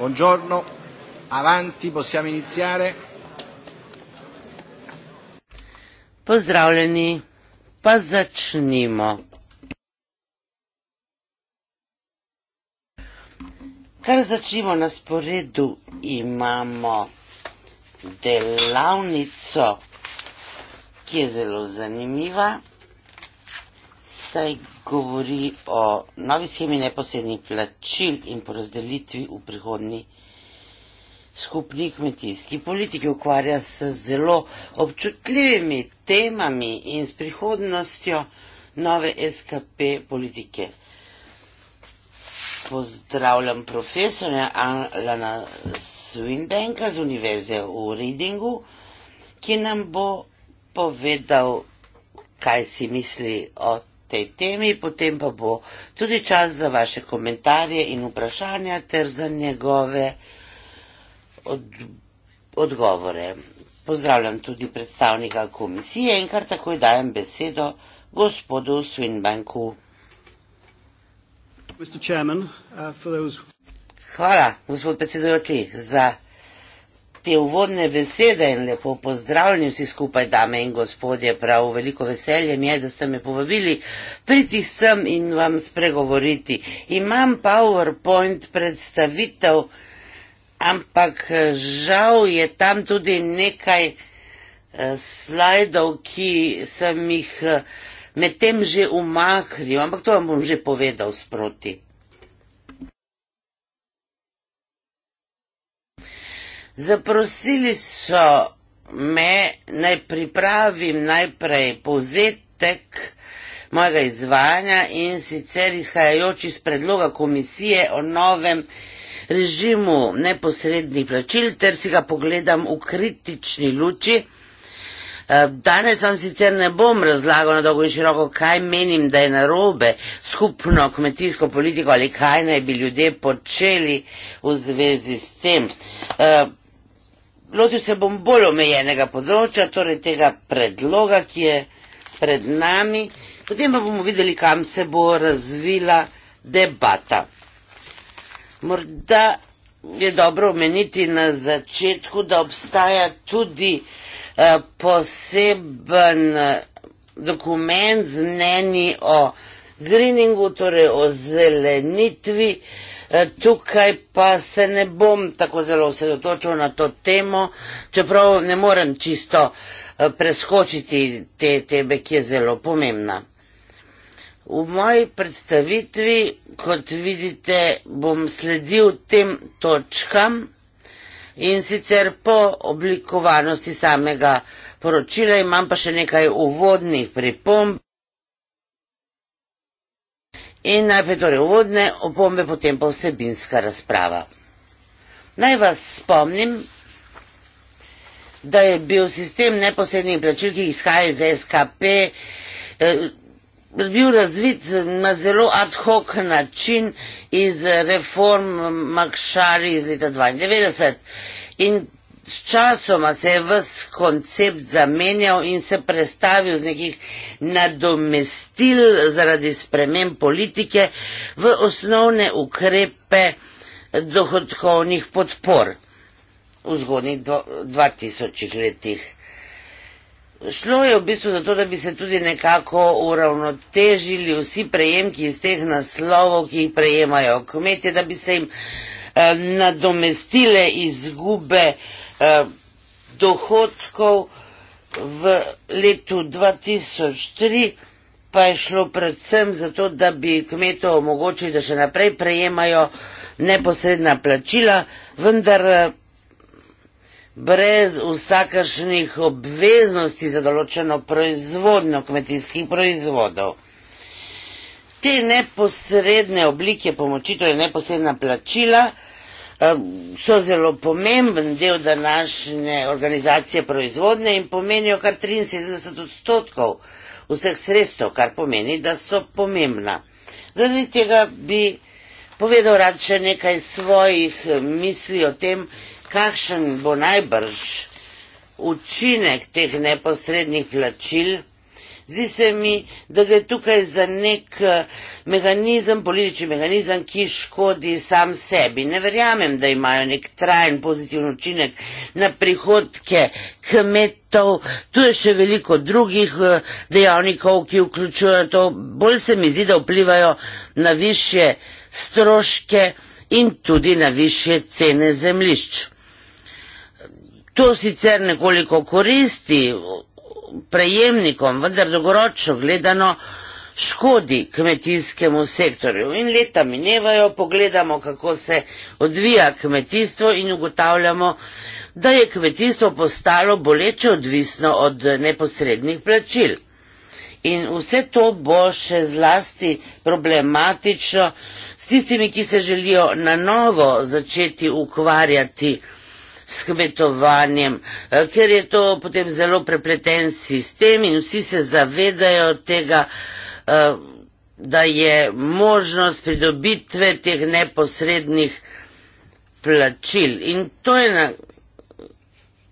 Buongiorno, avanti, possiamo iniziare. Pozdravljeni, pa začnimo. Kar začnimo na sporedu, imamo delavnico, ki je zelo zanimiva, saj govori o novi schemi neposrednih plačil in porazdelitvi v prihodnji skupni kmetijski politiki. Ukvarja se z zelo občutljivimi temami in s prihodnostjo nove SKP politike. Pozdravljam profesorja Alana Swinbanka z Univerze v Readingu, ki nam bo povedal, kaj si misli o tej temi, potem pa bo tudi čas za vaše komentarje in vprašanja ter za njegove od, odgovore. Pozdravljam tudi predstavnika komisije in kar takoj dajem besedo gospodu Svinbanku. Uh, Hvala, gospod predsedujoči, za te uvodne besede in lepo pozdravljeni vsi skupaj, dame in gospodje. Prav veliko veselje mi je, da ste me povabili priti sem in vam spregovoriti. Imam PowerPoint predstavitev, ampak žal je tam tudi nekaj eh, slajdov, ki sem jih eh, medtem že umaknil, ampak to vam bom že povedal sproti. Zaprosili so me, naj pripravim najprej povzetek mojega izvajanja in sicer izhajajoč iz predloga komisije o novem režimu neposrednih plačil, ter si ga pogledam v kritični luči. Eh, danes vam sicer ne bom razlagal na dolgo in široko, kaj menim, da je narobe skupno kmetijsko politiko ali kaj naj bi ljudje počeli v zvezi s tem. Eh, Lotil se bom bolj omejenega področja, torej tega predloga, ki je pred nami, potem pa bomo videli, kam se bo razvila debata. Morda je dobro omeniti na začetku, da obstaja tudi eh, poseben eh, dokument z mnenji o greeningu, torej o zelenitvi, Eh, tukaj pa se ne bom tako zelo osredotočil na to temo, čeprav ne morem čisto eh, preskočiti te tebe, ki je zelo pomembna. V moji predstavitvi, kot vidite, bom sledil tem točkam in sicer po oblikovanosti samega poročila imam pa še nekaj uvodnih pripomb. In najprej torej uvodne opombe, potem pa vsebinska razprava. Naj vas spomnim, da je bil sistem neposrednih plačil, ki izhaja iz SKP, eh, bil razvit na zelo ad hoc način iz reform Makšari iz leta 1992. In Sčasoma se je vse koncept zamenjal in se predstavil z nekih nadomestil zaradi spremen politike v osnovne ukrepe dohodkovnih podpor v zgodnjih 2000 letih. Šlo je v bistvu za to, da bi se tudi nekako uravnotežili vsi prejemki iz teh naslovov, ki jih prejemajo kmetje, da bi se jim eh, nadomestile izgube eh, Eh, dohodkov v letu 2003, pa je šlo predvsem zato, da bi kmetov omogočili, da še naprej prejemajo neposredna plačila, vendar eh, brez vsakašnih obveznosti za določeno proizvodno kmetijskih proizvodov. Te neposredne oblike pomoči, torej neposredna plačila, so zelo pomemben del današnje organizacije proizvodnje in pomenijo kar 73 odstotkov vseh sredstev, kar pomeni, da so pomembna. Zaradi tega bi povedal rad še nekaj svojih misli o tem, kakšen bo najbrž učinek teh neposrednih plačil Zdi se mi, da gre tukaj za nek eh, mehanizem, politični mehanizem, ki škodi sam sebi. Ne verjamem, da imajo nek trajen pozitivni učinek na prihodke kmetov. Tu je še veliko drugih eh, dejavnikov, ki vključujejo to. Bolj se mi zdi, da vplivajo na više stroške in tudi na više cene zemlišč. To sicer nekoliko koristi prejemnikom, vendar dolgoročno gledano škodi kmetijskemu sektorju. In leta minevajo, pogledamo, kako se odvija kmetijstvo in ugotavljamo, da je kmetijstvo postalo boleče odvisno od neposrednih plačil. In vse to bo še zlasti problematično s tistimi, ki se želijo na novo začeti ukvarjati kmetijstvo s kmetovanjem, eh, ker je to potem zelo prepleten sistem in vsi se zavedajo tega, eh, da je možnost pridobitve teh neposrednih plačil. In to je na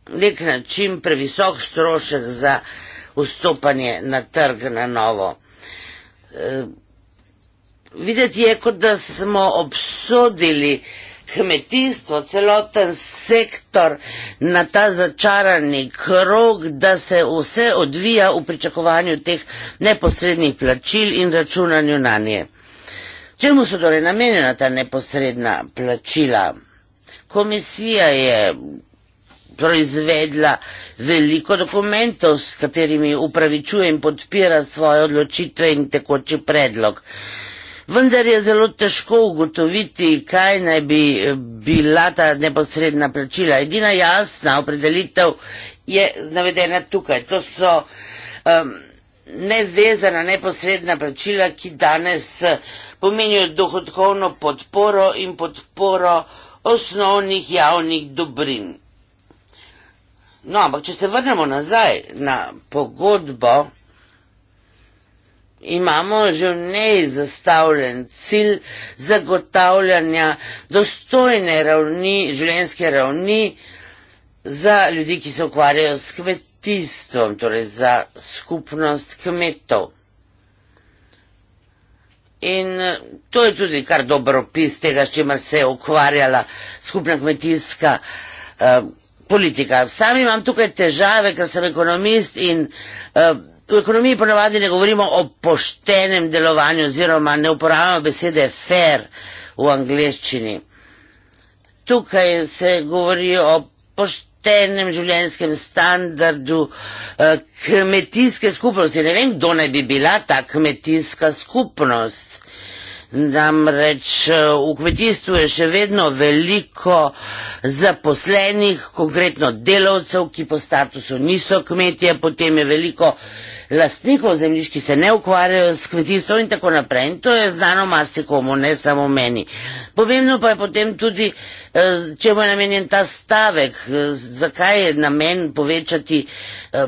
nek način previsok strošek za vstopanje na trg na novo. Eh, videti je, kot da smo obsodili uh, kmetijstvo, celoten sektor na ta začarani krog, da se vse odvija v pričakovanju teh neposrednih plačil in računanju na nje. Čemu so torej namenjena ta neposredna plačila? Komisija je proizvedla veliko dokumentov, s katerimi upravičuje in podpira svoje odločitve in tekoči predlog. Vendar je zelo težko ugotoviti, kaj naj bi eh, bila ta neposredna plačila. Edina jasna opredelitev je navedena tukaj. To so um, nevezana neposredna plačila, ki danes eh, pomenijo dohodkovno podporo in podporo osnovnih javnih dobrin. No, ampak če se vrnemo nazaj na pogodbo, imamo že v njej zastavljen cilj zagotavljanja dostojne ravni, življenjske ravni za ljudi, ki se ukvarjajo s kmetijstvom, torej za skupnost kmetov. In eh, to je tudi kar dobro opis tega, s čimer se je ukvarjala skupna kmetijska eh, politika. Sam imam tukaj težave, ker sem ekonomist in eh, V ekonomiji ponavadi ne govorimo o poštenem delovanju oziroma ne uporabljamo besede fair v angleščini. Tukaj se govori o poštenem življenjskem standardu eh, kmetijske skupnosti. Ne vem, kdo naj bi bila ta kmetijska skupnost. Namreč eh, v kmetijstvu je še vedno veliko zaposlenih, konkretno delavcev, ki po statusu niso kmetije, potem je veliko lastnikov zemljišč, ki se ne ukvarjajo s kmetijstvom in tako naprej. In to je znano marsikomu, ne samo meni. Pomembno pa je potem tudi, eh, če bo namenjen ta stavek, eh, zakaj je namen povečati eh,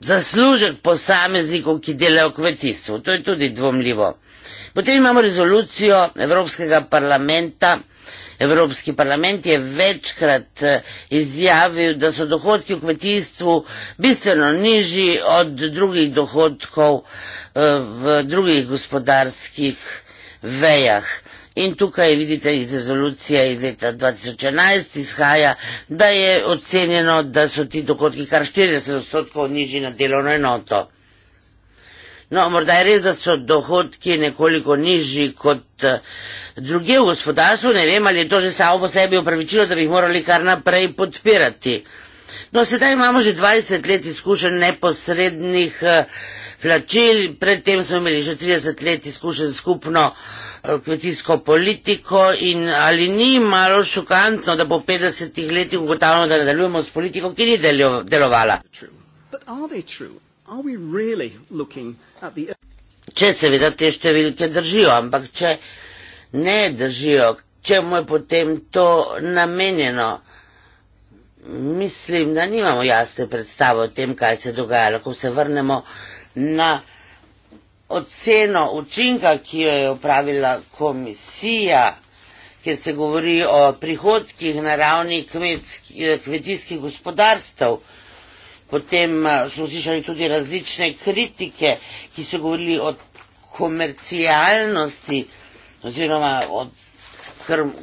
zaslužek posameznikov, ki delajo v kmetijstvu. To je tudi dvomljivo. Potem imamo rezolucijo Evropskega parlamenta Evropski parlament je večkrat eh, izjavil, da so dohodki v kmetijstvu bistveno nižji od drugih dohodkov eh, v drugih gospodarskih vejah. In tukaj vidite iz rezolucije iz leta 2011 izhaja, da je ocenjeno, da so ti dohodki kar 40 odstotkov nižji na delovno enoto. No, morda je res, da so dohodki nekoliko nižji kot eh, druge v gospodarstvu, ne vem, ali je to že samo po sebi upravičilo, da bi jih morali kar naprej podpirati. No, sedaj imamo že 20 let izkušenj neposrednih eh, plačil, predtem smo imeli že 30 let izkušenj skupno eh, kmetijsko politiko in ali ni malo šokantno, da po 50 letih ugotavljamo, da nadaljujemo s politiko, ki ni delovala. Če seveda te številke držijo, ampak če ne držijo, čemu je potem to namenjeno? Mislim, da nimamo jasne predstave o tem, kaj se dogaja. Lahko se vrnemo na oceno učinka, ki jo je upravila komisija, kjer se govori o prihodkih na ravni kmetijskih gospodarstv. Potem eh, smo slišali tudi različne kritike, ki so govorili o komercialnosti oziroma o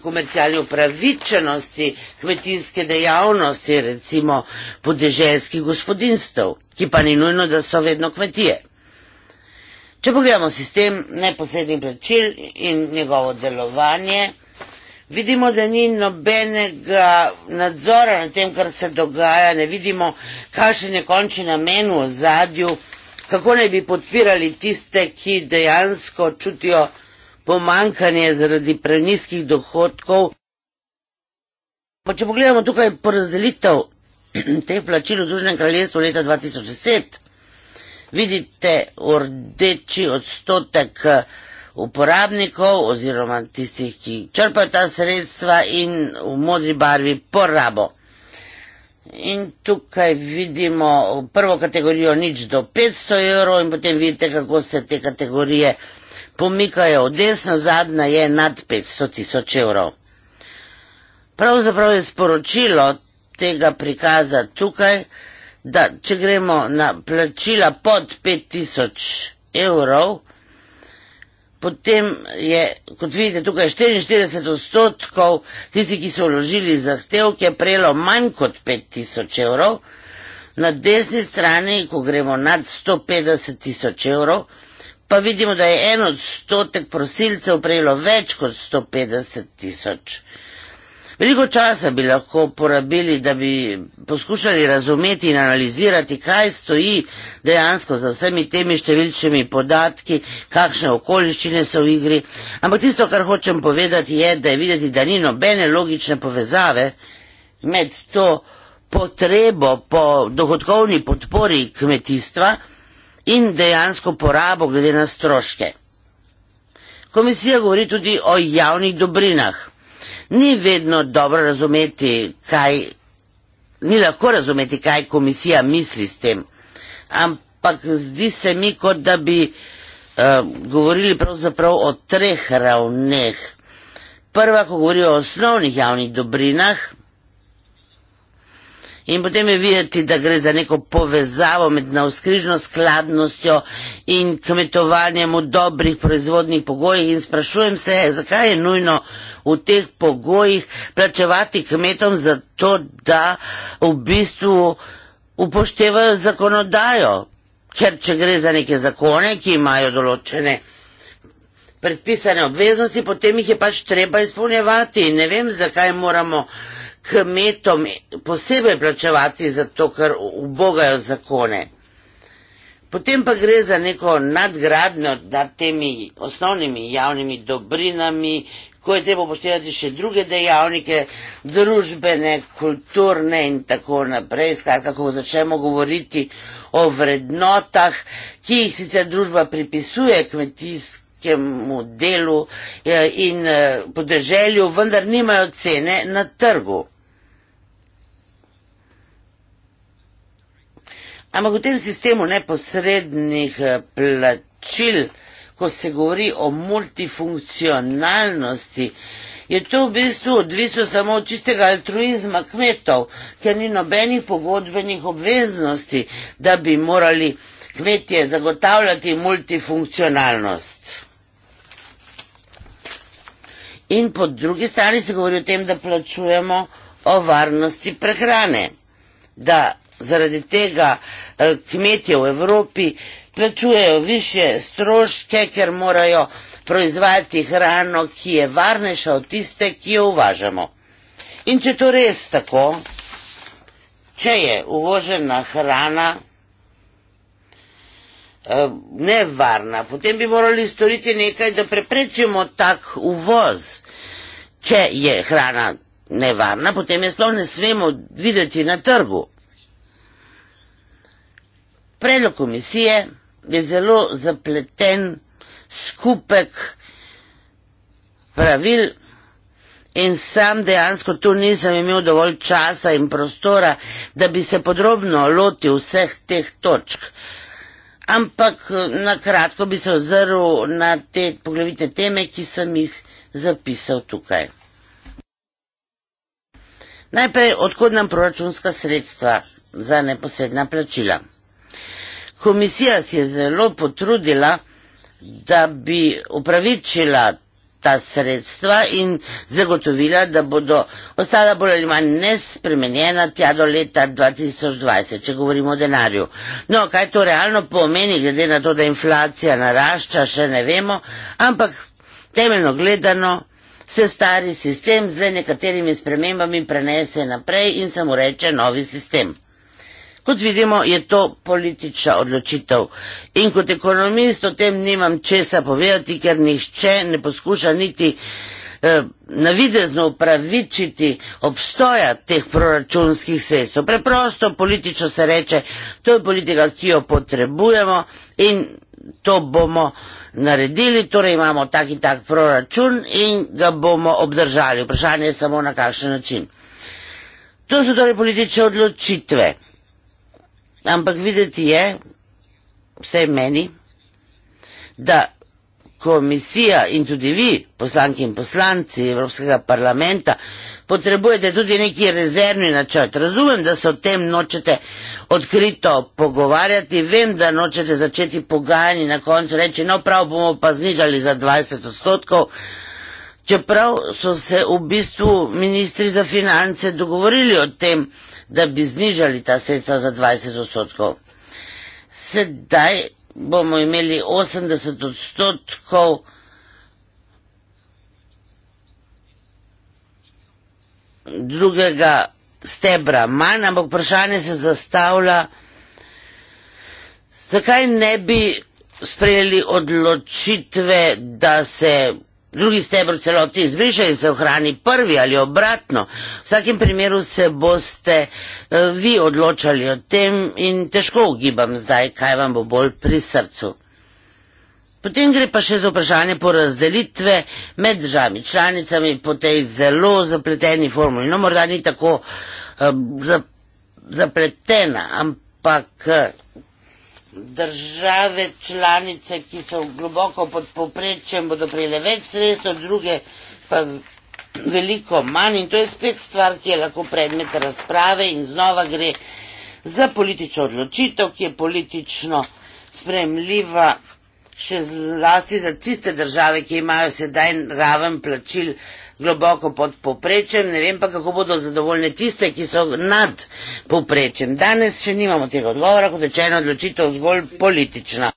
komercialni upravičenosti kmetijske dejavnosti, recimo podeželskih gospodinstv, ki pa ni nujno, da so vedno kmetije. Če pogledamo sistem neposrednih plačil in njegovo delovanje, Vidimo, da ni nobenega nadzora nad tem, kar se dogaja, ne vidimo, kakšen je končni namen v ozadju, kako naj bi podpirali tiste, ki dejansko čutijo pomankanje zaradi preniskih dohodkov. Pa če pogledamo tukaj porazdelitev teh plačil v Združenem kraljestvu leta 2010, vidite v rdeči odstotek uporabnikov oziroma tistih, ki črpajo ta sredstva in v modri barvi porabo. In tukaj vidimo prvo kategorijo nič do 500 evrov in potem vidite, kako se te kategorije pomikajo. Desno zadnja je nad 500 tisoč evrov. Pravzaprav je sporočilo tega prikaza tukaj, da če gremo na plačila pod 5000 evrov, potem je, kot vidite, tukaj 44 odstotkov tisti, ki so vložili zahtevke, prejelo manj kot 5000 evrov. Na desni strani, ko gremo nad 150 tisoč evrov, pa vidimo, da je en odstotek prosilcev prejelo več kot 150 tisoč evrov. Veliko časa bi lahko porabili, da bi poskušali razumeti in analizirati, kaj stoji dejansko za vsemi temi številčnimi podatki, kakšne okoliščine so v igri, ampak tisto, kar hočem povedati, je, da je videti, da ni nobene logične povezave med to potrebo po dohodkovni podpori kmetijstva in dejansko porabo glede na stroške. Komisija govori tudi o javnih dobrinah ni vedno dobro razumeti, kaj, ni lahko razumeti, kaj komisija misli s tem. Ampak zdi se mi, kot da bi uh, govorili pravzaprav o treh ravneh. Prva, ko govorijo o osnovnih javnih dobrinah, in potem je videti, da gre za neko povezavo med navskrižno skladnostjo in kmetovanjem v dobrih proizvodnih pogojih in sprašujem se, zakaj je nujno v teh pogojih plačevati kmetom za to, da v bistvu upoštevajo zakonodajo, ker če gre za neke zakone, ki imajo določene predpisane obveznosti, potem jih je pač treba izpolnjevati in ne vem, zakaj moramo kmetom posebej plačevati za to, kar ubogajo zakone. Potem pa gre za neko nadgradnjo nad temi osnovnimi javnimi dobrinami, ko je treba upoštevati še druge dejavnike, družbene, kulturne in tako naprej. Skratka, ko začnemo govoriti o vrednotah, ki jih sicer družba pripisuje kmetijskemu delu eh, in eh, podeželju, vendar nimajo cene na trgu. Ampak v tem sistemu neposrednih eh, plačil, ko se govori o multifunkcionalnosti, je to v bistvu odvisno samo od čistega altruizma kmetov, ker ni nobenih pogodbenih obveznosti, da bi morali kmetje zagotavljati multifunkcionalnost. In po drugi strani se govori o tem, da plačujemo o varnosti prehrane, da Zaradi tega eh, kmetje v Evropi plačujejo više stroške, ker morajo proizvajati hrano, ki je varnejša od tiste, ki jo uvažamo. In če to res tako, če je uvožena hrana eh, nevarna, potem bi morali storiti nekaj, da preprečimo tak uvoz. Če je hrana nevarna, potem je sploh ne smemo videti na trgu. Predlog komisije je zelo zapleten skupek pravil in sam dejansko tu nisem imel dovolj časa in prostora, da bi se podrobno loti vseh teh točk. Ampak eh, na kratko bi se ozrl na te poglavite teme, ki sem jih zapisal tukaj. Najprej, odkud nam proračunska sredstva za neposredna plačila. Komisija se je zelo potrudila, da bi upravičila ta sredstva in zagotovila, da bodo ostala bolj ali manj nespremenjena tja do leta 2020, če govorimo o denarju. No, kaj to realno pomeni, glede na to, da inflacija narašča, še ne vemo, ampak temeljno gledano se stari sistem z nekaterimi spremembami prenese naprej in se mu reče novi sistem. Kot vidimo, je to politična odločitev. In kot ekonomist o tem nimam česa povedati, ker nihče ne poskuša niti eh, navidezno upravičiti obstoja teh proračunskih sredstev. Preprosto politično se reče, to je politika, ki jo potrebujemo in to bomo naredili, torej imamo tak in tak proračun in ga bomo obdržali. Vprašanje je samo na kakšen način. To so torej politične odločitve. Ampak videti je, vse meni, da komisija in tudi vi, poslanki in poslanci Evropskega parlamenta, potrebujete tudi neki rezervni načrt. Razumem, da se o tem nočete odkrito pogovarjati, vem, da nočete začeti pogajanje na koncu reči, no prav bomo pa znižali za 20 odstotkov, Čeprav so se v bistvu ministri za finance dogovorili o tem, da bi znižali ta sredstva za 20 odstotkov. Sedaj bomo imeli 80 odstotkov drugega stebra manj, ampak vprašanje se zastavlja, zakaj ne bi sprejeli odločitve, da se drugi stebr celoti izbriše in se ohrani prvi ali obratno. V vsakem primeru se boste eh, vi odločali o tem in težko ugibam zdaj, kaj vam bo bolj pri srcu. Potem gre pa še za vprašanje porazdelitve med državami članicami po tej zelo zapleteni formuli. No, morda ni tako uh, zapletena, ampak eh, države članice, ki so globoko pod poprečjem, bodo prejele več sredstev, druge pa veliko manj in to je spet stvar, ki je lahko predmet razprave in znova gre za politično odločitev, ki je politično spremljiva še zlasti za tiste države, ki imajo sedaj raven plačil globoko pod poprečjem, ne vem pa, kako bodo zadovoljne tiste, ki so nad poprečjem. Danes še nimamo tega odgovora, kot je ena odločitev zgolj politična.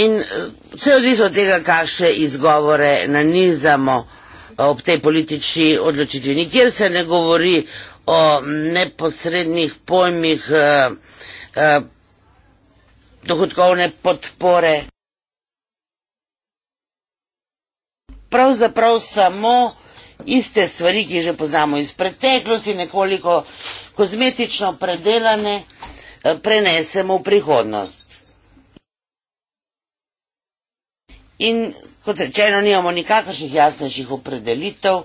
In eh, vse odvisno od tega, kakšne izgovore nanizamo eh, ob tej politični odločitvi. Nikjer se ne govori o neposrednih pojmih eh, eh, dohodkovne podpore. Pravzaprav samo iste stvari, ki že poznamo iz preteklosti, nekoliko kozmetično predelane, eh, prenesemo v prihodnost. In kot rečeno, nijemo nikakršnih jasnejših opredelitev,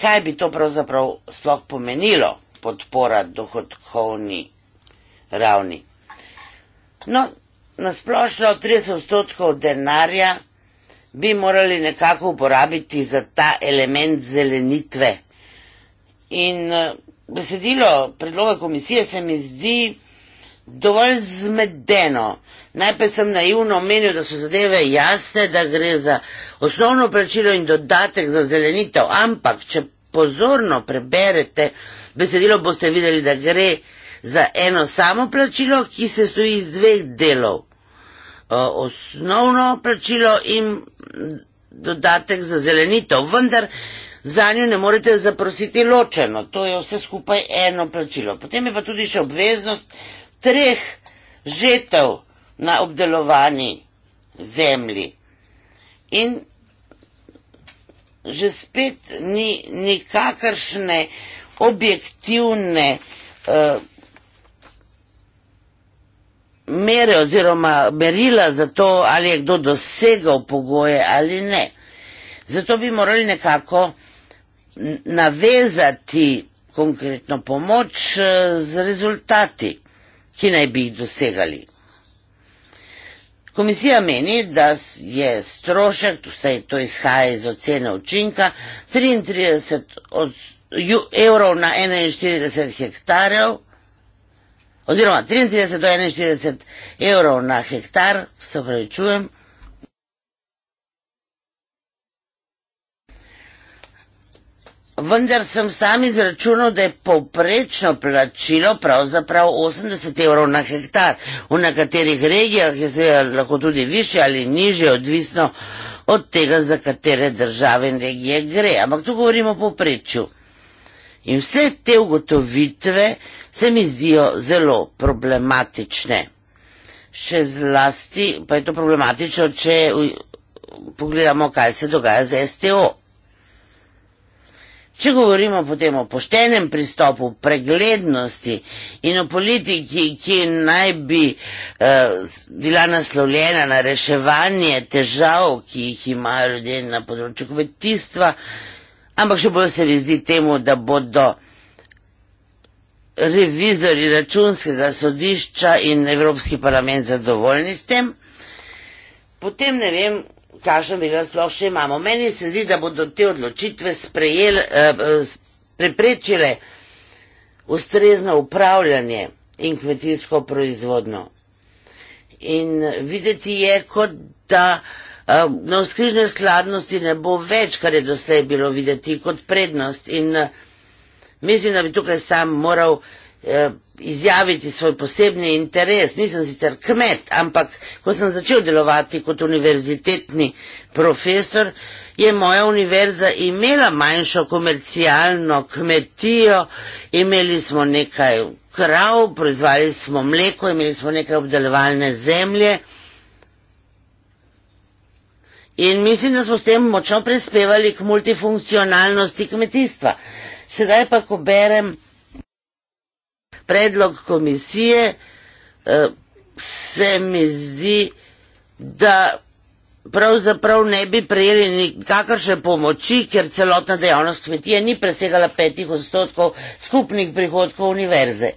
kaj bi to pravzaprav sploh pomenilo podpora dohodkovni ravni. No, nasplošno 30 odstotkov denarja bi morali nekako uporabiti za ta element zelenitve. In eh, besedilo predloga komisije se mi zdi dovolj zmedeno, Najprej sem naivno omenil, da so zadeve jasne, da gre za osnovno plačilo in dodatek za zelenitev, ampak če pozorno preberete besedilo, boste videli, da gre za eno samo plačilo, ki se stoji iz dveh delov. Osnovno plačilo in dodatek za zelenitev, vendar za njo ne morete zaprositi ločeno, to je vse skupaj eno plačilo. Potem je pa tudi še obveznost treh žetev na obdelovani zemlji. In že spet ni nikakršne objektivne eh, mere oziroma merila za to, ali je kdo dosegal pogoje ali ne. Zato bi morali nekako navezati konkretno pomoč eh, z rezultati, ki naj bi jih dosegali. Komisija meni, da je strošek, vsaj to izhaja iz ocene učinka, 33 od, ju, evrov na 41 hektarjev, oziroma 33 do 41 evrov na hektar, se pravi čujem, vendar sem sam izračunal, da je povprečno plačilo pravzaprav 80 evrov na hektar. V nekaterih regijah je seveda lahko tudi više ali niže, odvisno od tega, za katere države in regije gre. Ampak tu govorimo o povprečju. In vse te ugotovitve se mi zdijo zelo problematične. Še zlasti pa je to problematično, če pogledamo, kaj se dogaja z STO. Če govorimo potem o poštenem pristopu, preglednosti in o politiki, ki naj bi eh, bila naslovljena na reševanje težav, ki jih imajo ljudje na področju kmetijstva, ampak še bolj se mi zdi temu, da bodo revizori računskega sodišča in Evropski parlament zadovoljni s tem, potem ne vem, kakšen bi ga sploh še imamo. Meni se zdi, da bodo te odločitve sprejel, eh, eh preprečile ustrezno upravljanje in kmetijsko proizvodno. In videti je, kot da eh, na vzkrižne skladnosti ne bo več, kar je doslej bilo videti kot prednost. In eh, mislim, da bi tukaj sam moral eh, Eh, izjaviti svoj posebni interes. Nisem sicer kmet, ampak ko sem začel delovati kot univerzitetni profesor, je moja univerza imela manjšo komercialno kmetijo, imeli smo nekaj krav, proizvali smo mleko, imeli smo nekaj obdelovalne zemlje. In mislim, da smo s tem močno prispevali k multifunkcionalnosti kmetijstva. Sedaj pa, ko berem predlog komisije, eh, se mi zdi, da pravzaprav ne bi prejeli nikakršne pomoči, ker celotna dejavnost kmetije ni presegala petih odstotkov skupnih prihodkov univerze.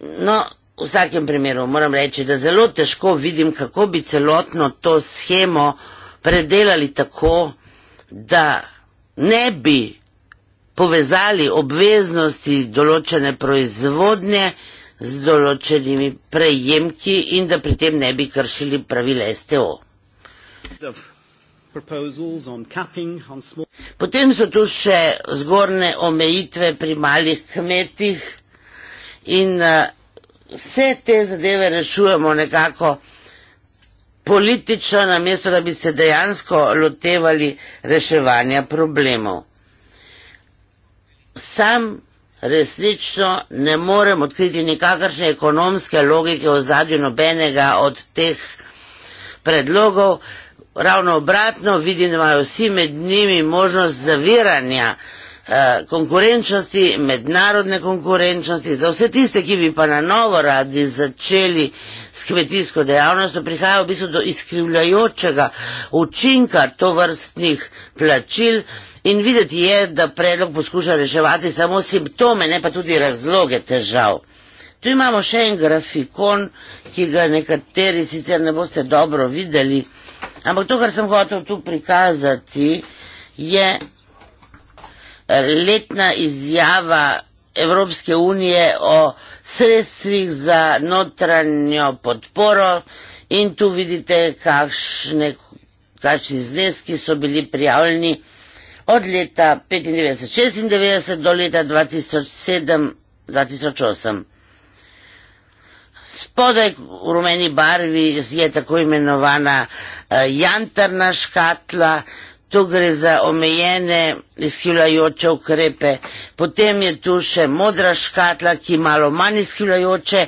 No, v vsakem primeru moram reči, da zelo težko vidim, kako bi celotno to schemo predelali tako, da ne bi povezali obveznosti določene proizvodnje z določenimi prejemki in da pri tem ne bi kršili pravil STO. Potem so tu še zgorne omejitve pri malih kmetih in eh, vse te zadeve rešujemo nekako politično, namesto da bi se dejansko lotevali reševanja problemov sam resnično ne morem odkriti nikakršne ekonomske logike v zadju nobenega od teh predlogov. Ravno obratno, vidim, da imajo vsi med njimi možnost zaviranja eh, konkurenčnosti, mednarodne konkurenčnosti, za vse tiste, ki bi pa na novo radi začeli s kmetijsko dejavnostjo, prihaja v bistvu do izkrivljajočega učinka to vrstnih plačil, In videti je, da predlog poskuša reševati samo simptome, ne pa tudi razloge težav. Tu imamo še en grafikon, ki ga nekateri sicer ne boste dobro videli, ampak to, kar sem hotel tu prikazati, je letna izjava Evropske unije o sredstvih za notranjo podporo in tu vidite, kakšne, kakšni zneski so bili prijavljeni od leta 1995-1996 do leta 2007-2008. Spodaj v rumeni barvi je tako imenovana eh, jantarna škatla, tu gre za omejene izhivljajoče ukrepe, potem je tu še modra škatla, ki malo manj izhivljajoče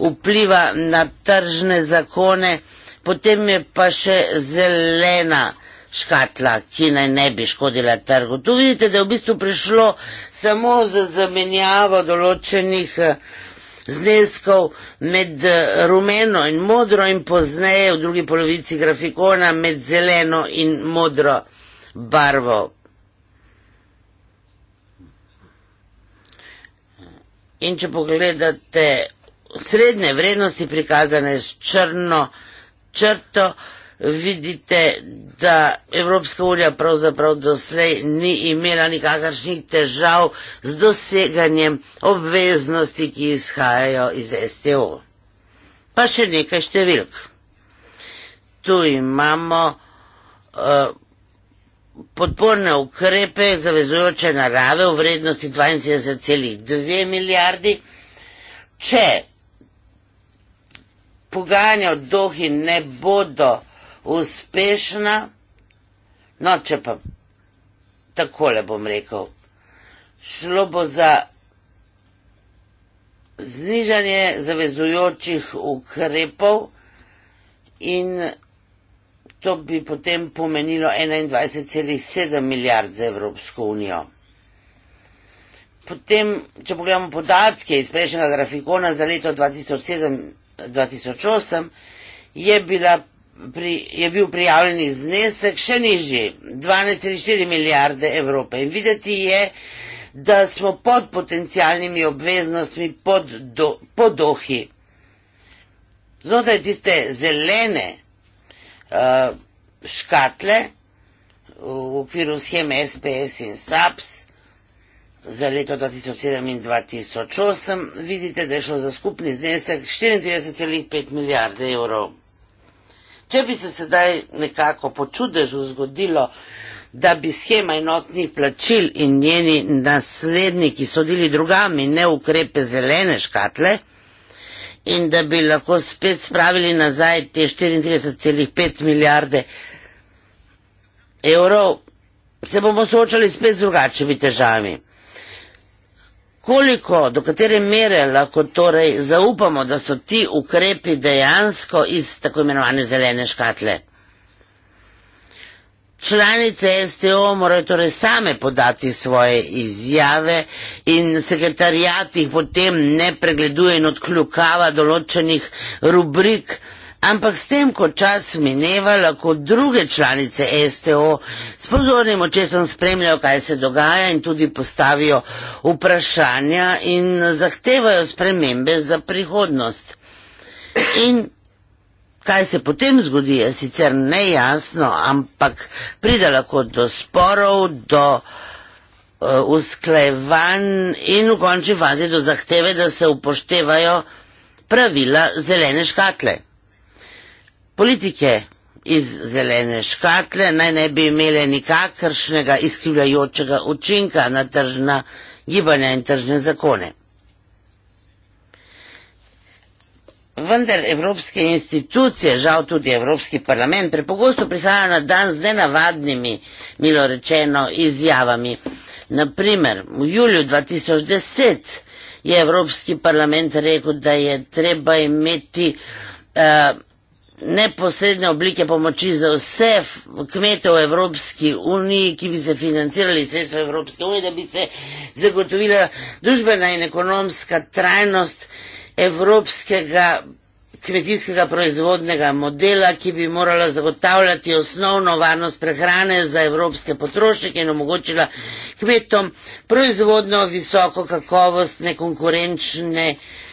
vpliva na tržne zakone, potem je pa še zelena škatla, škatla, ki naj ne bi škodila trgu. Tu vidite, da je v bistvu prišlo samo za zamenjavo določenih eh, zneskov med eh, rumeno in modro in pozneje v drugi polovici grafikona med zeleno in modro barvo. In če pogledate srednje vrednosti prikazane s črno črto, vidite, da Evropska unija pravzaprav doslej ni imela nikakršnih težav z doseganjem obveznosti, ki izhajajo iz STO. Pa še nekaj številk. Tu imamo uh, podporne ukrepe zavezujoče narave v vrednosti 72,2 milijardi. Če pogajanja od Dohi ne bodo uspešna, no če pa takole bom rekel, šlo bo za znižanje zavezujočih ukrepov in to bi potem pomenilo 21,7 milijard za Evropsko unijo. Potem, če pogledamo podatke iz prejšnjega grafikona za leto 2007-2008, je bila pri, je bil prijavljen znesek še nižji, 12,4 milijarde evrope. In videti je, da smo pod potencijalnimi obveznostmi pod do, po dohi. Znotraj tiste zelene uh, škatle v okviru scheme SPS in SAPS za leto 2007 in 2008 vidite, da je šlo za skupni znesek 34,5 milijarde evrov. Če bi se sedaj nekako po čudežu zgodilo, da bi schema enotnih plačil in njeni nasledniki sodili drugami, ne ukrepe zelene škatle, in da bi lahko spet spravili nazaj te 34,5 milijarde evrov, se bomo soočali spet z drugačnimi težavami. Koliko, do katere mere lahko torej zaupamo, da so ti ukrepi dejansko iz tako imenovane zelene škatle? Članice STO morajo torej same podati svoje izjave in sekretarijat jih potem ne pregleduje in odkljukava določenih rubrik ampak s tem, ko čas mineva, lahko druge članice STO s pozornim očesom spremljajo, kaj se dogaja in tudi postavijo vprašanja in zahtevajo spremembe za prihodnost. In kaj se potem zgodi, je sicer nejasno, ampak pride lahko do sporov, do eh, usklajevanj in v končni fazi do zahteve, da se upoštevajo pravila zelene škatle politike iz zelene škatle naj ne bi imele nikakršnega izkrivljajočega učinka na tržna gibanja in tržne zakone. Vendar evropske institucije, žal tudi Evropski parlament, prepogosto prihajajo na dan z nenavadnimi, milo rečeno, izjavami. Naprimer, v juliju 2010 je Evropski parlament rekel, da je treba imeti uh, neposredne oblike pomoči za vse kmete v Evropski uniji, ki bi se financirali iz sredstva Evropske unije, da bi se zagotovila družbena in ekonomska trajnost evropskega kmetijskega proizvodnega modela, ki bi morala zagotavljati osnovno varnost prehrane za evropske potrošnike in omogočila kmetom proizvodno visoko kakovostne konkurenčne proizvodne.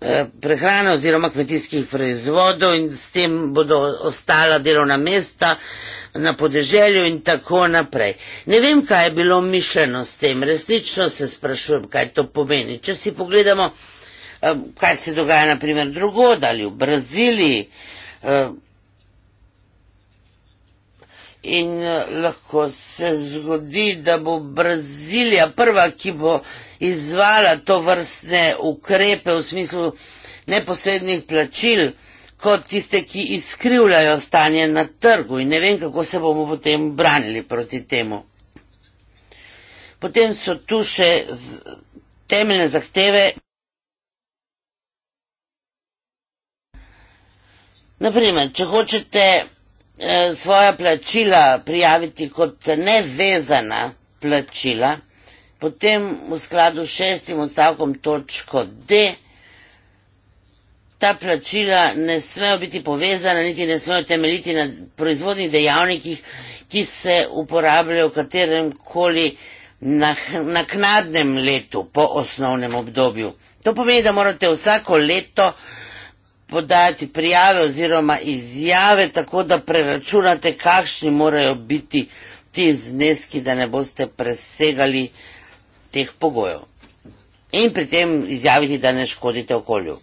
Eh, prehrane oziroma kmetijskih proizvodov in s tem bodo ostala delovna mesta na podeželju in tako naprej. Ne vem, kaj je bilo mišljeno s tem, resnično se sprašujem, kaj to pomeni. Če si pogledamo, eh, kaj se dogaja naprimer drugod ali v Braziliji, eh, In lahko se zgodi, da bo Brazilija prva, ki bo izvala to vrstne ukrepe v smislu neposrednih plačil, kot tiste, ki izkrivljajo stanje na trgu in ne vem, kako se bomo potem branili proti temu. Potem so tu še temeljne zahteve. Naprimer, če hočete eh, svoja plačila prijaviti kot nevezana plačila, Potem v skladu s šestim odstavkom točko D ta plačila ne smejo biti povezana, niti ne smejo temeljiti na proizvodnih dejavnikih, ki se uporabljajo v katerem koli naknadnem letu po osnovnem obdobju. To pomeni, da morate vsako leto podajati prijave oziroma izjave, tako da preračunate, kakšni morajo biti ti zneski, da ne boste presegali teh pogojev. In pri tem izjaviti, da ne škodite okolju.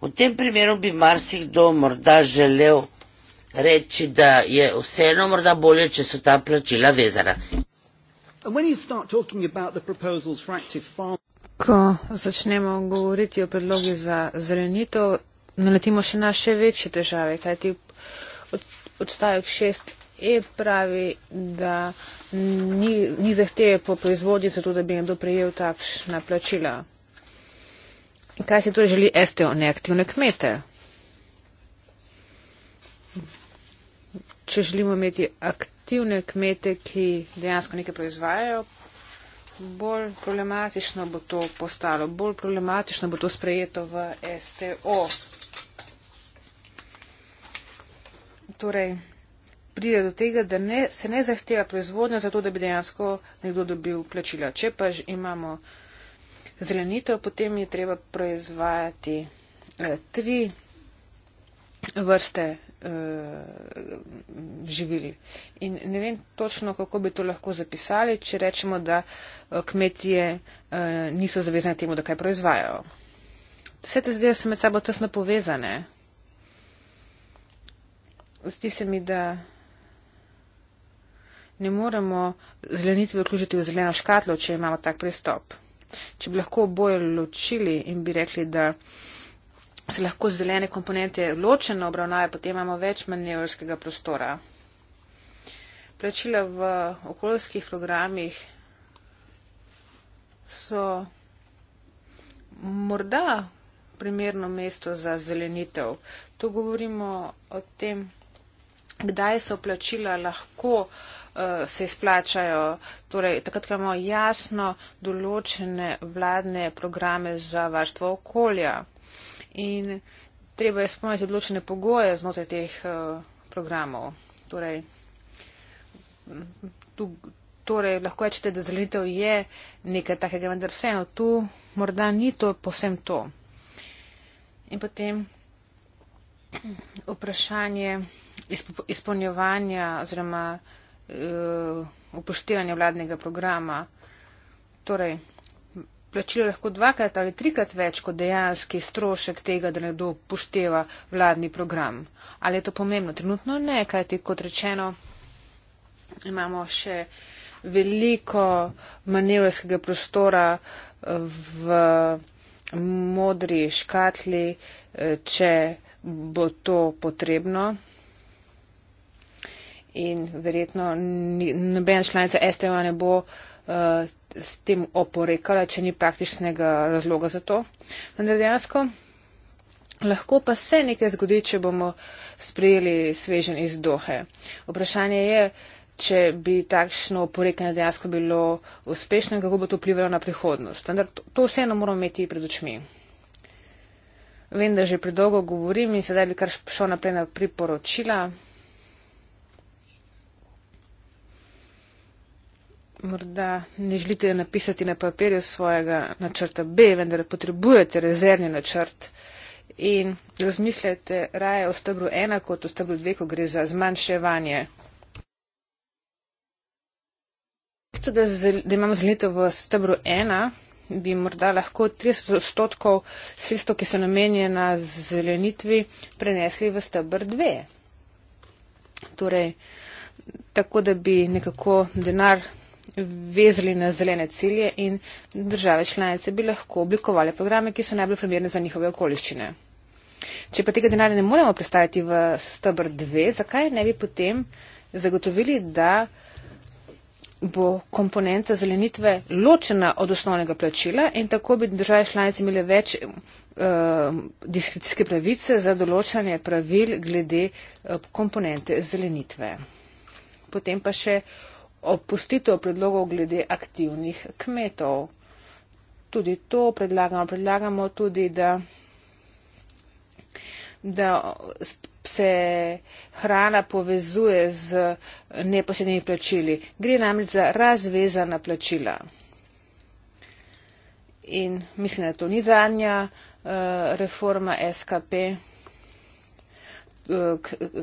V tem primeru bi marsikdo morda želel reči, da je vseeno morda bolje, če so ta plačila vezana. Ko začnemo govoriti o predlogi za zelenitev, naletimo še na še večje težave, kajti odstavek 6e pravi, da ni, ni zahteve po proizvodnji, zato da bi nekdo prejel takšna plačila. Kaj si torej želi STO? Neaktivne kmete. Če želimo imeti aktivne kmete, ki dejansko nekaj proizvajajo, bolj problematično bo to postalo, bolj problematično bo to sprejeto v STO. Torej, pride do tega, da ne, se ne zahteva proizvodnja za to, da bi dejansko nekdo dobil plačila. Če pa že imamo zelenitev, potem je treba proizvajati eh, tri vrste eh, živili. In ne vem točno, kako bi to lahko zapisali, če rečemo, da eh, kmetije eh, niso zavezane temu, da kaj proizvajajo. Vse te zadeve so med sabo tesno povezane. Zdi se mi, da ne moremo zelenitve vključiti v zeleno škatlo, če imamo tak pristop. Če bi lahko oboje ločili in bi rekli, da se lahko zelene komponente ločeno obravnajo, potem imamo več manevrskega prostora. Plačila v okoljskih programih so morda primerno mesto za zelenitev. To govorimo o tem, kdaj so plačila lahko uh, Eh, se izplačajo. Torej, takrat, ko imamo jasno določene vladne programe za varstvo okolja. In treba je spomniti odločene pogoje znotraj teh uh, programov. Torej, tu, torej, lahko rečete, da zelenitev je nekaj takega, vendar vseeno tu morda ni to posem to. In potem vprašanje izpolnjevanja oziroma Eh, upoštevanje vladnega programa. Torej, plačilo lahko dvakrat ali trikrat več kot dejanski strošek tega, da nekdo upošteva vladni program. Ali je to pomembno? Trenutno ne, kajti kot rečeno, imamo še veliko manevrskega prostora eh, v modri škatli, eh, če bo to potrebno in verjetno noben članica STO ne bo uh, s tem oporekala, če ni praktičnega razloga za to. Vendar dejansko lahko pa se nekaj zgodi, če bomo sprejeli svežen iz Dohe. Vprašanje je, če bi takšno oporekanje dejansko bilo uspešno in kako bo to vplivalo na prihodnost. Vendar to vseeno moramo imeti pred očmi. Vem, da že predolgo govorim in sedaj bi kar šel naprej na priporočila. morda ne želite napisati na papirju svojega načrta B, vendar potrebujete rezervni načrt in razmislite raje o stebru 1 kot o stebru 2, ko gre za zmanjševanje. Mesto, da, da imamo zelenitev v stebru 1, bi morda lahko 30 odstotkov sredstev, ki so namenjena zelenitvi, prenesli v stebr 2. Torej, tako da bi nekako denar vezali na zelene cilje in države članice bi lahko oblikovali programe, ki so najbolj primerne za njihove okoliščine. Če pa tega denarja ne moremo predstaviti v stebr 2, zakaj ne bi potem zagotovili, da bo komponenta zelenitve ločena od osnovnega plačila in tako bi države članice imele več uh, diskrecijske pravice za določanje pravil glede uh, komponente zelenitve. Potem pa še uh, opustitev predlogov glede aktivnih kmetov. Tudi to predlagamo. Predlagamo tudi, da, da se hrana povezuje z neposrednimi plačili. Gre namreč za razvezana plačila. In mislim, da to ni zadnja uh, reforma SKP. Eh,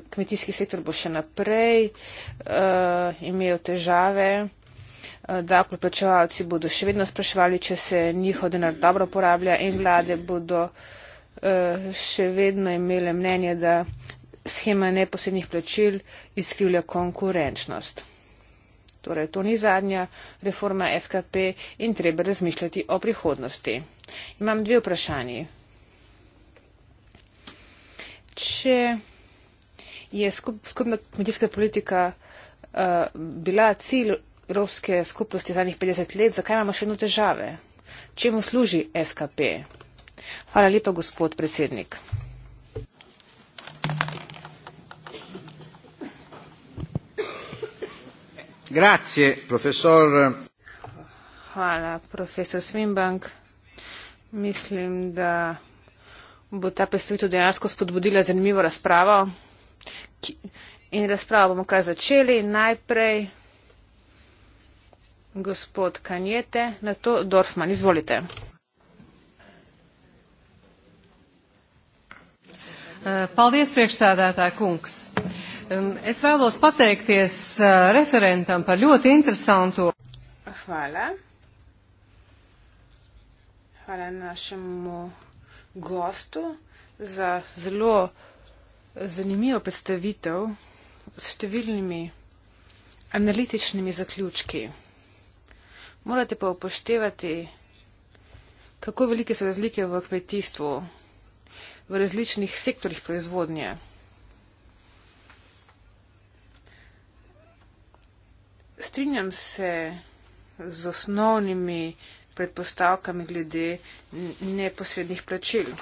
kmetijski sektor bo še naprej uh, imel težave, uh, eh, da plačevalci bodo še vedno spraševali, če se njihov denar dobro porablja in vlade bodo uh, še vedno imele mnenje, da schema neposednih plačil izkrivlja konkurenčnost. Torej, to ni zadnja reforma SKP in treba razmišljati o prihodnosti. Imam dve vprašanji. Če je skup, skupna kmetijska politika uh, bila cilj evropske skupnosti zadnjih 50 let, zakaj imamo še eno težave? Čemu služi SKP? Hvala lepa, gospod predsednik. Grazie, profesor. Hvala, profesor Svinbank. Mislim, da bo ta predstavitev dejansko spodbudila zanimivo razpravo in razpravo bomo kar začeli. Najprej gospod Kanjete, na to Dorfman, izvolite. Eh, paldies, priekšsēdētā kungs. Es vēlos pateikties eh, referentam par ļoti interesantu. Hvala. Hvala našemu gostu za zelo zanimivo predstavitev s številnimi analitičnimi zaključki. Morate pa upoštevati, kako velike so razlike v kmetijstvu, v različnih sektorjih proizvodnje. Strinjam se z osnovnimi predpostavkami glede neposrednih plačil.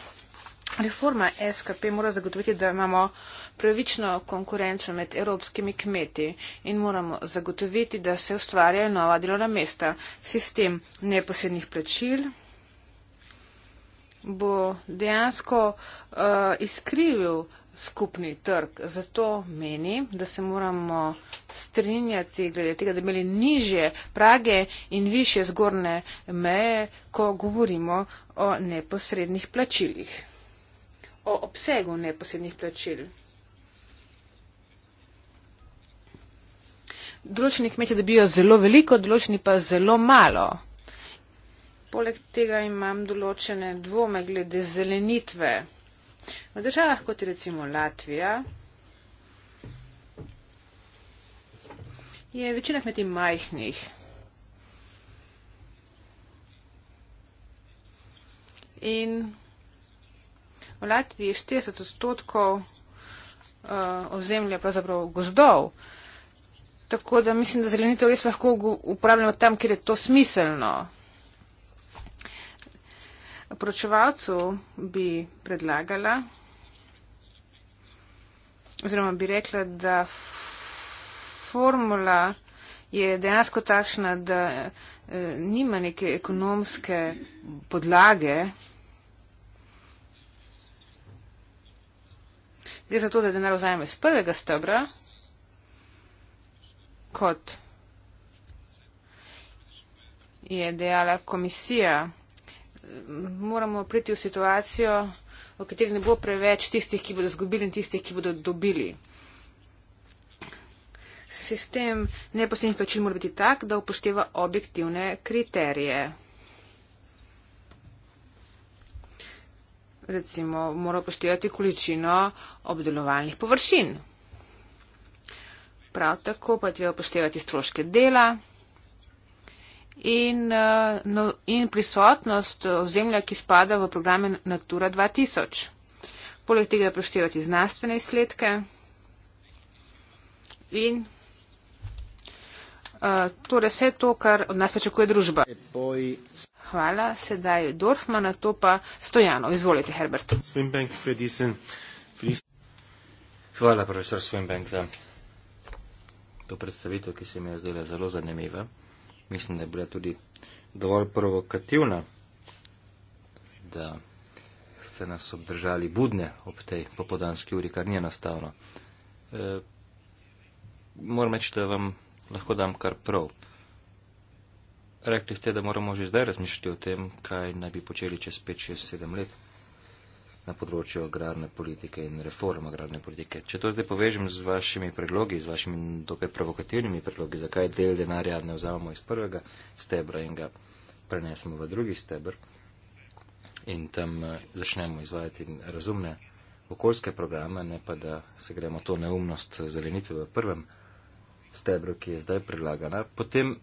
Reforma SKP mora zagotoviti, da imamo pravično konkurenčno med evropskimi kmeti in moramo zagotoviti, da se ustvarjajo nova delovna mesta. Sistem neposednih plačil bo dejansko uh, izkrivil skupni trg. Zato meni, da se moramo strinjati glede tega, da imeli niže prage in više zgorne meje, ko govorimo o neposrednih plačilih o obsegu neposrednih plačil. Določeni kmetje dobijo zelo veliko, določeni pa zelo malo. Poleg tega imam določene dvome glede zelenitve. V državah kot je recimo Latvija je večina kmetij majhnih. In V Latviji je 40 odstotkov uh, ozemlja pravzaprav gozdov, tako da mislim, da zelenitev res lahko uporabljamo tam, kjer je to smiselno. Pročevalcu bi predlagala, oziroma bi rekla, da formula je dejansko takšna, da eh, nima neke ekonomske podlage, Gre za to, da denar vzajemo iz prvega stebra kot je dejala komisija, moramo priti v situacijo, v kateri ne bo preveč tistih, ki bodo zgubili in tistih, ki bodo dobili. Sistem neposlednjih plačil mora biti tak, da upošteva objektivne kriterije. recimo, mora poštevati količino obdelovalnih površin. Prav tako pa je treba poštevati stroške dela in, eh, no, in prisotnost ozemlja, ki spada v programe Natura 2000. Poleg tega je poštevati znanstvene izsledke in torej vse to, kar od nas pričakuje družba. E, Hvala, sedaj Dorfman, na to pa Stojano. Izvolite, Herbert. Hvala, profesor Swinbank, za to predstavitev, ki se mi je zdela zelo zanimiva. Mislim, da je bila tudi dovolj provokativna, da ste nas obdržali budne ob tej popodanski uri, kar ni enostavno. E, moram reči, da vam lahko dam kar prav. Rekli ste, da moramo že zdaj razmišljati o tem, kaj naj bi počeli čez 5-6-7 let na področju agrarne politike in reform agrarne politike. Če to zdaj povežem z vašimi predlogi, z vašimi dokaj provokativnimi predlogi, zakaj del denarja ne vzamemo iz prvega stebra in ga prenesemo v drugi stebr in tam eh, začnemo izvajati razumne okoljske programe, ne pa da se gremo to neumnost zelenitve v prvem stebru stebru, ki je zdaj predlagana, potem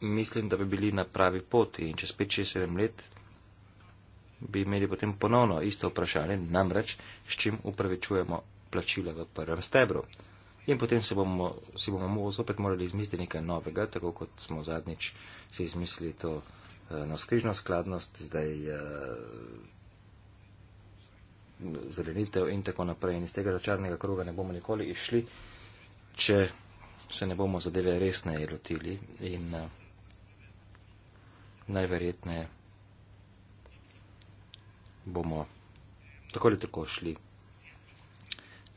mislim, da bi bili na pravi poti in čez 5-6-7 let bi imeli potem ponovno isto vprašanje, namreč s čim upravičujemo plačila v prvem stebru. In potem bomo, si bomo zopet morali izmisliti nekaj novega, tako kot smo zadnjič si izmislili to eh, navskrižno skladnost, zdaj eh, zelenitev in tako naprej. In iz tega začarnega kroga ne bomo nikoli išli, če se ne bomo zadeve resneje lotili in eh, najverjetneje bomo tako ali tako šli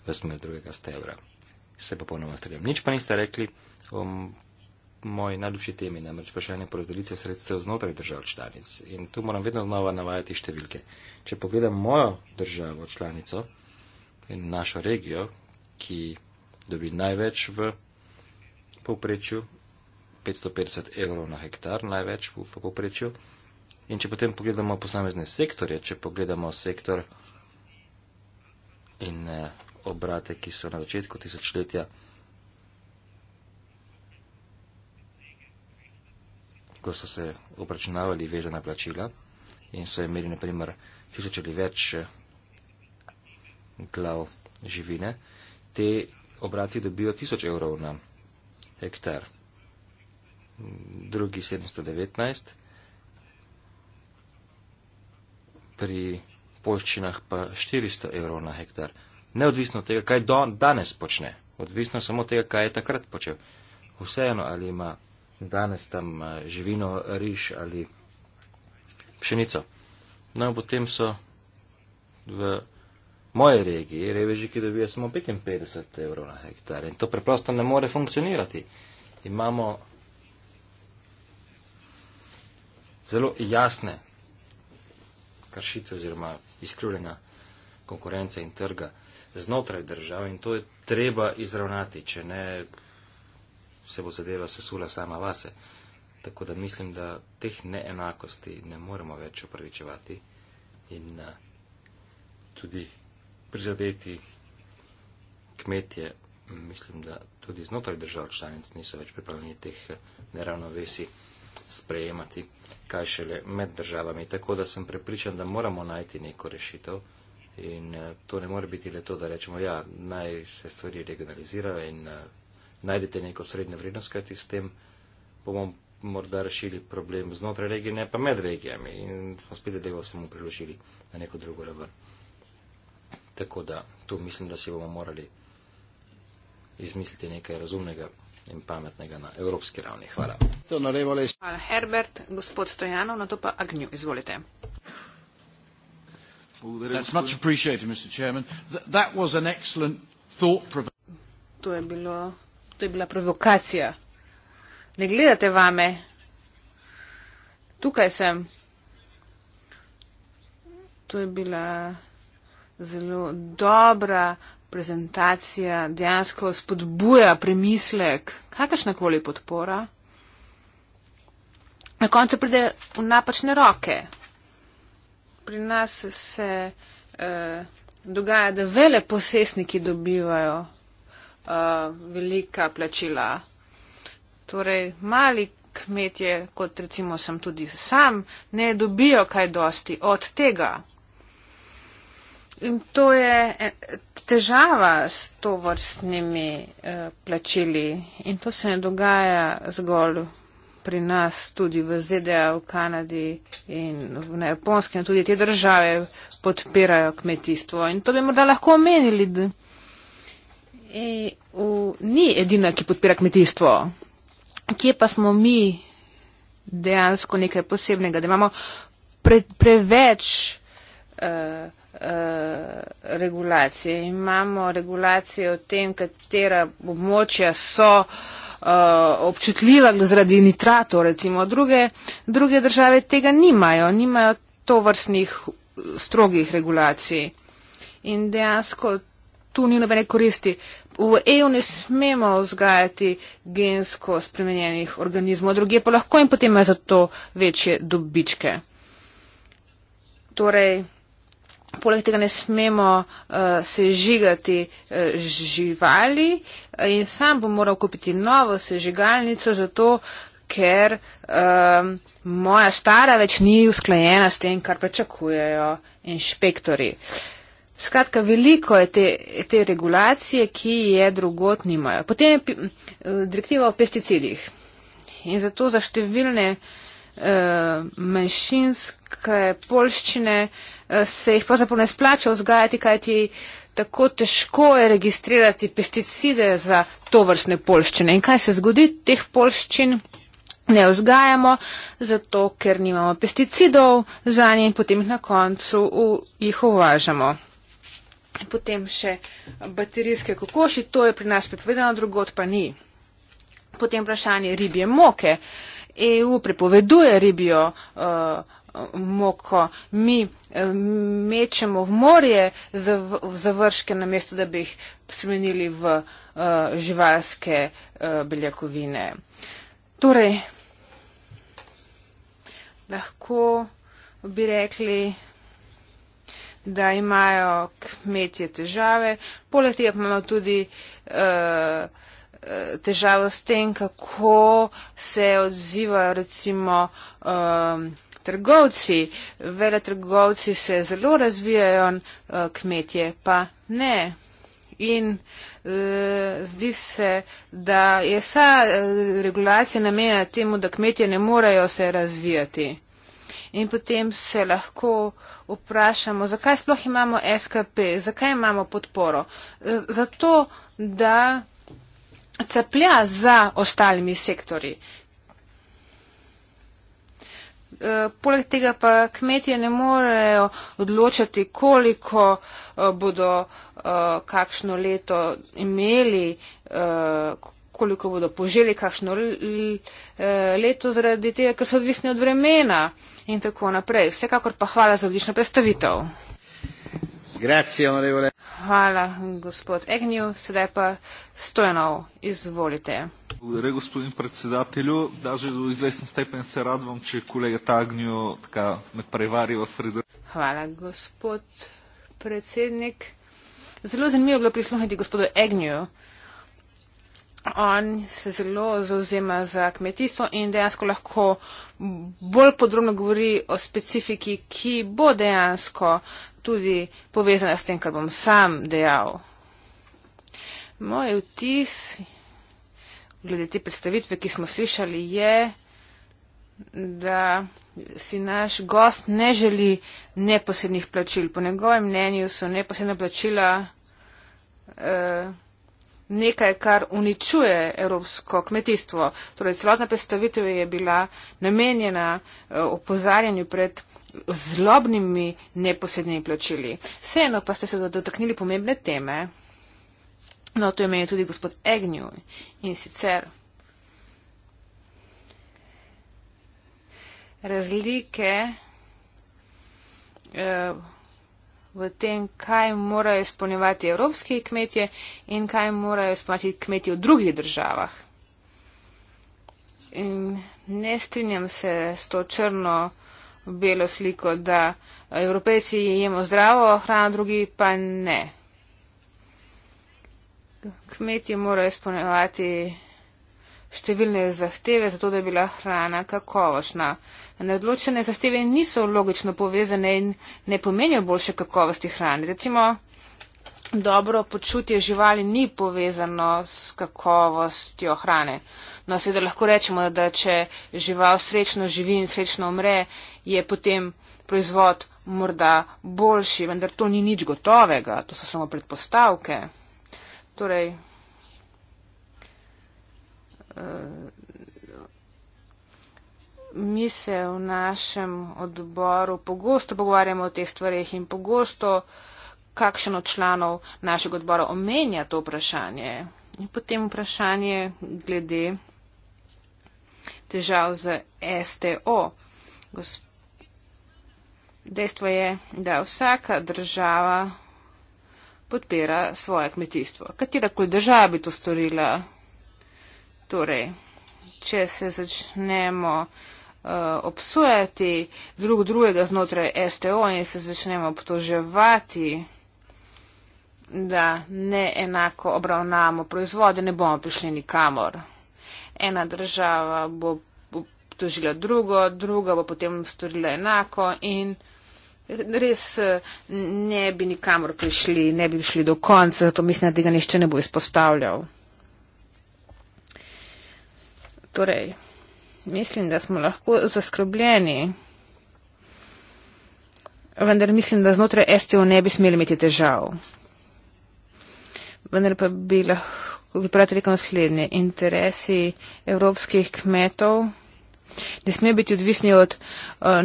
v smer drugega stebra. Se pa ponovno strelim. Nič pa niste rekli o moji najljubši temi, namreč vprašanje porazdelitve sredstev znotraj držav članic. In tu moram vedno znova navajati številke. Če pogledam mojo državo članico in našo regijo, ki dobi največ v povprečju 550 evrov na hektar, največ v povprečju. In če potem pogledamo posamezne sektorje, če pogledamo sektor in eh, obrate, ki so na začetku tisočletja, ko so se obračunavali vezana plačila in so imeli naprimer tisoč ali več eh, glav živine, te obrati dobijo tisoč evrov na hektar hektar. Drugi 719, pri polčinah pa 400 evrov na hektar. Neodvisno od tega, kaj do, danes počne, odvisno samo od tega, kaj je takrat počel. Vseeno, ali ima danes tam eh, živino, riž ali pšenico. No, potem so v moji regiji reveži, ki dobijo samo 55 evrov na hektar in to preprosto ne more funkcionirati. Imamo zelo jasne kršitve oziroma izkrivljena konkurence in trga znotraj države in to je treba izravnati, če ne se bo zadeva sesula sama vase. Tako da mislim, da teh neenakosti ne moremo več upravičevati in uh, tudi prizadeti kmetje, mislim, da tudi znotraj držav članic niso več pripravljeni teh eh, neravnovesi sprejemati, kaj šele med državami. Tako da sem prepričan, da moramo najti neko rešitev in eh, to ne more biti le to, da rečemo, ja, naj se stvari regionalizirajo in eh, najdete neko srednjo vrednost, kajti s tem bomo morda rešili problem znotraj regije, ne pa med regijami in smo spet delo samo priložili na neko drugo raven. Tako da tu mislim, da si bomo morali izmisliti nekaj razumnega in pametnega na evropski ravni. Hvala. Hvala Herbert, gospod Stojanov, na to pa Agnju, izvolite. To je, bilo, to je bila provokacija. Ne gledate vame. Tukaj sem. To je bila zelo dobra prezentacija, dejansko spodbuja premislek, kakršnakoli podpora, na koncu pride v napačne roke. Pri nas se eh, dogaja, da vele posesniki dobivajo eh, velika plačila. Torej, mali kmetje, kot recimo sem tudi sam, ne dobijo kaj dosti od tega. In to je težava s to vrstnimi uh, eh, plačili in to se ne dogaja zgolj pri nas, tudi v ZDA, v Kanadi in na Japonskem, tudi te države podpirajo kmetijstvo in to bi morda lahko omenili. EU ni edina, ki podpira kmetijstvo. Kje pa smo mi dejansko nekaj posebnega, da imamo pre, preveč. Uh, Eh, regulacije. Imamo regulacije o tem, katera območja so eh, občutljiva zaradi nitratov, recimo druge, druge države tega nimajo, nimajo to vrstnih strogih regulacij. In dejansko tu ni nobene koristi. V EU ne smemo vzgajati gensko spremenjenih organizmov, druge pa lahko in potem imajo za to večje dobičke. Torej, poleg tega ne smemo uh, sežigati uh, živali eh, in sam bom moral kupiti novo sežigalnico, zato ker um, moja stara več ni usklajena s tem, kar pričakujejo inšpektori. Skratka, veliko je te, te regulacije, ki je drugot nimajo. Potem je direktiva o pesticidih. In zato za številne uh, Eh, manjšinske polščine, eh, se jih pravzaprav ne splača vzgajati, kajti tako težko je registrirati pesticide za to vrstne polščine. In kaj se zgodi, teh polščin ne vzgajamo, zato ker nimamo pesticidov za nje in potem jih na koncu jih uvažamo. Potem še baterijske kokoši, to je pri nas prepovedano, drugot pa ni. Potem vprašanje ribje moke. Uh, EU prepoveduje ribijo uh, moko, mi eh, mečemo v morje završke na mesto, da bi jih spremenili v eh, živalske eh, beljakovine. Torej, lahko bi rekli, da imajo kmetje težave, poleg tega pa imamo tudi uh, težavo s tem, kako se odzivajo recimo um, trgovci. Vele trgovci se zelo razvijajo, uh, kmetje pa ne. In e, zdi se, da je vsa uh, regulacija namenjena temu, da kmetje ne morejo se razvijati. In potem se lahko vprašamo, zakaj sploh imamo SKP, zakaj imamo podporo. Zato, da caplja za ostalimi sektori. E, poleg tega pa kmetije ne morejo odločati, koliko e, bodo e, kakšno leto imeli, koliko bodo poželi kakšno leto zaradi tega, ker so odvisni od vremena in tako naprej. Vsekakor pa hvala za odlično predstavitev. Hvala, gospod Egnju. Sedaj pa Stojanov, izvolite. Hvala, gospodin predsedatelju. Daže do izvesten stepen se radvam, če kolega Tagnju tako me prevarijo. Hvala, gospod predsednik. Zelo zanimivo je bilo prisluhniti gospodu Egnju. On se zelo zauzema za kmetijstvo in dejansko lahko bolj podrobno govori o specifiki, ki bo dejansko tudi povezana s tem, kar bom sam dejal. Moj vtis glede te predstavitve, ki smo slišali, je, da si naš gost ne želi neposrednih plačil. Po njegovem mnenju so neposredna plačila. Uh, nekaj, kar uničuje evropsko kmetijstvo. Torej, celotna predstavitev je bila namenjena eh, opozarjanju pred zlobnimi neposrednimi plačili. Vseeno pa ste se dotaknili pomembne teme. No, to je meni tudi gospod Egnju in sicer razlike. Uh, v tem, kaj morajo izpolnjevati evropski kmetje in kaj morajo izpolnjevati kmetje v drugih državah. In ne strinjam se s to črno belo sliko, da evropejci jemo zdravo hrano, drugi pa ne. Kmetje morajo izpolnjevati številne zahteve za to, da je bila hrana kakovošna. Neodločene zahteve niso logično povezane in ne pomenijo boljše kakovosti hrane. Recimo, dobro počutje živali ni povezano s kakovostjo hrane. No, seveda lahko rečemo, da če žival srečno živi in srečno umre, je potem proizvod morda boljši, vendar to ni nič gotovega, to so samo predpostavke. Torej, Eh, mi se v našem odboru pogosto pogovarjamo o teh stvarih in pogosto kakšen od članov našega odbora omenja to vprašanje. In potem vprašanje glede težav z STO. Dejstvo je, da vsaka država podpira svoje kmetijstvo. Katera kol država bi to storila? Torej, če se začnemo uh, obsojati drug drugega znotraj STO in se začnemo obtoževati, da ne enako obravnavamo proizvode, ne bomo prišli nikamor. Ena država bo obtožila drugo, druga bo potem storila enako in res eh, ne bi nikamor prišli, ne bi šli do konca, zato mislim, da tega nišče ne bo izpostavljal. Torej, mislim, da smo lahko zaskrbljeni, vendar mislim, da znotraj STO ne bi smeli imeti težav. Vendar pa bi lahko bi prav rekel naslednje. Interesi evropskih kmetov ne smejo biti odvisni od uh,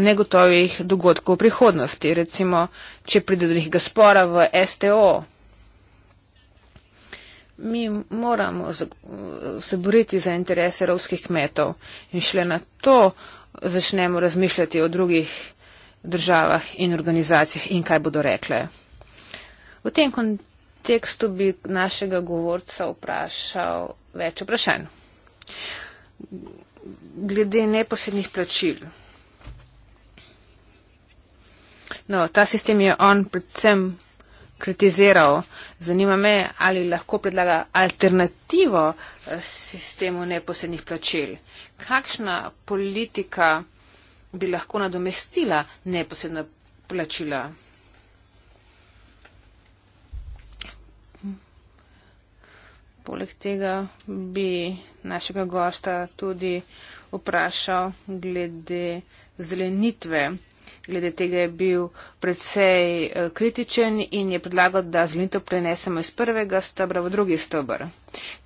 negotovih dogodkov v prihodnosti. Recimo, če pride do nekega spora v STO, mi moramo se boriti za interese rovskih kmetov in šele na to začnemo razmišljati o drugih državah in organizacijah in kaj bodo rekle. V tem kontekstu bi našega govorca vprašal več vprašanj. Glede neposrednih plačil. No, ta sistem je on predvsem kritiziral. Zanima me, ali lahko predlaga alternativo eh, sistemu neposednih plačil. Kakšna politika bi lahko nadomestila neposedna plačila? Poleg tega bi našega gosta tudi vprašal glede zelenitve glede tega je bil predvsej eh, kritičen in je predlagal, da zlinto prenesemo iz prvega stebra v drugi stebr.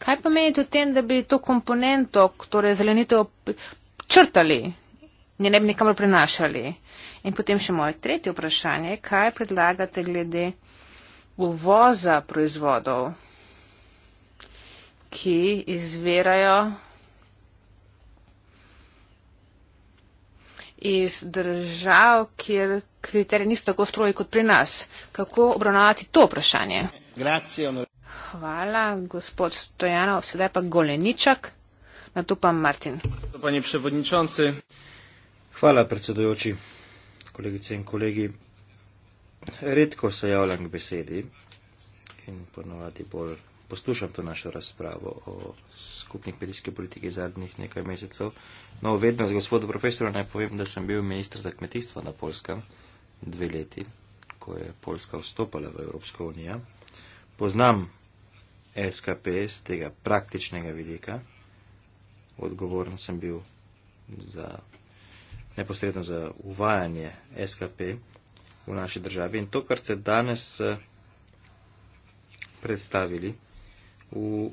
Kaj pa menite o tem, da bi to komponento, torej zelenitev, črtali in ne bi nikamor prenašali? In potem še moje tretje vprašanje, kaj predlagate glede uvoza proizvodov, ki izvirajo iz držav, kjer kriteriji niso tako stroji kot pri nas. Kako obravnavati to vprašanje? Hvala, gospod Stojanov. Sedaj pa Goleničak, na to pa Martin. Hvala, predsedujoči, kolegice in kolegi. Redko se javljam k besedi in ponovadi bolj poslušam to našo razpravo o skupni kmetijski politiki zadnjih nekaj mesecev. No, vedno z gospodom profesorom naj povem, da sem bil ministr za kmetijstvo na Polskem dve leti, ko je Polska vstopala v Evropsko unijo. Poznam SKP z tega praktičnega vidika. Odgovoren sem bil za, neposredno za uvajanje SKP v naši državi. In to, kar ste danes eh, predstavili, v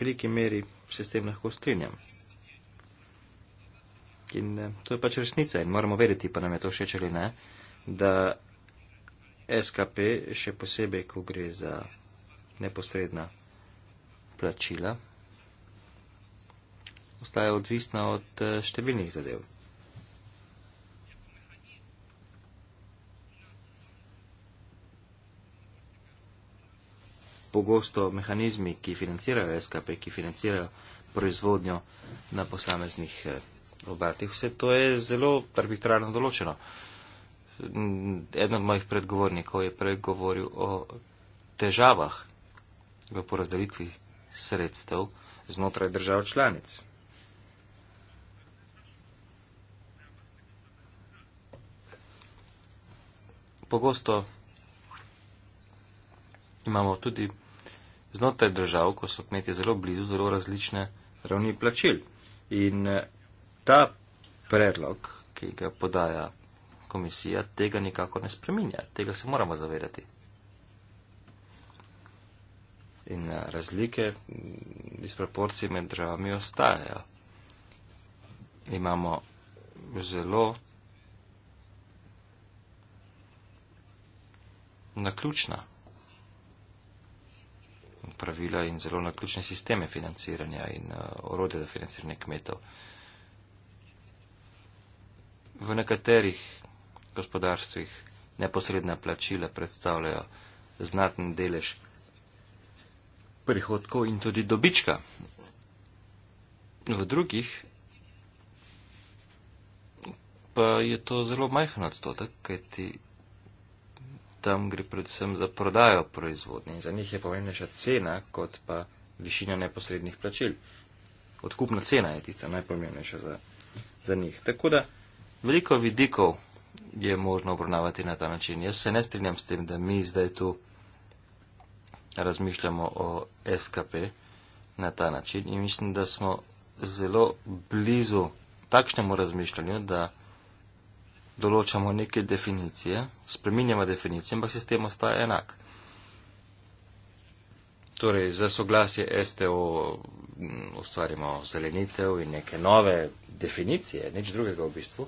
veliki meri se s tem lahko strinjam. In eh, to je pač resnica in moramo vedeti, pa nam je to všeč ali ne, da SKP, še posebej, ko gre za neposredna plačila, ostaja odvisna od eh, številnih zadev. pogosto mehanizmi, ki financirajo SKP, ki financirajo proizvodnjo na posameznih eh, obratih. Vse to je zelo arbitrarno določeno. Eden od mojih predgovornikov je prej govoril o težavah v porazdelitvi sredstev znotraj držav članic. Pogosto imamo tudi znotraj držav, ko so kmetje zelo blizu, zelo različne ravni plačil. In eh, ta predlog, ki ga podaja komisija, tega nikako ne spreminja. Tega se moramo zavedati. In eh, razlike, mm, disproporcije med državami ostajajo. Imamo zelo naključna pravila in zelo naključne sisteme financiranja in uh, eh, orode za financiranje kmetov. V nekaterih gospodarstvih neposredna plačila predstavljajo znaten delež prihodkov in tudi dobička. V drugih pa je to zelo majhen odstotek, kajti tam gre predvsem za prodajo proizvodnje in za njih je pomembnejša cena kot pa višina neposrednih plačil. Odkupna cena je tista najpomembnejša za, za njih. Tako da veliko vidikov je možno obravnavati na ta način. Jaz se ne strinjam s tem, da mi zdaj tu razmišljamo o SKP na ta način in mislim, da smo zelo blizu takšnemu razmišljanju, da določamo neke definicije, spreminjamo definicije, ampak sistem ostaja enak. Torej, za soglasje STO mm, ustvarimo zelenitev in neke nove definicije, nič drugega v bistvu.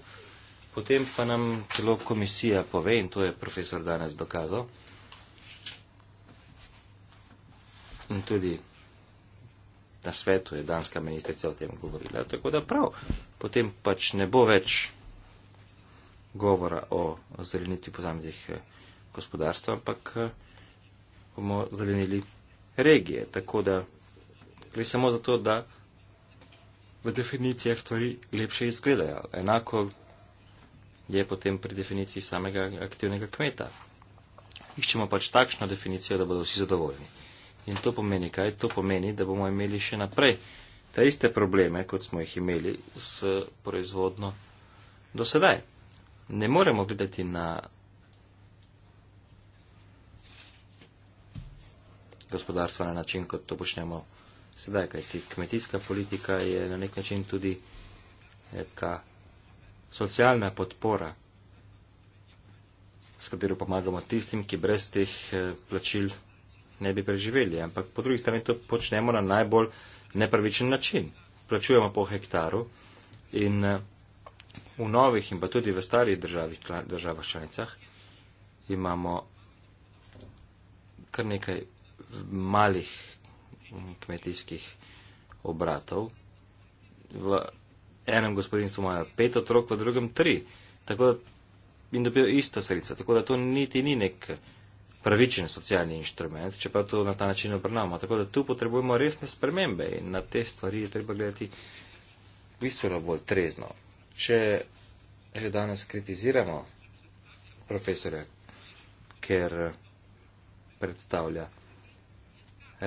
Potem pa nam celo komisija pove, in to je profesor danes dokazal, in tudi na svetu je danska ministrica o tem govorila. Tako da prav, potem pač ne bo več govora o zelenitvi posameznih eh, gospodarstv, ampak eh, bomo zelenili regije. Tako da gre samo zato, da v definicijah stvari lepše izgledajo. Enako je potem pri definiciji samega aktivnega kmeta. Iščemo pač takšno definicijo, da bodo vsi zadovoljni. In to pomeni kaj? To pomeni, da bomo imeli še naprej te iste probleme, kot smo jih imeli s proizvodno do sedaj ne moremo gledati na gospodarstvo na način, kot to počnemo sedaj, kajti kmetijska politika je na nek način tudi neka eh, socialna podpora, s katero pomagamo tistim, ki brez teh eh, plačil ne bi preživeli. Ampak po drugi strani to počnemo na najbolj nepravičen način. Plačujemo po hektaru in eh, v novih in pa tudi v starih državih, državah članicah imamo kar nekaj malih kmetijskih obratov. V enem gospodinstvu imajo pet otrok, v drugem tri. Tako da jim dobijo ista sredstva. Tako da to niti ni nek pravičen socialni inštrument, če pa to na ta način obrnamo. Tako da tu potrebujemo resne spremembe in na te stvari je treba gledati bistveno bolj trezno če že danes kritiziramo profesore, ker predstavlja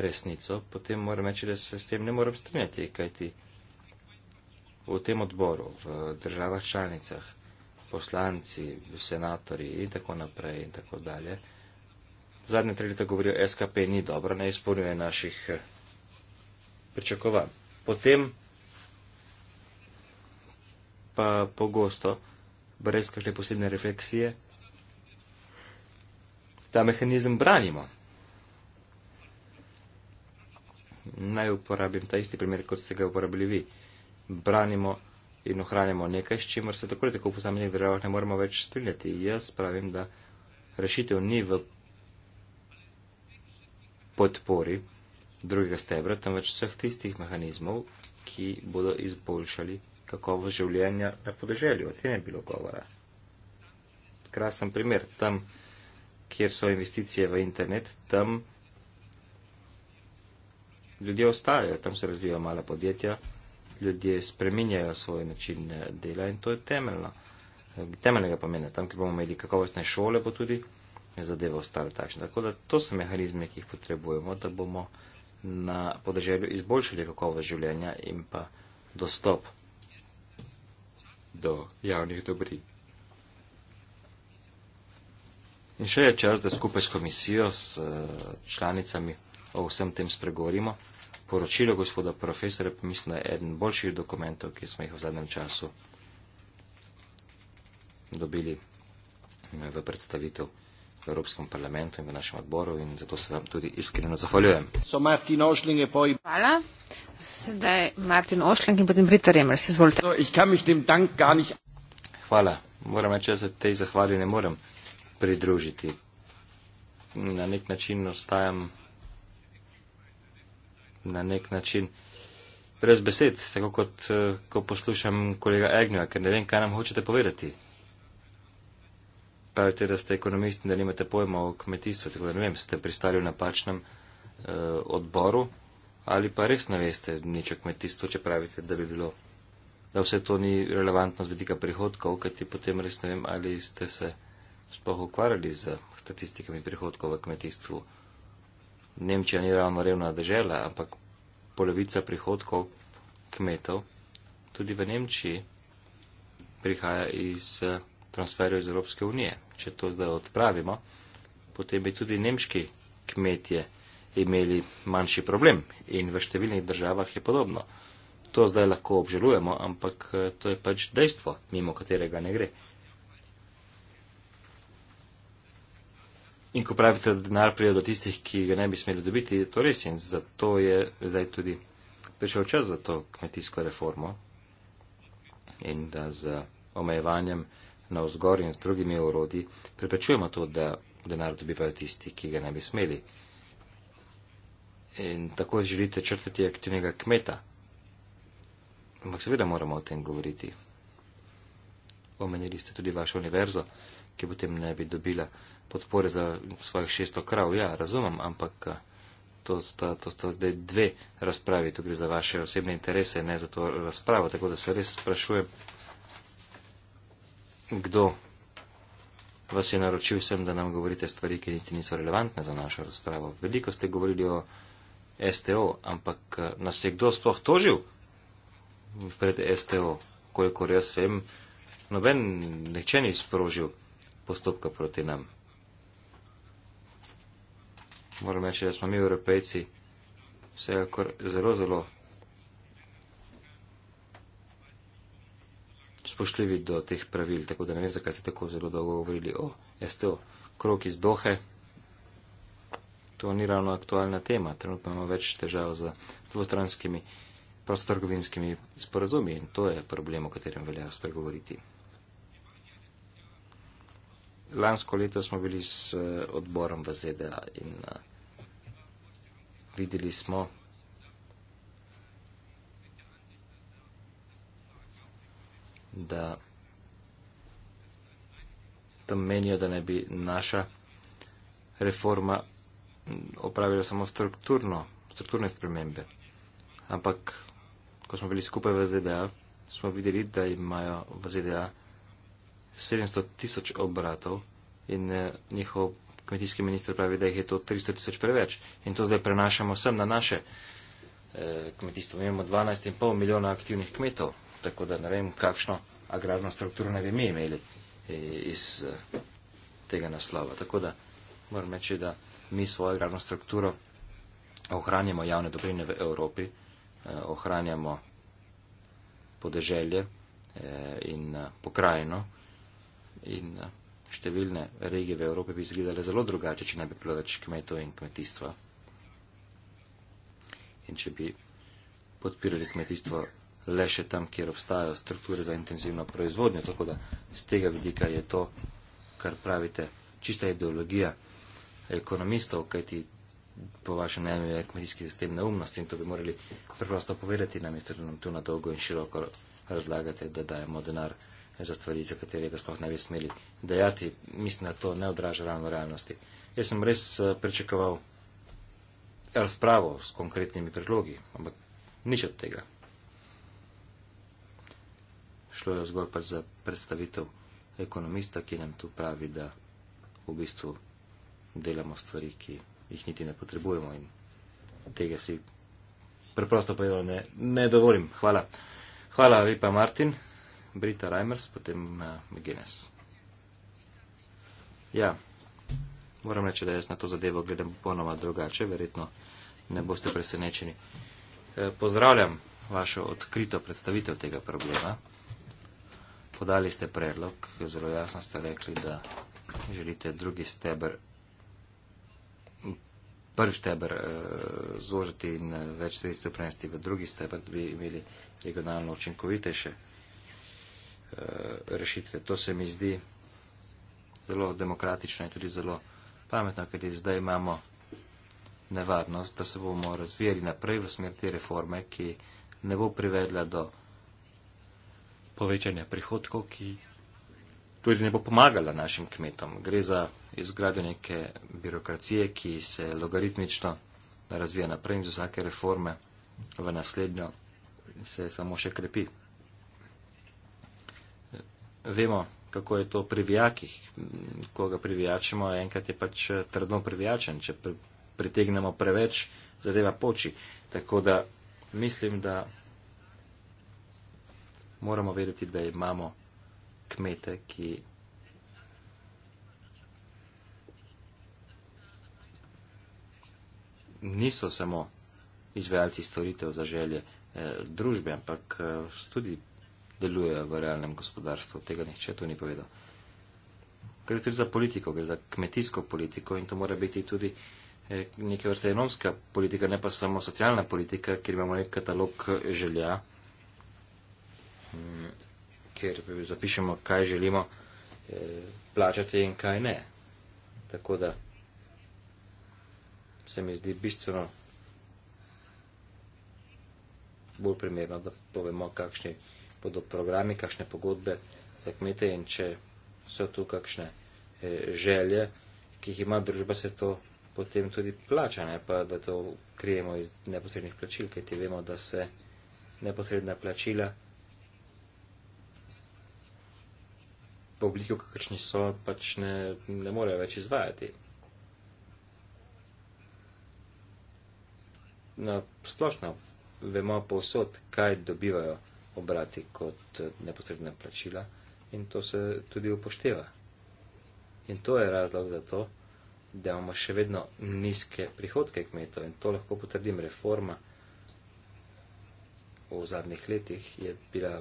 resnico, potem moram reči, da se s tem ne morem strinjati, kajti v tem odboru, v državah članicah, poslanci, senatorji in tako naprej in tako dalje, zadnje tri leta govorijo, SKP ni dobro, ne izpolnjuje naših eh, pričakovanj. Potem pa pogosto, brez kakšne posebne refleksije, ta mehanizem branimo. Naj uporabim ta isti primer, kot ste ga uporabili vi. Branimo in ohranjamo nekaj, s čimer se tako rekoč v posameznih državah ne moremo več strinjati. Jaz pravim, da rešitev ni v podpori drugega stebra, temveč vseh tistih mehanizmov, ki bodo izboljšali kakovost življenja na podeželju. O tem je bilo govora. Krasen primer. Tam, kjer so investicije v internet, tam ljudje ostajajo, tam se razvijajo mala podjetja, ljudje spreminjajo svoj način eh, dela in to je temeljno. Eh, temeljnega pomena. Tam, kjer bomo imeli kakovostne šole, bo tudi zadeva ostala takšna. Tako da to so mehanizme, ki jih potrebujemo, da bomo na podeželju izboljšali kakovost življenja in pa dostop do javnih dobrin. In še je čas, da skupaj s komisijo, s eh, članicami o vsem tem spregovorimo. Poročilo gospoda profesora pa mislim, da je eden boljših dokumentov, ki smo jih v zadnjem času dobili eh, v predstavitev v Evropskem parlamentu in v našem odboru in zato se vam tudi iskreno zahvaljujem. Hvala. Sedaj Martin Ošlenk in potem Brita Remers. Izvolite. No, Hvala. Moram reči, da se tej zahvali ne morem pridružiti. Na nek način ostajam na nek način brez besed, tako kot eh, ko poslušam kolega Agnjo, ker ne vem, kaj nam hočete povedati. Pravite, da ste ekonomisti in da nimate pojma o kmetijstvu, tako da ne vem, ste pristali v napačnem uh, odboru ali pa res ne veste nič o kmetijstvu, če pravite, da bi bilo, da vse to ni relevantno z vedika prihodkov, kaj ti potem res ne vem, ali ste se sploh ukvarjali z statistikami prihodkov v kmetijstvu. Nemčija ni ravno revna država, ampak polovica prihodkov kmetov tudi v Nemčiji prihaja iz eh, transferjev iz Evropske unije. Če to zdaj odpravimo, potem bi tudi nemški kmetje imeli manjši problem in v številnih državah je podobno. To zdaj lahko obžalujemo, ampak eh, to je pač dejstvo, mimo katerega ne gre. In ko pravite, da denar prije do tistih, ki ga ne bi smeli dobiti, je to res in zato je zdaj tudi prišel čas za to kmetijsko reformo in da z omejevanjem na vzgor in z drugimi urodi preprečujemo to, da denar dobivajo tisti, ki ga ne bi smeli in tako želite črtati aktivnega kmeta. Ampak seveda moramo o tem govoriti. Omenili ste tudi vašo univerzo, ki potem ne bi dobila podpore za svojih 600 krav. Ja, razumem, ampak eh, to sta, to sta zdaj dve razpravi. Tu gre za vaše osebne interese, ne za to razpravo. Tako da se res sprašujem, kdo vas je naročil sem, da nam govorite stvari, ki niti niso relevantne za našo razpravo. Veliko ste govorili o. STO, ampak eh, nas je kdo sploh tožil pred STO, kolikor jaz vem, noben nihče ni sprožil postopka proti nam. Moram reči, da smo mi, evropejci, vsekakor zelo, zelo spoštljivi do teh pravil, tako da ne vem, zakaj ste tako zelo dolgo govorili o STO. Krok iz Dohe to ni ravno aktualna tema. Trenutno imamo več težav z dvostranskimi prostorgovinskimi sporazumi in to je problem, o katerem velja spregovoriti. Lansko leto smo bili s eh, odborom v ZDA in eh, videli smo, da tam menijo, da ne bi naša reforma opravijo samo strukturne spremembe. Ampak, ko smo bili skupaj v ZDA, smo videli, da imajo v ZDA 700 tisoč obratov in eh, njihov kmetijski minister pravi, da jih je to 300 tisoč preveč. In to zdaj prenašamo sem na naše eh, kmetijstvo. Imamo 12,5 milijona aktivnih kmetov, tako da ne vem, kakšno agrarno strukturo ne bi mi imeli eh, iz eh, tega naslova. Tako da moram reči, da mi svojo agrarno strukturo ohranjamo javne dobrine v Evropi, eh, ohranjamo podeželje eh, in eh, pokrajino in številne regije v Evropi bi izgledale zelo drugače, če ne bi bilo več kmetov in kmetijstva. In če bi podpirali kmetijstvo le še tam, kjer obstajajo strukture za intenzivno proizvodnjo, tako da z tega vidika je to, kar pravite, čista ideologija ekonomistov, kajti po vašem mnenju je kmetijski sistem neumnost in to bi morali preprosto povedati, namesto da nam tu na dolgo in široko razlagate, da dajemo denar za stvari, za katerega sploh ne bi smeli dajati. Mislim, da to ne odraža ravno realnosti. Jaz sem res eh, pričakoval razpravo s konkretnimi predlogi, ampak nič od tega. Šlo je zgolj pa za predstavitev ekonomista, ki nam tu pravi, da v bistvu delamo stvari, ki jih niti ne potrebujemo in tega si preprosto povedal ne, ne dovolim. Hvala. Hvala lepa, Martin. Brita Reimers, potem uh, eh, Guinness. Ja, moram reči, da jaz na to zadevo gledam ponoma drugače, verjetno ne boste presenečeni. E, pozdravljam vašo odkrito predstavitev tega problema. Podali ste predlog, zelo jasno ste rekli, da želite drugi steber prvi steber eh, zožiti in eh, več sredstev prenesti v drugi steber, da bi imeli regionalno učinkovitejše eh, rešitve. To se mi zdi zelo demokratično in tudi zelo pametno, ker zdaj imamo nevarnost, da se bomo razvijali naprej v smer te reforme, ki ne bo privedla do povečanja prihodkov, ki tudi ne bo pomagala našim kmetom. Gre za izgradnjo neke birokracije, ki se logaritmično razvija naprej in z vsake reforme v naslednjo se samo še krepi. Vemo, kako je to pri vijakih. Koga privijačimo, enkrat je pač eh, trdno privijačen. Če pritegnemo preveč, zadeva poči. Tako da mislim, da moramo vedeti, da imamo kmete, ki niso samo izvajalci storitev za želje eh, družbe, ampak eh, tudi delujejo v realnem gospodarstvu. Tega nihče tu ni povedal. Gre tudi za politiko, gre za kmetijsko politiko in to mora biti tudi eh, neke vrste enomska politika, ne pa samo socialna politika, kjer imamo nek katalog eh, želja, mm, kjer zapišemo, kaj želimo eh, plačati in kaj ne. Tako da se mi zdi bistveno bolj primerno, da povemo, kakšni bodo programi, kakšne pogodbe za kmete in če so tu kakšne eh, želje, ki jih ima družba, se to potem tudi plača, ne pa da to krijemo iz neposrednih plačil, kajti vemo, da se neposredna plačila v obliki, kakršni so, pač ne, ne morejo več izvajati. Na splošno vemo povsod, kaj dobivajo obrati kot eh, neposredne plačila in to se tudi upošteva. In to je razlog za to, da imamo še vedno nizke prihodke kmetov in to lahko potrdim. Reforma v zadnjih letih je bila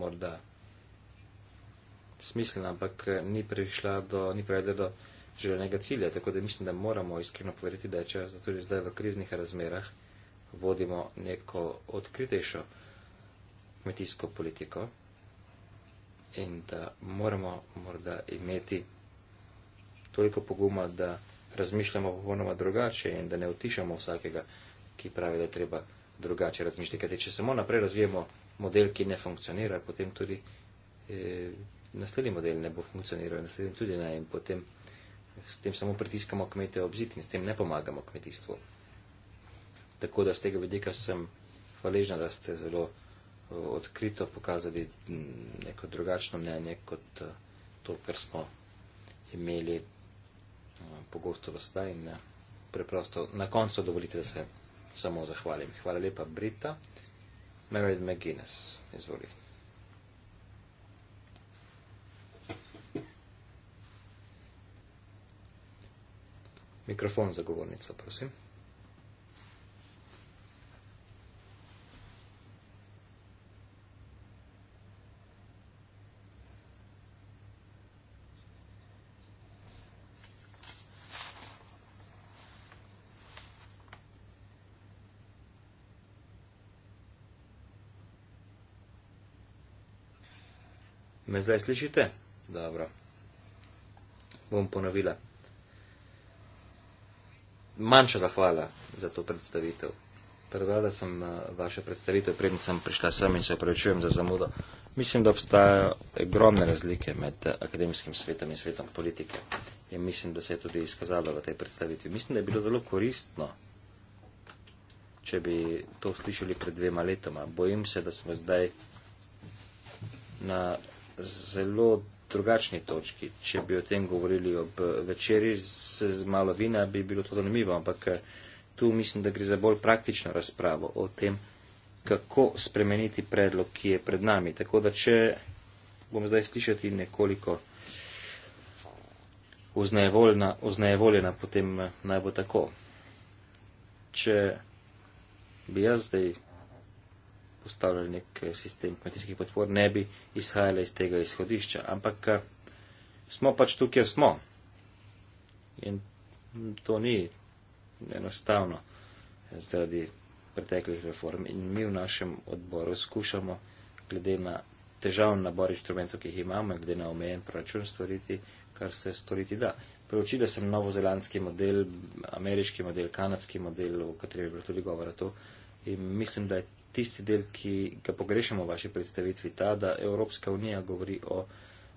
morda smiselna, ampak eh, ni prišla do, ni prišla do željenega cilja. Tako da mislim, da moramo iskreno povedati, da je čas, da tudi zdaj v kriznih razmerah vodimo neko odkritejšo kmetijsko politiko in da moramo morda imeti toliko poguma, da razmišljamo popolnoma drugače in da ne utišamo vsakega, ki pravi, da je treba drugače razmišljati. Kajti, če samo naprej razvijemo model, ki ne funkcionira, potem tudi eh, naslednji model ne bo funkcioniral, naslednji tudi ne in potem s tem samo pritiskamo kmete obzit in s tem ne pomagamo kmetijstvu. Tako da z tega vidika sem hvaležna, da ste zelo eh, odkrito pokazali neko drugačno mnenje kot eh, to, kar smo imeli eh, pogosto do sedaj in preprosto na koncu dovolite, da se samo zahvalim. Hvala lepa, Brita. Married McGuinness, izvolite. Mikrofon za govornico, prosim. Me zdaj slišite? Dobro. Bom ponovila manjša zahvala za to predstavitev. Prebrala sem eh, vaše predstavitev, preden sem prišla sem in se opravičujem za zamudo. Mislim, da obstajajo ogromne razlike med eh, akademskim svetom in svetom politike. In mislim, da se je tudi izkazalo v tej predstavitvi. Mislim, da je bilo zelo koristno, če bi to slišali pred dvema letoma. Bojim se, da smo zdaj na zelo drugačni točki. Če bi o tem govorili ob večerji z, z malo vina, bi bilo to zanimivo, ampak eh, tu mislim, da gre za bolj praktično razpravo o tem, kako spremeniti predlog, ki je pred nami. Tako da, če bom zdaj slišati nekoliko oznajevoljena, potem eh, naj bo tako. Če bi jaz zdaj postavljali nek eh, sistem kmetijskih podpor, ne bi izhajala iz tega izhodišča. Ampak eh, smo pač tu, kjer smo. In to ni enostavno eh, zaradi preteklih reform. In mi v našem odboru skušamo, glede na težavni nabor inštrumentov, ki jih imamo, in glede na omejen proračun, storiti, kar se storiti da. Preučila sem novozelandski model, ameriški model, kanadski model, o katerem je bilo tudi govora to. In mislim, da je tisti del, ki ga pogrešamo v vaši predstavitvi, ta, da Evropska unija govori o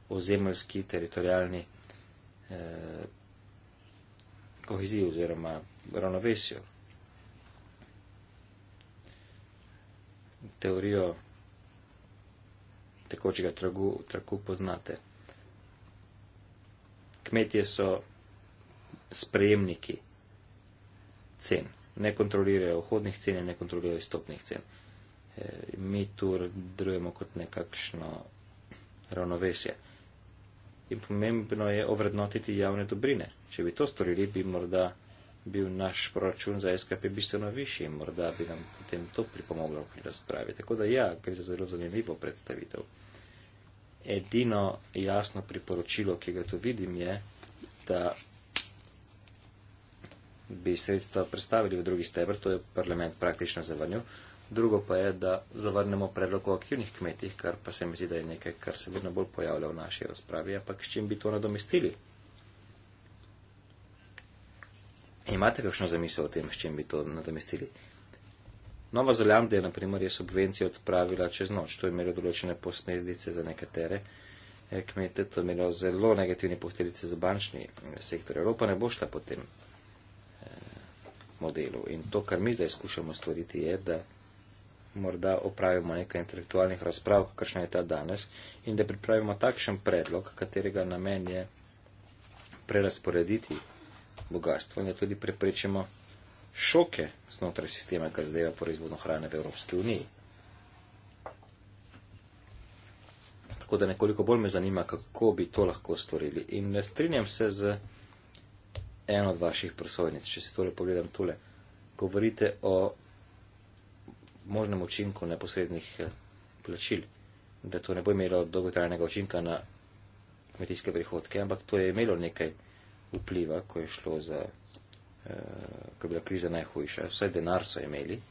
ozemljski teritorijalni eh, koheziji oziroma ravnovesju. Teorijo tekočega tragu, traku poznate. Kmetje so sprejemniki cen, ne kontrolirajo vhodnih cen in ne kontrolirajo izstopnih cen mi tu delujemo kot nekakšno ravnovesje. In pomembno je ovrednotiti javne dobrine. Če bi to storili, bi morda bil naš proračun za SKP bistveno višji in morda bi nam potem to pripomoglo pri razpravi. Tako da ja, gre za zelo zanimivo predstavitev. Edino jasno priporočilo, ki ga tu vidim, je, da bi sredstva predstavili v drugi stebr, to je parlament praktično zavrnil, drugo pa je, da zavrnemo predlog o aktivnih kmetih, kar pa se mi zdi, da je nekaj, kar se vedno bolj pojavlja v naši razpravi, ampak s čim bi to nadomestili? Imate kakšno zamisel o tem, s čim bi to nadomestili? Nova Zelanda je, naprimer, je subvencije odpravila čez noč. To je imelo določene posledice za nekatere eh, kmete, to je imelo zelo negativne posledice za bančni eh, sektor. Evropa ne bo šla po tem eh, modelu. In to, kar mi zdaj skušamo stvoriti, je, da morda opravimo nekaj intelektualnih razprav, kakršna je ta danes, in da pripravimo takšen predlog, katerega namen je prerasporediti bogatstvo in da tudi preprečimo šoke znotraj sistema, kar zdaj je proizvodno hrane v Evropski uniji. Tako da nekoliko bolj me zanima, kako bi to lahko storili. In ne strinjam se z eno od vaših prosojnic, če si tole pogledam tole. Govorite o možnem učinku neposrednih eh, plačil, da to ne bo imelo dolgotrajnega učinka na kmetijske prihodke, ampak to je imelo nekaj vpliva, ko je šlo za, eh, ko je bila kriza najhujša. Vse denar so imeli.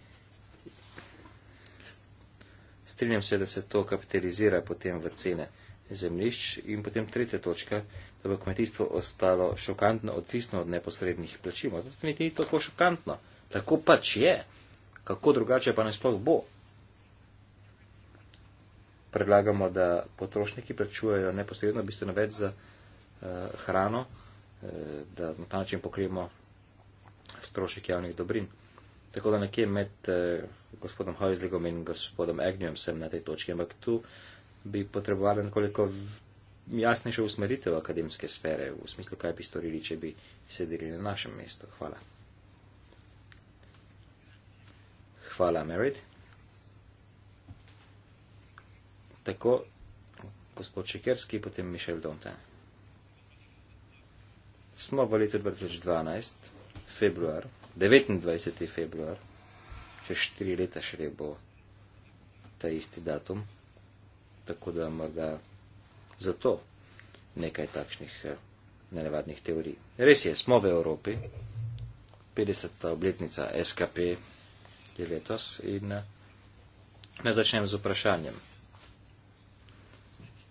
Strinjam se, da se to kapitalizira potem v cene zemlišč in potem tretja točka, da bo kmetijstvo ostalo šokantno, odvisno od neposrednih plačil. To niti ni tako šokantno. Tako pač je kako drugače pa nasploh bo. Predlagamo, da potrošniki plačujejo neposredno bistveno več za eh, hrano, eh, da na ta način pokrijemo strošek javnih dobrin. Tako da nekje med eh, gospodom Hojzlegom in gospodom Egnjem sem na tej točki, ampak tu bi potrebovali nekoliko jasnejšo usmeritev akademske sfere v smislu, kaj bi storili, če bi sedeli na našem mestu. Hvala. hvala, Merit. Tako, gospod Čekerski, potem Mišel Donta. Smo v letu 2012, februar, 29. februar, še štiri leta šele bo ta isti datum, tako da morda zato nekaj takšnih eh, nenavadnih teorij. Res je, smo v Evropi, 50. obletnica SKP, je letos in eh, naj začnem z vprašanjem.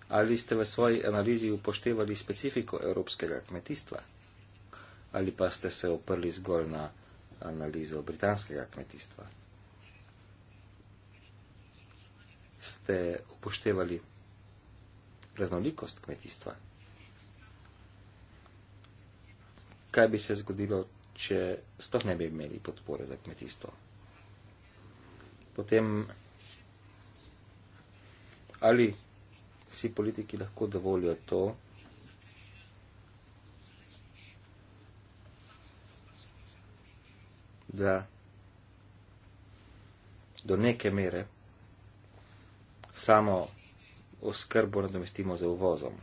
Ali ste v svoji analizi upoštevali specifiko evropskega kmetijstva ali pa ste se oprli zgolj na analizo britanskega kmetijstva? Ste upoštevali raznolikost kmetijstva? Kaj bi se zgodilo, če sploh ne bi imeli podpore za kmetijstvo? potem ali si politiki lahko dovolijo to, da do neke mere samo oskrbo nadomestimo za uvozom.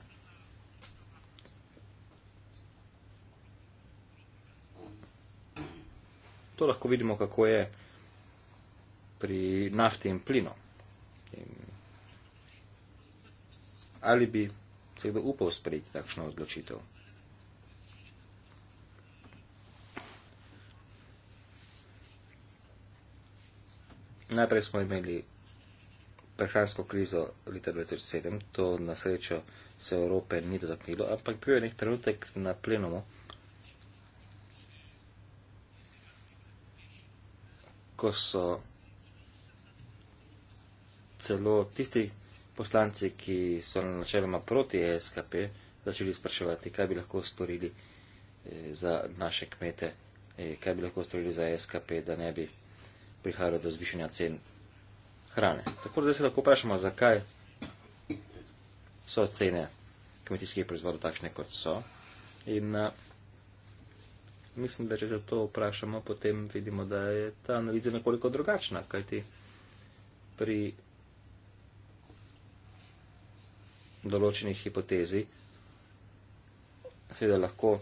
To lahko vidimo, kako je pri nafti in plinu. In ali bi se kdo upal sprejeti takšno odločitev? Najprej smo imeli prehransko krizo leta 2007, to na srečo se Evrope ni dotaknilo, ampak bil je nek trenutek na plenumu, ko so celo tisti poslanci, ki so načeloma proti e SKP, začeli spraševati, kaj bi lahko storili eh, za naše kmete, eh, kaj bi lahko storili za e SKP, da ne bi prihajalo do zvišanja cen hrane. Tako da se lahko vprašamo, zakaj so cene kmetijskih proizvodov takšne, kot so. In eh, mislim, da če se to vprašamo, potem vidimo, da je ta analiza nekoliko drugačna, kajti pri določenih hipotezi, seveda lahko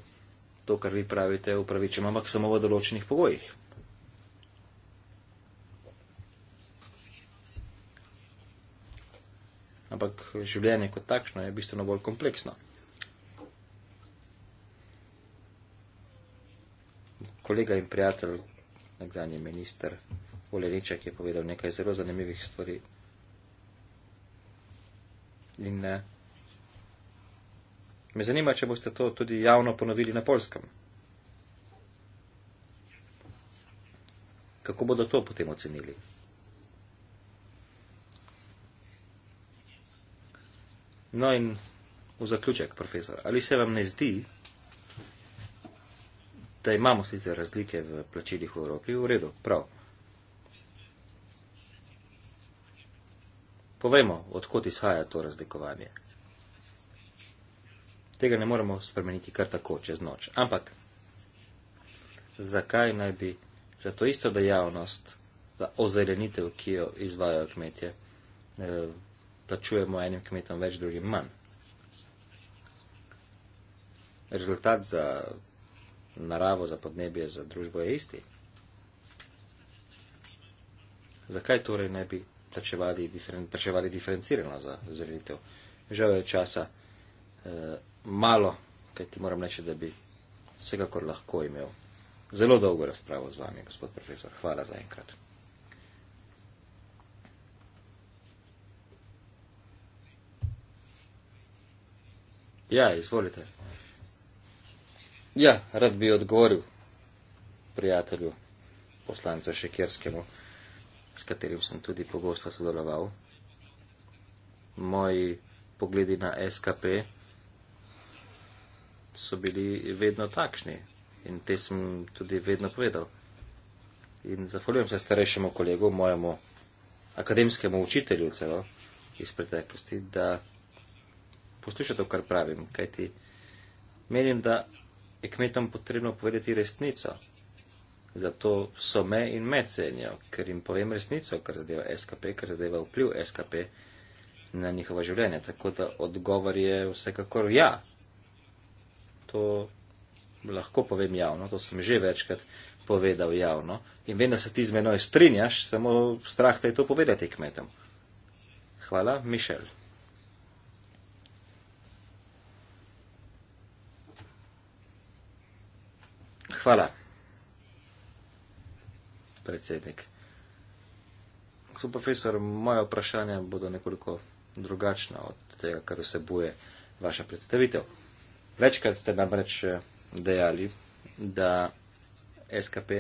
to, kar vi pravite, upravičujem, ampak samo v določenih pogojih. Ampak življenje kot takšno je bistveno bolj kompleksno. Kolega in prijatelj, nekdanji minister Oleniček je povedal nekaj zelo zanimivih stvari in ne. Eh, me zanima, če boste to tudi javno ponovili na polskem. Kako bodo to potem ocenili? No in v zaključek, profesor, ali se vam ne zdi, da imamo sicer razlike v plačilih v Evropi? V redu, prav. Povejmo, odkot izhaja to razlikovanje. Tega ne moremo spremeniti kar tako čez noč. Ampak, zakaj naj bi za to isto dejavnost, za ozelenitev, ki jo izvajo kmetje, eh, plačujemo enim kmetom več, drugim manj? Rezultat za naravo, za podnebje, za družbo je isti. Zakaj torej ne bi plačevali, diferen, plačevali diferencirano za zelenitev. Žal je časa e, malo, kaj ti moram reči, da bi vsekakor lahko imel zelo dolgo razpravo z vami, gospod profesor. Hvala za enkrat. Ja, izvolite. Ja, rad bi odgovoril prijatelju poslancu Šekerskemu s katerim sem tudi pogosto sodeloval. Moji pogledi na SKP so bili vedno takšni in te sem tudi vedno povedal. In zahvaljujem se starejšemu kolegu, mojemu akademskemu učitelju celo iz preteklosti, da posluša to, kar pravim, kajti menim, da je kmetom potrebno povedati resnico. Zato so me in me cenijo, ker jim povem resnico, kar zadeva SKP, kar zadeva vpliv SKP na njihova življenja. Tako da odgovor je vsekakor ja. To lahko povem javno, to sem že večkrat povedal javno. In vem, da se ti z menoj strinjaš, samo strah te je to povedati kmetom. Hvala, Mišel. Hvala predsednik. Gospod profesor, moje vprašanja bodo nekoliko drugačna od tega, kar vsebuje vaša predstavitev. Večkrat ste namreč eh, dejali, da SKP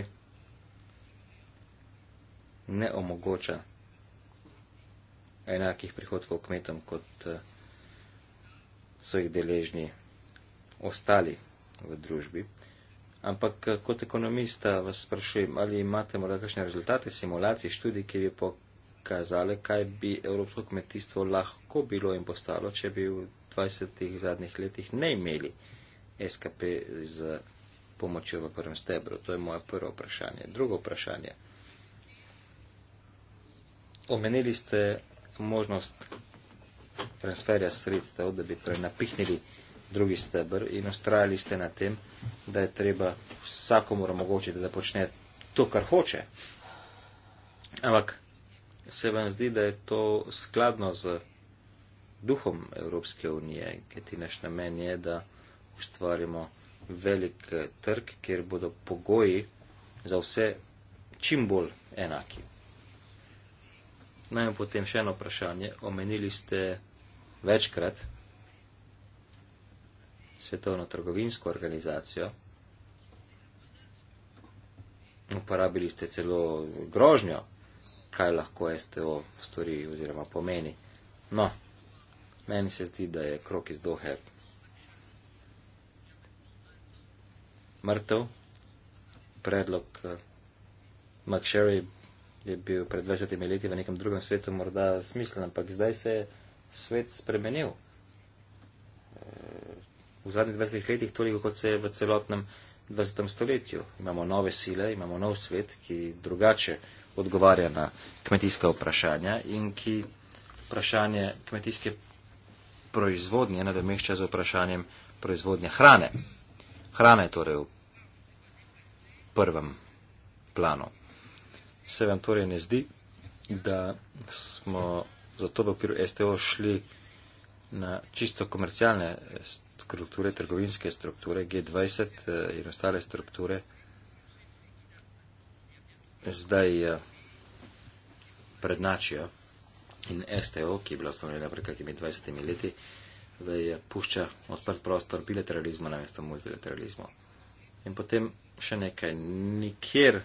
ne omogoča enakih prihodkov kmetom, kot eh, so jih deležni ostali v družbi, Ampak eh, kot ekonomista vas sprašujem, ali imate morda kakšne rezultate, simulacije, študije, ki bi pokazale, kaj bi evropsko kmetijstvo lahko bilo in postalo, če bi v 20 zadnjih letih ne imeli SKP z pomočjo v prvem stebru. To je moje prvo vprašanje. Drugo vprašanje. Omenili ste možnost transferja sredstev, da bi prenapihnili. Torej drugi stebr in ustrajali ste na tem, da je treba vsakomor omogočiti, da počne to, kar hoče. Ampak se vam zdi, da je to skladno z duhom Evropske unije, ker ti naš namen je, da ustvarimo velik eh, trg, kjer bodo pogoji za vse čim bolj enaki. Naj vam potem še eno vprašanje. Omenili ste večkrat, svetovno trgovinsko organizacijo. Uporabili ste celo grožnjo, kaj lahko STO stori oziroma pomeni. No, meni se zdi, da je krok iz dohe mrtev. Predlog eh, McSherry je bil pred 20 leti v nekem drugem svetu morda smiseln, ampak zdaj se je svet spremenil. Eh, v zadnjih 20 letih toliko, kot se je v celotnem 20. stoletju. Imamo nove sile, imamo nov svet, ki drugače odgovarja na kmetijska vprašanja in ki vprašanje kmetijske proizvodnje nadomešča z vprašanjem proizvodnje hrane. Hrana je torej v prvem planu. Se vam torej ne zdi, da smo zato v okviru STO šli na čisto komercialne stvari? strukture, trgovinske strukture, G20 eh, in ostale strukture, zdaj eh, prednačijo in STO, ki je bila ustanovljena pred kakimi 20 leti, da je eh, pušča odprt prostor bilateralizmu na mesto multilateralizmu. In potem še nekaj, nikjer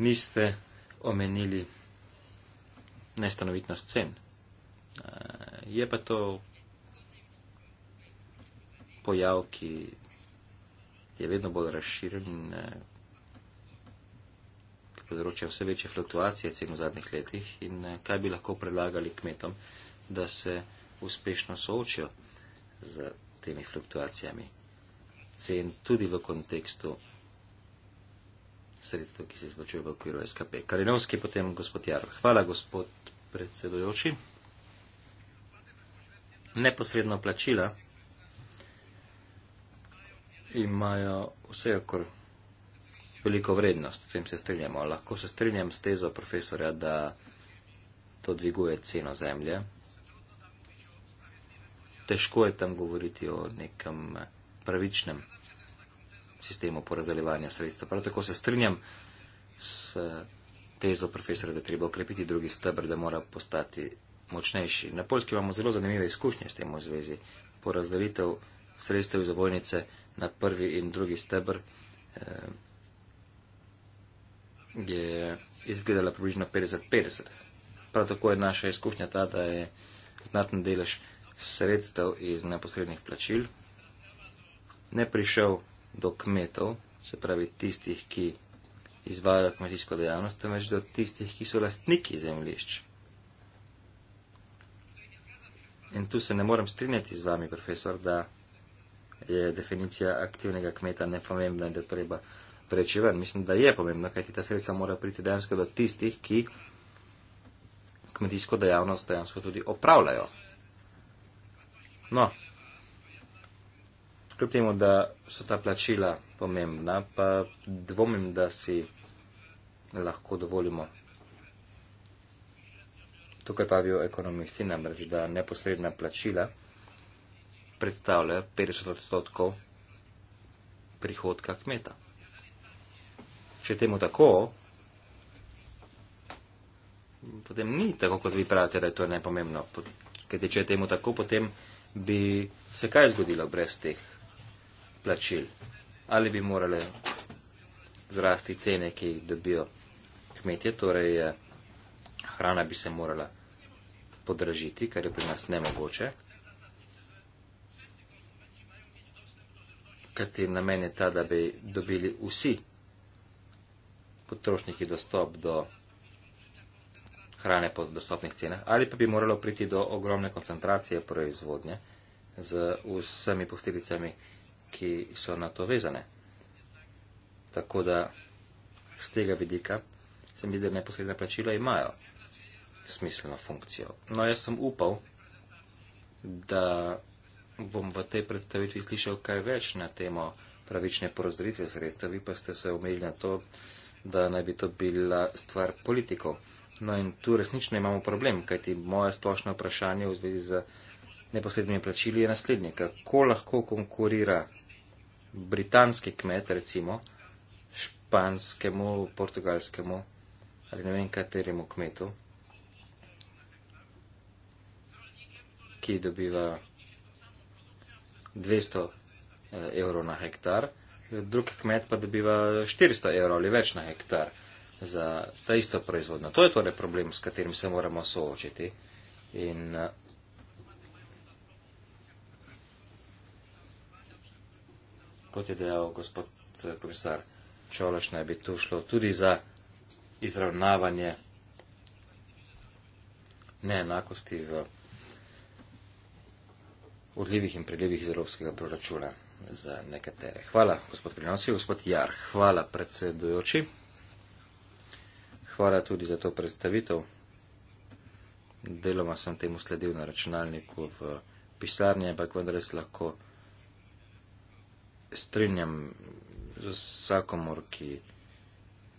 niste omenili nestanovitnost cen. Je pa to pojav, ki je vedno bolj razširjen in eh, ki povzroča vse večje fluktuacije cen v zadnjih letih in eh, kaj bi lahko predlagali kmetom, da se uspešno soočijo z temi fluktuacijami cen tudi v kontekstu sredstev, ki se izplačujejo v okviru SKP. Karinovski, potem gospod Jarv. Hvala, gospod predsedujoči. Neposredno plačila imajo vse, kar veliko vrednost, s tem se strinjamo. Lahko se strinjam s tezo profesorja, da to dviguje ceno zemlje. Težko je tam govoriti o nekem pravičnem sistemu porazdeljevanja sredstev. Prav tako se strinjam s tezo profesora, da treba okrepiti drugi stebr, da mora postati močnejši. Na Poljski imamo zelo zanimive izkušnje s tem v zvezi. Porazdelitev sredstev iz obojnice na prvi in drugi stebr eh, je izgledala približno 50-50. Prav tako je naša izkušnja ta, da je znaten delež sredstev iz neposrednih plačil ne prišel do kmetov, se pravi tistih, ki izvajajo kmetijsko dejavnost, temveč do tistih, ki so lastniki zemljišč. In tu se ne morem strinjati z vami, profesor, da je definicija aktivnega kmeta nepomembna in da treba preči ven. Mislim, da je pomembno, kaj ti ta sredstva mora priti dejansko do tistih, ki kmetijsko dejavnost dejansko tudi opravljajo. No, kljub temu, da so ta plačila pomembna, pa dvomim, da si lahko dovolimo. Tukaj pa vijo ekonomisti, namreč da neposredna plačila predstavljajo 50 odstotkov prihodka kmeta. Če temu tako, potem ni tako, kot vi pravite, da je to najpomembno. Kajti, če je temu tako, potem bi se kaj zgodilo brez teh plačil? Ali bi morale zrasti cene, ki jih dobijo kmetje, torej eh, hrana bi se morala podražiti, kar je pri nas nemogoče, kajti namen je ta, da bi dobili vsi potrošniki dostop do hrane po dostopnih cenah, ali pa bi moralo priti do ogromne koncentracije proizvodnje z vsemi posledicami, ki so na to vezane. Tako da z tega vidika se mi zdi, da neposredna plačila imajo smiselno funkcijo. No, jaz sem upal, da bom v tej predstavitvi slišal kaj več na temo pravične porozdelitve sredstev, vi pa ste se omejili na to, da naj bi to bila stvar politikov. No in tu resnično imamo problem, kajti moje splošno vprašanje v zvezi z neposrednimi plačili je naslednje. Kako lahko konkurira britanski kmet, recimo, španskemu, portugalskemu ali ne vem kateremu kmetu, ki dobiva 200 eh, evrov na hektar, drug kmet pa dobiva 400 evrov ali več na hektar za ta isto proizvodno. To je torej problem, s katerim se moramo soočiti. In, eh, kot je dejal gospod eh, komisar Čološ, naj bi tu šlo tudi za izravnavanje neenakosti v odljivih in predljivih iz evropskega proračuna za nekatere. Hvala, gospod Prinosi, gospod Jar. Hvala, predsedujoči. Hvala tudi za to predstavitev. Deloma sem temu sledil na računalniku v pisarni, ampak vendar se lahko strinjam z vsakomor, ki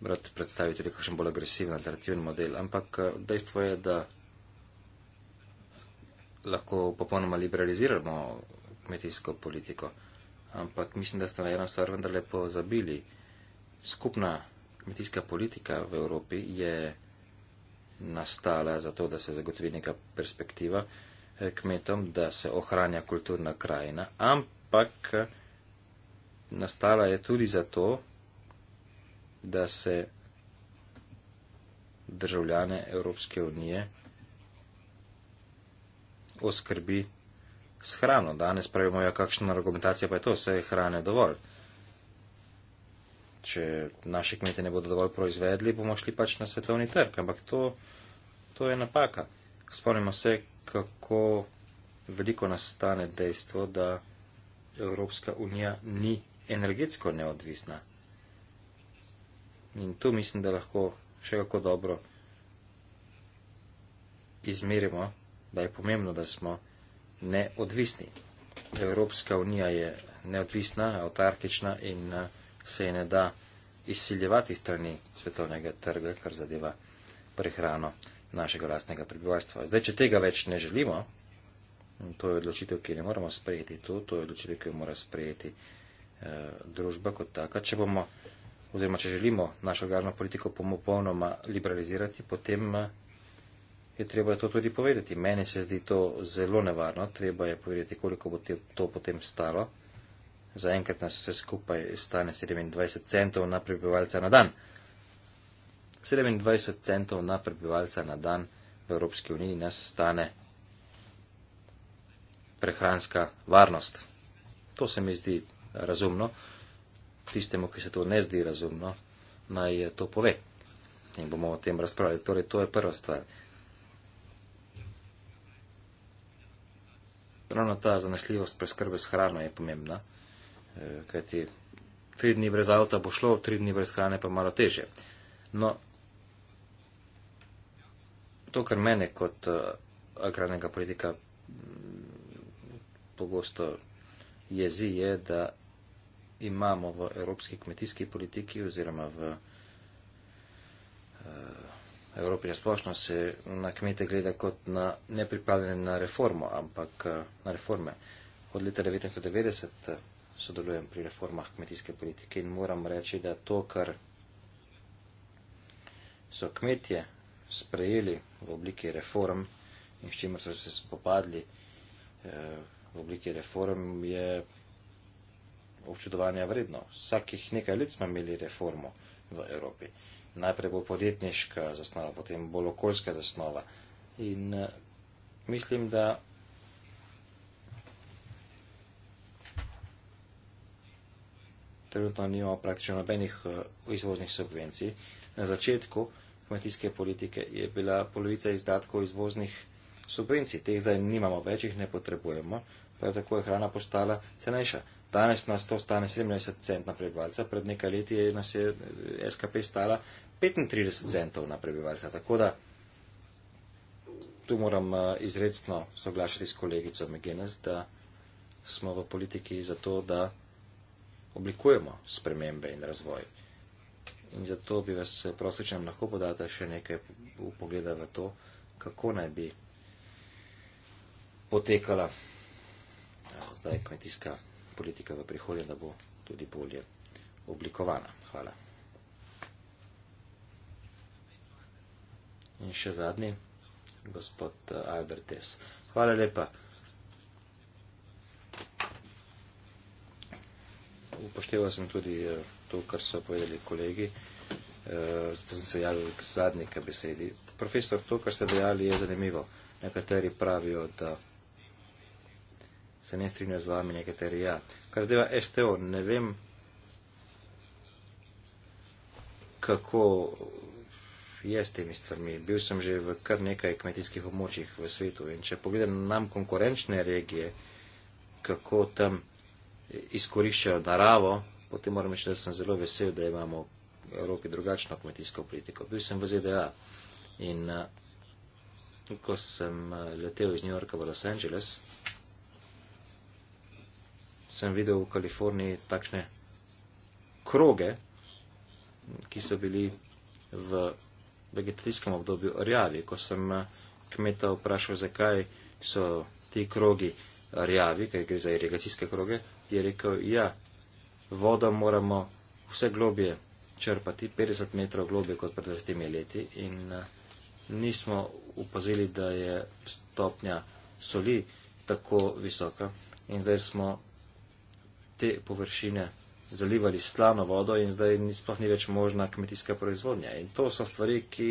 rad predstavi tudi kakšen bolj agresiven alternativen model. Ampak eh, dejstvo je, da lahko popolnoma liberaliziramo kmetijsko politiko, ampak mislim, da ste na eno stvar vendarle pozabili. Skupna kmetijska politika v Evropi je nastala zato, da se zagotovi neka perspektiva eh, kmetom, da se ohranja kulturna krajina, ampak eh, nastala je tudi zato, da se državljane Evropske unije oskrbi s hrano. Danes pravimo, ja, kakšna argumentacija pa je to, vse je hrane dovolj. Če naši kmete ne bodo dovolj proizvedli, bomo šli pač na svetovni trg, ampak to, to je napaka. Spomnimo se, kako veliko nastane dejstvo, da Evropska unija ni energetsko neodvisna. In tu mislim, da lahko še kako dobro izmerimo da je pomembno, da smo neodvisni. Evropska unija je neodvisna, autarkična in eh, se je ne da izsiljevati strani svetovnega trga, kar zadeva prehrano našega lastnega prebivalstva. Zdaj, če tega več ne želimo, hm, to je odločitev, ki ne moramo sprejeti tu, to je odločitev, ki jo mora sprejeti eh, družba kot taka. Če bomo, oziroma če želimo našo garno politiko popolnoma liberalizirati, potem eh, je treba to tudi povedati. Meni se zdi to zelo nevarno, treba je povedati, koliko bo te, to potem stalo. Za enkrat nas vse skupaj stane 27 centov na prebivalca na dan. 27 centov na prebivalca na dan v Evropski uniji nas stane prehranska varnost. To se mi zdi razumno. Tistemu, ki se to ne zdi razumno, naj eh, to pove. In bomo o tem razpravljali. Torej, to je prva stvar. ravno ta zanašljivost preskrbe s hrano je pomembna, eh, kajti tri dni brez avta bo šlo, tri dni brez hrane pa malo teže. No, to, kar mene kot eh, agrarnega politika mm, pogosto jezi, je, da imamo v evropski kmetijski politiki oziroma v uh, v Evropi nasplošno se na kmete gleda kot na nepripravljene na reformo, ampak eh, na reforme. Od leta 1990 eh, sodelujem pri reformah kmetijske politike in moram reči, da to, kar so kmetje sprejeli v obliki reform in s čimer so se spopadli eh, v obliki reform, je občudovanja vredno. Vsakih nekaj let smo imeli reformo v Evropi najprej bo podjetniška zasnova, potem bolj okoljska zasnova. In eh, mislim, da trenutno nimamo praktično nobenih eh, izvoznih subvencij. Na začetku kmetijske politike je bila polovica izdatkov izvoznih subvencij. Teh zdaj nimamo več, jih ne potrebujemo, pa je tako je hrana postala cenejša. Danes nas to stane 97 cent na prebivalca, pred nekaj leti je nas je SKP stala 35 centov na prebivalca. Tako da tu moram eh, izredno soglašati s kolegico McGuinness, da smo v politiki zato, da oblikujemo spremembe in razvoj. In zato bi vas eh, prosil, če nam lahko podate še nekaj upogleda v to, kako naj bi potekala eh, zdaj kmetijska politika v prihodnje, da bo tudi bolje oblikovana. Hvala. In še zadnji, gospod eh, Albert S. Hvala lepa. Upošteval sem tudi eh, to, kar so povedali kolegi, eh, zato sem se javil k zadnji besedi. Profesor, to, kar ste dejali, je zanimivo. Nekateri pravijo, da se ne strinjajo z vami nekateri. Ja. Kar zdaj je STO, ne vem, kako je s temi stvarmi. Bil sem že v kar nekaj kmetijskih območjih v svetu in če pogledam nam konkurenčne regije, kako tam izkoriščajo naravo, potem moram reči, da sem zelo vesel, da imamo v Evropi drugačno kmetijsko politiko. Bil sem v ZDA in uh, ko sem uh, letel iz New Yorka v Los Angeles, sem videl v Kaliforniji takšne kroge, ki so bili v vegetacijskem obdobju rjavi. Ko sem eh, kmeta vprašal, zakaj so ti krogi rjavi, kaj gre za irigacijske kroge, je rekel, ja, vodo moramo vse globje črpati, 50 metrov globje kot pred 20 leti in eh, nismo upazili, da je stopnja soli tako visoka in zdaj smo te površine zalivali slano vodo in zdaj sploh ni več možna kmetijska proizvodnja. In to so stvari, ki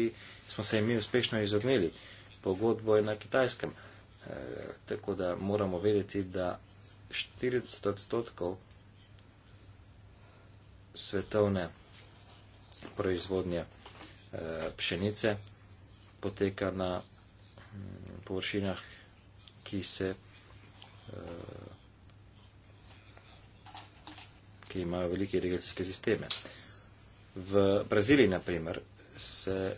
smo se jim mi uspešno izognili. Pogodbo je na kitajskem. E, tako da moramo vedeti, da 40 odstotkov svetovne proizvodnje e, pšenice poteka na m, hm, površinah, ki se. E, ki imajo velike irigacijske sisteme. V Braziliji, na primer, se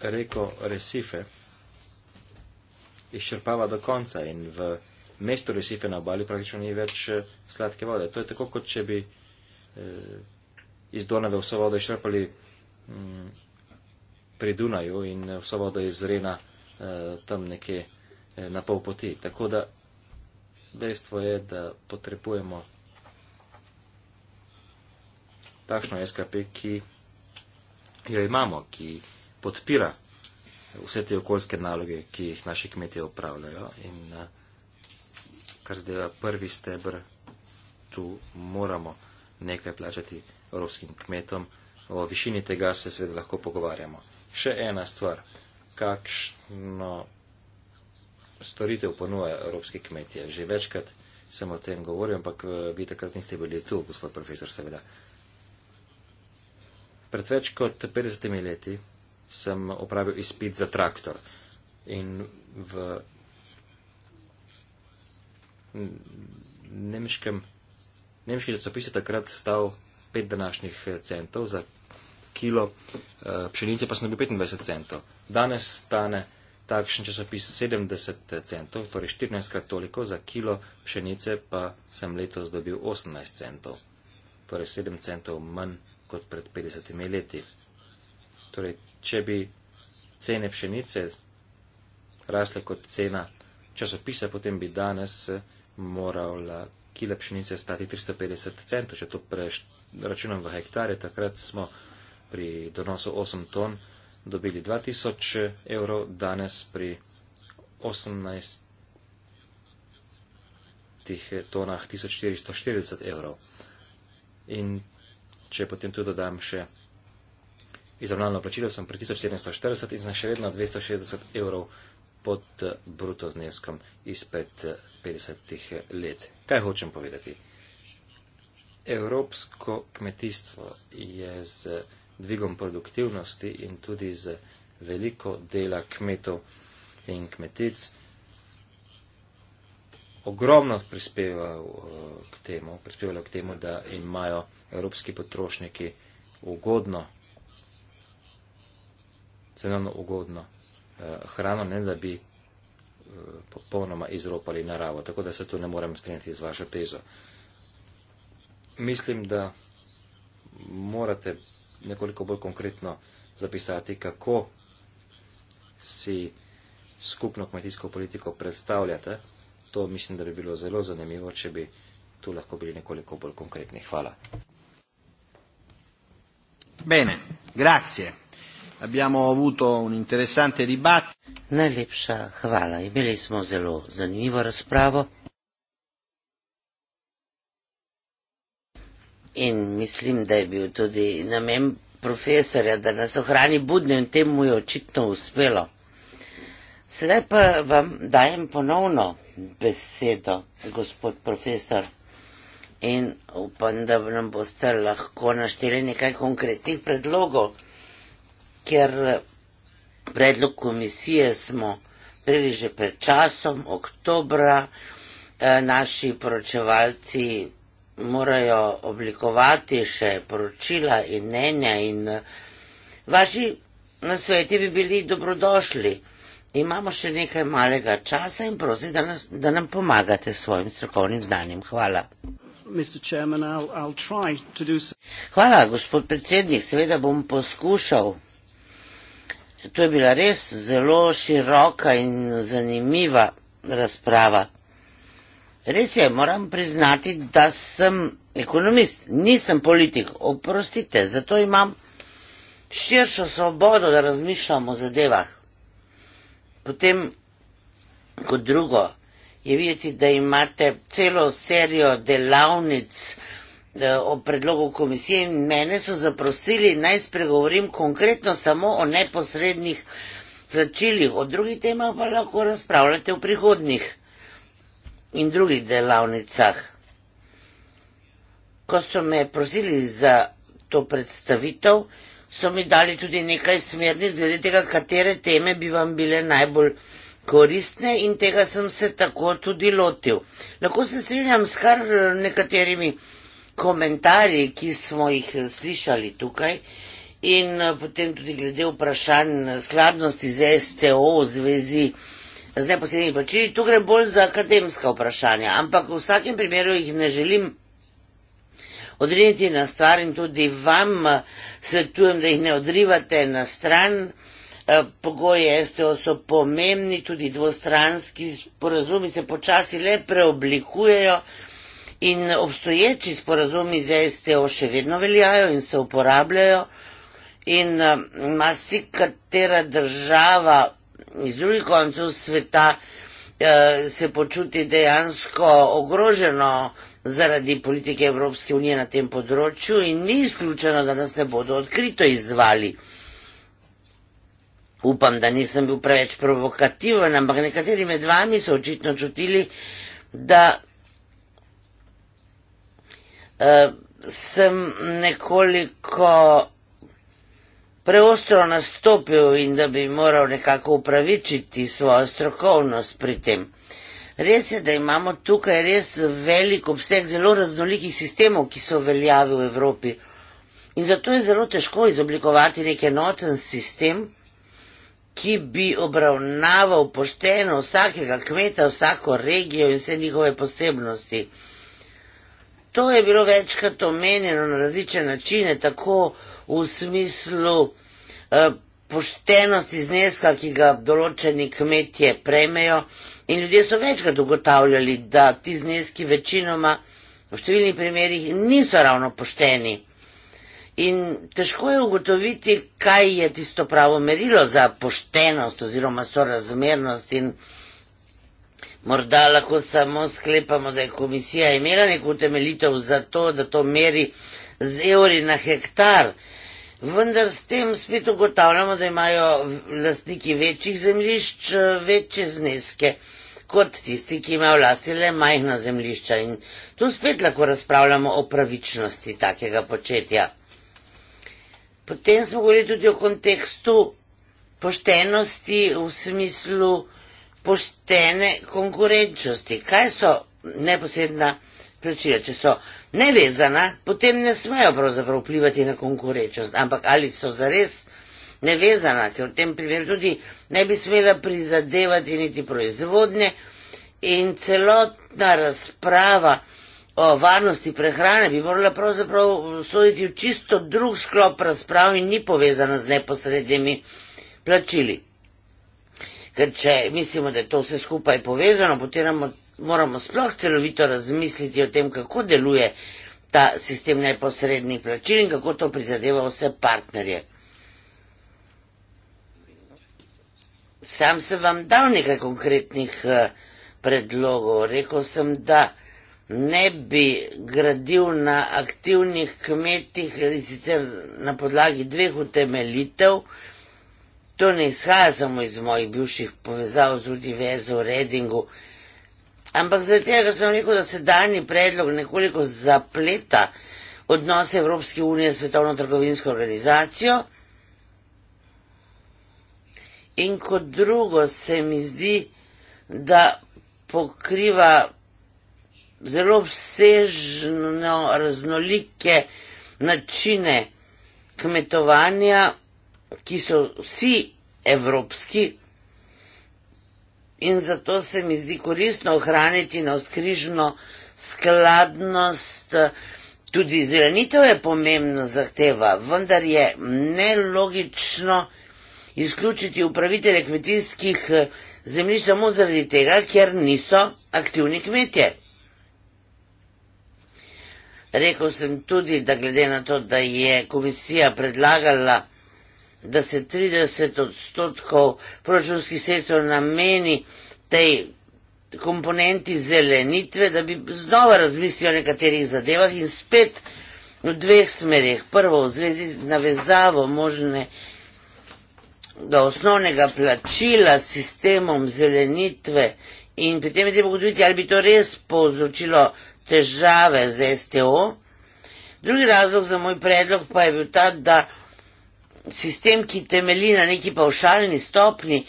reko Recife izčrpava do konca in v mestu Recife na obali praktično ni več eh, sladke vode. To je tako, kot če bi eh, iz Donave vso vodo izčrpali mm, pri Dunaju in eh, vso vodo iz Rena tam nekje na pol poti. Tako da dejstvo je, da potrebujemo takšno SKP, ki jo imamo, ki podpira vse te okoljske naloge, ki jih naši kmetje upravljajo. In eh, kar zdaj je prvi stebr, tu moramo nekaj plačati evropskim kmetom. O višini tega se seveda lahko pogovarjamo. Še ena stvar, kakšno storitev ponujajo evropski kmetje. Že večkrat sem o tem govoril, ampak eh, vi takrat niste bili tu, gospod profesor, seveda. Uh, Pred več kot 50 leti sem opravil izpit za traktor in v nemškem, nemški časopis je takrat stal 5 današnjih centov za kilo, eh, pšenice pa sem dobil 25 centov. Danes stane takšen časopis 70 centov, torej 14 krat toliko, za kilo pšenice pa sem letos dobil 18 centov, torej 7 centov manj kot pred 50 leti. Torej, če bi cene pšenice rasle kot cena časopisa, potem bi danes eh, morala kila pšenice stati 350 centov, če to preračunam v hektare, takrat smo pri donosu 8 ton dobili 2000 eh, evrov, danes pri 18 eh, tonah 1440 evrov. In če potem tu dodam še izravnalno plačilo, sem pri 1740 in sem še vedno 260 evrov pod eh, bruto zneskom izpred 50 eh, eh, let. Kaj hočem povedati? Evropsko kmetijstvo je z dvigom produktivnosti in tudi z veliko dela kmetov in kmetic, ogromno prispeval eh, k temu, prispevalo k temu, da imajo evropski potrošniki ugodno, cenovno ugodno eh, hrano, ne da bi eh, popolnoma izropali naravo. Tako da se tu ne morem strinjati z vašo tezo. Mislim, da morate nekoliko bolj konkretno zapisati, kako si skupno kmetijsko politiko predstavljate to mislim, da bi bilo zelo zanimivo, če bi tu lahko bili nekoliko bolj konkretni. Hvala. Bene, grazie. Abbiamo avuto un interessante dibattito. Najlepša hvala. Imeli smo zelo zanimivo razpravo. In mislim, da je bil tudi namen profesorja, da nas ohrani budne in temu je očitno uspelo. Sedaj pa vam dajem ponovno besedo, gospod profesor. In upam, da nam boste lahko našteli nekaj konkretnih predlogov, ker predlog komisije smo prili že pred časom, oktobra, e, naši poročevalci morajo oblikovati še poročila in mnenja in vaši nasveti bi bili dobrodošli. Imamo še nekaj malega časa in prosim, da, nas, da nam pomagate s svojim strokovnim znanjem. Hvala. Chairman, I'll, I'll try to do so. Hvala, gospod predsednik. Seveda bom poskušal. To je bila res zelo široka in zanimiva razprava. Res je, moram priznati, da sem ekonomist, nisem politik. Oprostite, zato imam širšo svobodo, da razmišljamo o zadevah. Potem, kot drugo, je videti, da imate celo serijo delavnic eh, o predlogu komisije in mene so zaprosili, naj spregovorim konkretno samo o neposrednih plačilih, o drugih temah pa lahko razpravljate v prihodnih in drugih delavnicah. Ko so me prosili za to predstavitev, so mi dali tudi nekaj smernic, glede tega, katere teme bi vam bile najbolj koristne in tega sem se tako tudi lotil. Lahko se strinjam s kar nekaterimi komentarji, ki smo jih slišali tukaj in eh, potem tudi glede vprašanj skladnosti z STO v zvezi z neposrednimi plačili. Tu gre bolj za akademska vprašanja, ampak v vsakem primeru jih ne želim odriniti na stvar in tudi vam eh, svetujem, da jih ne odrivate na stran. Eh, Pogoje STO so pomembni, tudi dvostranski sporazumi se počasi le preoblikujejo in obstoječi sporazumi za STO še vedno veljajo in se uporabljajo. In eh, masi katera država iz drugih koncev sveta se počuti dejansko ogroženo zaradi politike Evropske unije na tem področju in ni izključeno, da nas ne bodo odkrito izvali. Upam, da nisem bil preveč provokativen, ampak nekateri med vami so očitno čutili, da uh, sem nekoliko preostro nastopil in da bi moral nekako upravičiti svojo strokovnost pri tem. Res je, da imamo tukaj res veliko obseg zelo raznolikih sistemov, ki so veljavi v Evropi. In zato je zelo težko izoblikovati nek enoten sistem, ki bi obravnaval pošteno vsakega kmeta, vsako regijo in vse njihove posebnosti. To je bilo večkrat omenjeno na različne načine, tako v smislu eh, poštenost izneska, ki ga določeni kmetje prejmejo, in ljudje so večkrat ugotavljali, da ti zneski večinoma v številnih primerjih niso ravno pošteni. In težko je ugotoviti, kaj je tisto pravo merilo za poštenost oziroma sorazmernost in morda lahko samo sklepamo, da je komisija imela neko utemelitev za to, da to meri z evri na hektar vendar s tem spet ugotavljamo, da imajo lastniki večjih zemljišč eh, večje zneske kot tisti, ki imajo vlasti le majhna zemljišča. In tu spet lahko razpravljamo o pravičnosti takega početja. Potem smo govorili tudi o kontekstu poštenosti v smislu poštene konkurenčnosti. Kaj so neposredna plačila? Če so nevezana, potem ne smejo pravzaprav vplivati na konkurenčnost. Ampak ali so zares nevezana, ker v tem primeru tudi ne bi smela prizadevati niti proizvodnje in celotna razprava o varnosti prehrane bi morala pravzaprav sloviti v čisto drug sklop razprav in ni povezana z neposrednimi plačili. Ker če mislimo, da je to vse skupaj povezano, potem imamo moramo sploh celovito razmisliti o tem, kako deluje ta sistem neposrednih plačil in kako to prizadeva vse partnerje. Sam sem vam dal nekaj konkretnih eh, predlogov. Rekl sem, da ne bi gradil na aktivnih kmetih in sicer na podlagi dveh utemeljitev. To ne izhaja samo iz mojih bivših povezav z Rudi Vezo v Redingu, ampak zaradi tega, ker sem rekel, da se daljni predlog nekoliko zapleta odnose Evropske unije s svetovno trgovinsko organizacijo. In kot drugo se mi zdi, da pokriva zelo obsežno raznolike načine kmetovanja, ki so vsi evropski, in zato se mi zdi koristno ohraniti na vzkrižno skladnost. Tudi zelenitev je pomembna zahteva, vendar je nelogično izključiti upravitele kmetijskih eh, zemljišč samo zaradi tega, ker niso aktivni kmetje. Rekl sem tudi, da glede na to, da je komisija predlagala da se 30 odstotkov proračunskih sredstev nameni tej komponenti zelenitve, da bi znova razmislili o nekaterih zadevah in spet v dveh smerih. Prvo v zvezi z navezavo možne do osnovnega plačila s sistemom zelenitve in potem je treba ugotoviti, ali bi to res povzročilo težave z STO. Drugi razlog za moj predlog pa je bil ta, da sistem, ki temelji na neki paušalni stopni,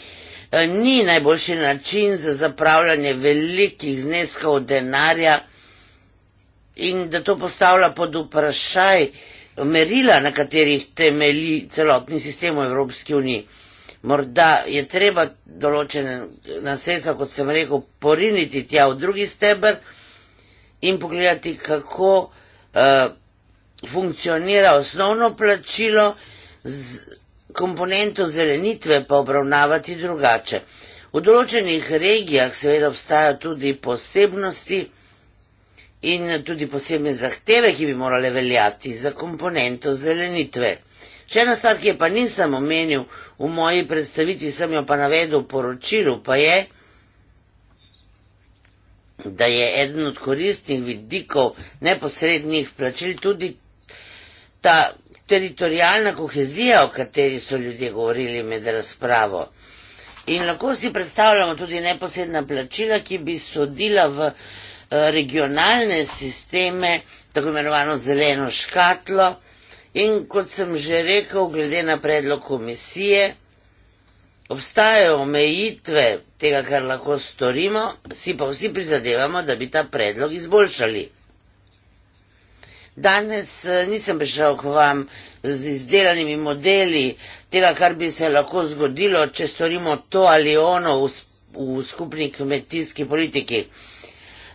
eh, ni najboljši način za zapravljanje velikih zneskov denarja in da to postavlja pod vprašaj merila, na katerih temelji celotni sistem v Evropski uniji. Morda je treba določene nasesa, kot sem rekel, poriniti tja v drugi steber in pogledati, kako uh, funkcionira osnovno plačilo, uh, z komponento zelenitve pa obravnavati drugače. V določenih regijah seveda obstajajo tudi posebnosti in tudi posebne zahteve, ki bi morale veljati za komponento zelenitve. Še ena stvar, ki je pa nisem omenil v moji predstavitvi, sem jo pa navedel v poročilu, pa je, da je eden od koristnih vidikov neposrednih plačil tudi ta teritorijalna kohezija, o kateri so ljudje govorili med razpravo. In lahko si predstavljamo tudi neposredna plačila, ki bi sodila v eh, regionalne sisteme, tako imenovano zeleno škatlo. In kot sem že rekel, glede na predlog komisije, obstajajo omejitve tega, kar lahko storimo, si pa vsi prizadevamo, da bi ta predlog izboljšali. Danes eh, nisem prišel k vam z izdelanimi modeli tega, kar bi se lahko zgodilo, če storimo to ali ono v, v skupni kmetijski politiki.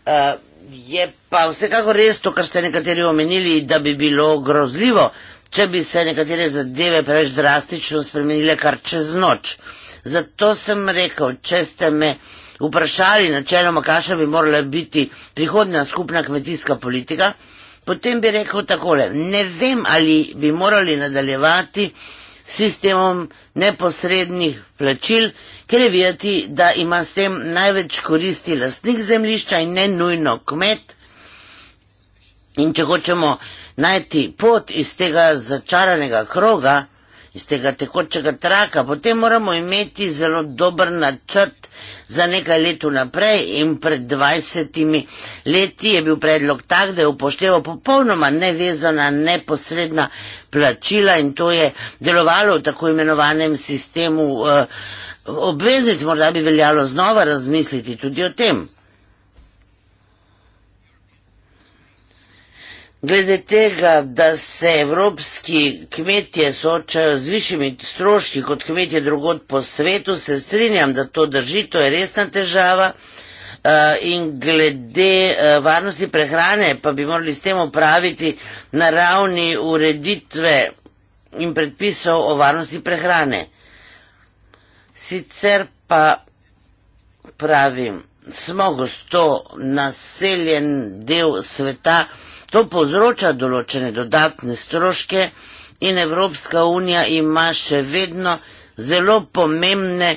Eh, je pa vsekakor res to, kar ste nekateri omenili, da bi bilo grozljivo, če bi se nekatere zadeve preveč drastično spremenile kar čez noč. Zato sem rekel, če ste me vprašali načeloma, kakšna bi morala biti prihodna skupna kmetijska politika, Potem bi rekel takole, ne vem, ali bi morali nadaljevati sistemom neposrednih plačil, ker je videti, da ima s tem največ koristi lastnik zemljišča in ne nujno kmet. In če hočemo najti pot iz tega začaranega kroga, iz tega tekočega traka, potem moramo imeti zelo dober načrt za nekaj let vnaprej in pred 20 leti je bil predlog tak, da je upošteval popolnoma nevezana, neposredna plačila in to je delovalo v tako imenovanem sistemu eh, obveznic, morda bi veljalo znova razmisliti tudi o tem. Glede tega, da se evropski kmetje soočajo z višjimi stroški kot kmetje drugod po svetu, se strinjam, da to drži, to je resna težava. Eh, in glede eh, varnosti prehrane, pa bi morali s tem upraviti na ravni ureditve in predpisov o varnosti prehrane. Sicer pa pravim, smo gosto naseljen del sveta, To povzroča določene dodatne stroške in Evropska unija ima še vedno zelo pomembne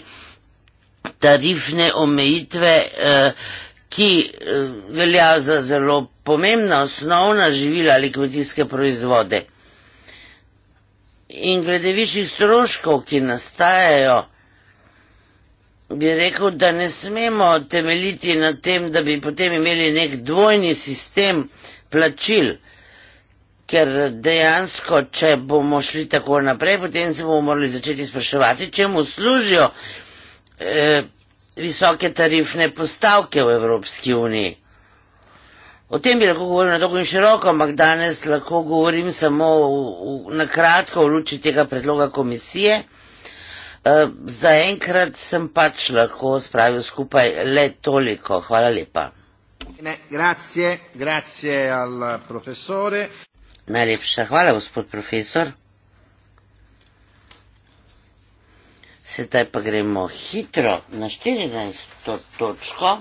tarifne omejitve, eh, ki eh, velja za zelo pomembna osnovna živila ali kmetijske proizvode. In glede višjih stroškov, ki nastajajo, bi rekel, da ne smemo temeljiti na tem, da bi potem imeli nek dvojni sistem, ki bi potem imeli nek dvojni sistem, plačil. Ker dejansko, če bomo šli tako naprej, potem se bomo morali začeti spraševati, čemu služijo eh, visoke tarifne postavke v Evropski uniji. O tem bi lahko govoril na dolgo in široko, ampak danes lahko govorim samo v, v, na kratko v luči tega predloga komisije. Eh, Zaenkrat sem pač lahko spravil skupaj le toliko. Hvala lepa. Bene, grazie, grazie al professore. Najlepša hvala, gospod profesor. Sedaj pa gremo hitro na 14. točko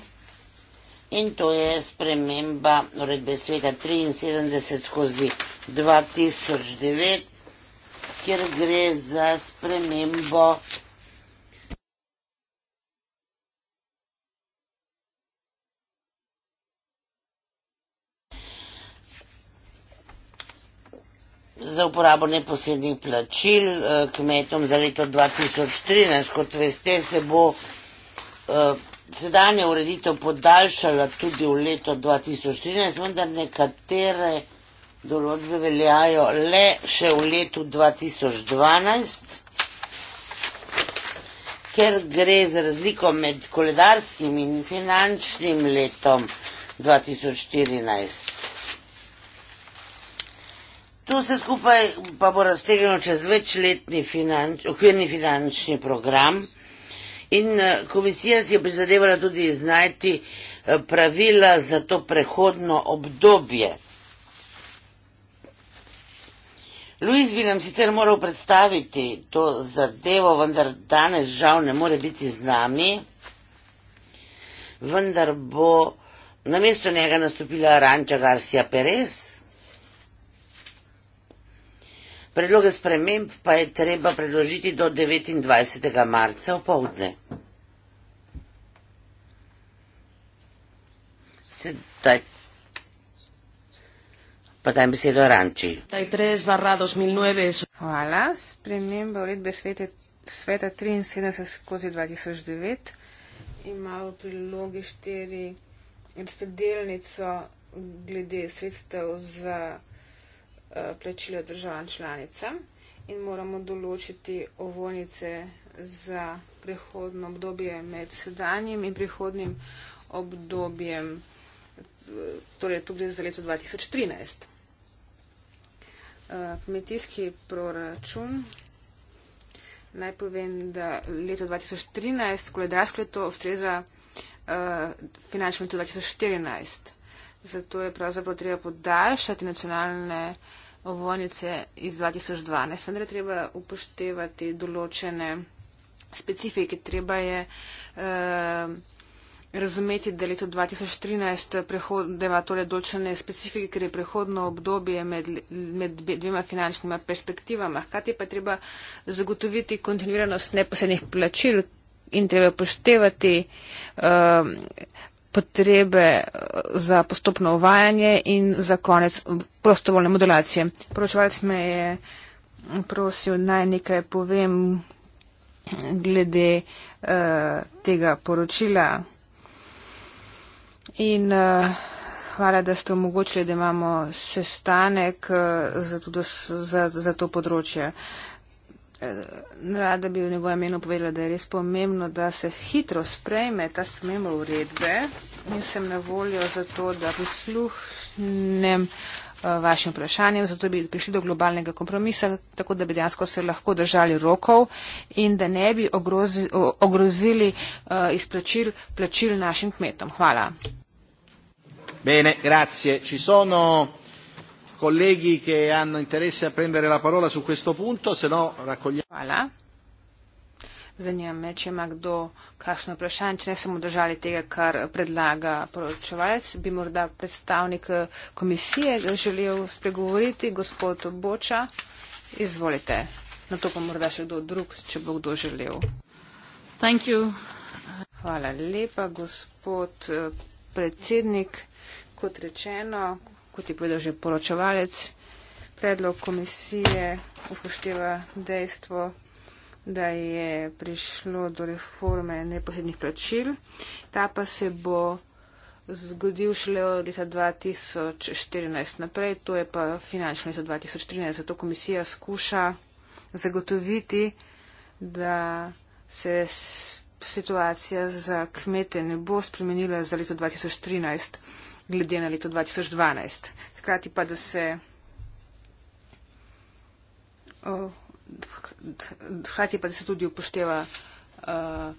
in to je sprememba uredbe sveta 73 skozi 2009, kjer gre za spremembo za uporabo neposrednih plačil eh, kmetom za leto 2013. Kot veste, se bo eh, sedanje ureditev podaljšala tudi v leto 2013, vendar nekatere določbe veljajo le še v letu 2012, ker gre za razliko med koledarskim in finančnim letom 2014 to vse skupaj pa bo razteženo čez večletni finanč, okvirni finančni program. In eh, komisija si je prizadevala tudi iznajti eh, pravila za to prehodno obdobje. Luis bi nam sicer moral predstaviti to zadevo, vendar danes žal ne more biti z nami. Vendar bo na mesto njega nastopila Ranča Garcia Perez, Predloge sprememb pa je treba predložiti do 29. marca v povdne. Sedaj pa dajem besedo Ranči. Hvala. Sprememba uredbe svete, sveta 73 skozi 2009 ima v prilogi 4 delnico glede sredstev za Eh, plačilo državam članicam in moramo določiti ovojnice za prihodno obdobje med sedanjim in prihodnim obdobjem, eh, torej tudi za leto 2013. Eh, kmetijski proračun. Naj povem, da leto 2013, koledarsko leto, ustreza finančnemu letu 2014. Zato je pravzaprav treba podaljšati nacionalne ovojnice iz 2012, vendar je treba upoštevati določene specifike. Treba je eh, razumeti, da leto 2013 prehod, da ima torej določene specifike, ker je prehodno obdobje med, med dvema finančnima perspektivama. Hkrati pa je treba zagotoviti kontinuiranost neposrednih plačil in treba upoštevati. Eh, potrebe eh, za postopno uvajanje in za konec prostovoljne modulacije. Poročevalc me je prosil naj nekaj povem glede uh, tega poročila. In uh, hvala, da ste omogočili, da imamo sestanek uh, za, za, za to področje. Uh, Eh, rada bi v njegovem imenu povedala, da je res pomembno, da se hitro sprejme ta sprememba uredbe in sem na voljo za to, da posluhnem eh, vašim vprašanjem, zato bi prišli do globalnega kompromisa, tako da bi dejansko se lahko držali rokov in da ne bi ogrozi, ogrozili eh, izplačil plačil našim kmetom. Hvala. Bene, grazie. Ci sono colleghi che hanno interesse a prendere la parola su questo punto, se no raccogliamo. Hvala. Zanima me, če ima kdo kakšno vprašanje, če ne smo držali tega, kar predlaga poročevalec. Bi morda predstavnik eh, komisije želel spregovoriti, gospod Boča, izvolite. Na to pa morda še kdo drug, če bo kdo želel. Thank you. Hvala lepa, gospod eh, predsednik. Kot rečeno, kot je povedal že poročevalec, predlog komisije upošteva dejstvo, da je prišlo do reforme neposrednih plačil. Ta pa se bo zgodil šele od leta 2014 naprej, to je pa finančno leto 2013. Zato komisija skuša zagotoviti, da se situacija za kmete ne bo spremenila za leto 2013 glede na leto 2012. Hkrati pa, da se. Hkrati pa, da se tudi upošteva uh,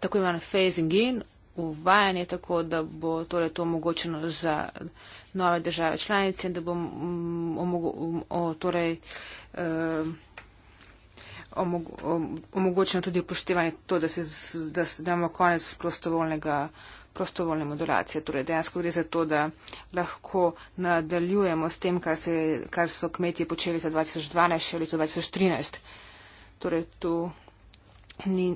tako imenovan phasing in uvajanje, tako da bo torej to omogočeno za nove države članice in da bo m, omogo, o, torej, uh, omogo, omogočeno tudi upoštevanje to, da se damo konec prostovoljnega. Uh, prostovoljne modulacije. Torej, dejansko gre za to, da lahko nadaljujemo s tem, kar, se, kar so kmetje počeli za 2012 še v letu 2013. Torej, tu ni,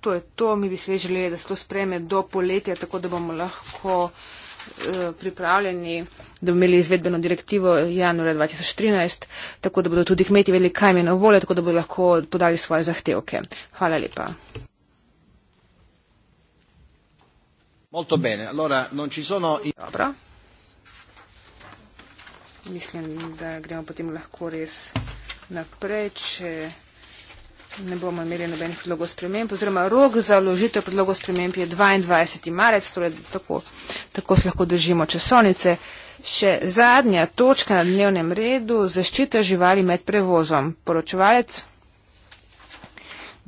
to je to, mi bi se želeli, da se to spreme do poletja, tako da bomo lahko eh, pripravljeni, da bomo imeli izvedbeno direktivo januarja 2013, tako da bodo tudi kmeti vedeli, kaj je na voljo, tako da bodo lahko podali svoje zahtevke. Hvala lepa. Molto bene, allora non ci sono... Dobro. Mislim, da gremo potem lahko res naprej, če ne bomo imeli nobenih predlogov sprememb, oziroma rok za vložitev predlogov sprememb je 22. marec, torej tako, tako se lahko držimo časovnice. Še zadnja točka na dnevnem redu, zaščita živali med prevozom. Poročevalec,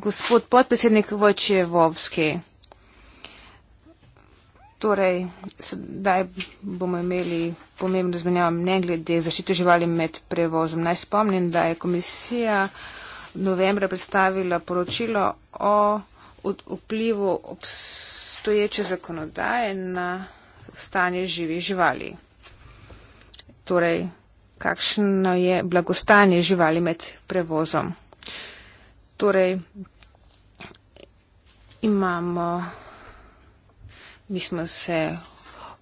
gospod podpredsednik Vojčevovski. Torej, sedaj bomo imeli pomembno zmenjavo mnen glede zaščite živali med prevozom. Naj spomnim, da je komisija novembra predstavila poročilo o vplivu obstoječe zakonodaje na stanje živih živali. Torej, kakšno je blagostanje živali med prevozom. Torej, imamo mi smo se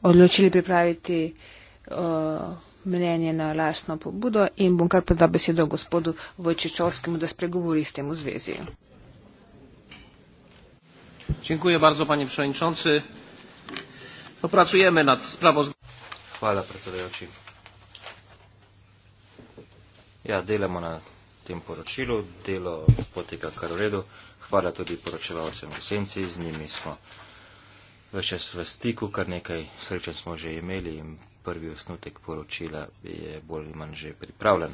odločili pripraviti uh, mnenje na lastno pobudo in bom kar predal besedo gospodu Vojčičovskemu, da spregovori s tem v zvezi. Dziękuję bardzo, panie przewodniczący. Popracujemy nad sprawozdaniem. Hvala, predsedajoči. Ja, delamo na tem poročilu, delo poteka kar v redu. Hvala tudi poročevalcem v senci, z njimi smo. Vse čas v stiku, kar nekaj srečen smo že imeli in prvi osnutek poročila je bolj ali manj že pripravljen.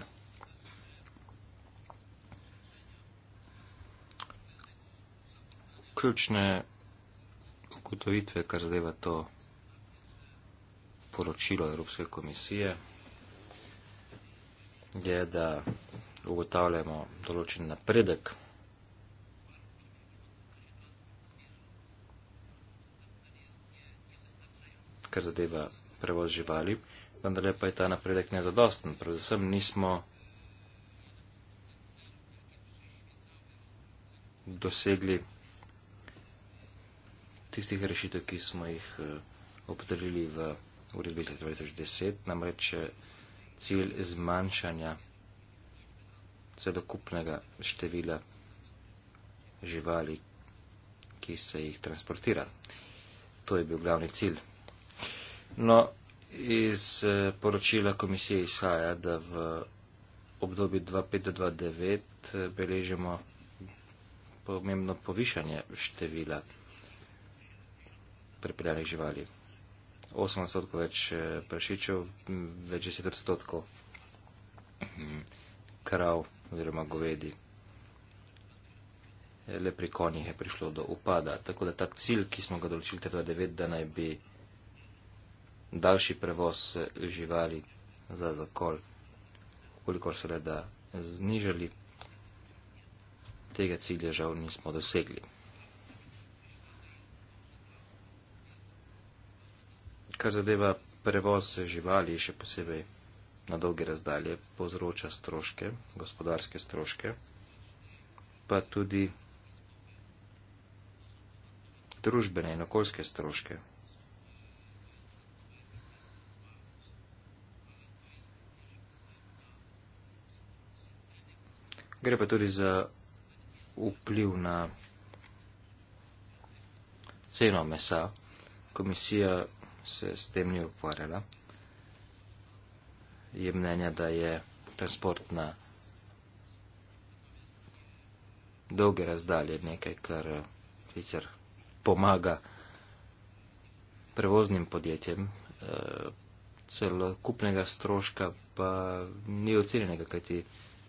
Ključne ugotovitve, kar zadeva to poročilo Evropske komisije, je, da ugotavljamo določen napredek. kar zadeva prevoz živali, vendar le pa je ta napredek nezadosten. Predvsem nismo dosegli tistih rešitev, ki smo jih eh, obdelili v uredbi 2010, namreč eh, cilj zmanjšanja celokupnega števila živali, ki se jih transportira. To je bil glavni cilj. No, iz eh, poročila komisije izhaja, da v obdobju 2005-2009 eh, beležimo pomembno povišanje števila pripeljanih živali. 8 odstotkov več eh, prašičev, več 10 odstotkov hm, krav oziroma govedi. Le pri konjih je prišlo do upada. Tako da ta cilj, ki smo ga določili 2009, da naj bi daljši prevoz eh, živali za zakol, kolikor se le da znižali, tega cilja žal nismo dosegli. Kar zadeva prevoz živali, še posebej na dolge razdalje, povzroča stroške, gospodarske stroške, pa tudi družbene in okoljske stroške, Gre pa tudi za vpliv na ceno mesa. Komisija se s tem ni ukvarjala. Je mnenja, da je transport na dolge razdalje nekaj, kar eh, sicer pomaga prevoznim podjetjem, eh, celo kupnega stroška pa ni ocenjenega, kajti ti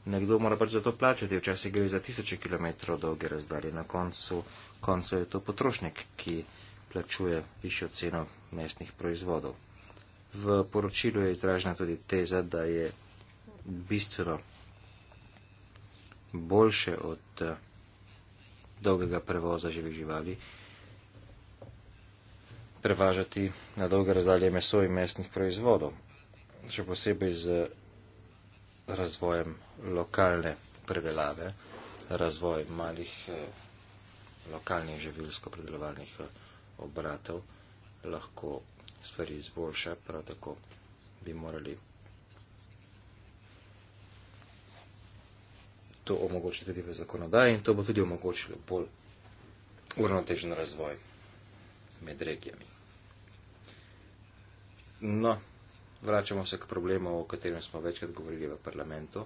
nekdo mora pač za to plačati, včasih gre za tisoče kilometrov dolge razdalje, na koncu, koncu je to potrošnik, ki plačuje višjo ceno mestnih proizvodov. V poročilu je izražena tudi teza, da je bistveno boljše od eh, dolgega prevoza živih živali prevažati na dolge razdalje meso in mestnih proizvodov, še posebej z razvojem lokalne predelave, razvoj malih eh, lokalnih živilsko-predelovalnih eh, obratov lahko stvari izboljša, prav tako bi morali to omogočiti tudi v zakonodaji in to bo tudi omogočilo bolj uravnotežen razvoj med regijami. No, vračamo se k problemu, o katerem smo večkrat govorili v parlamentu,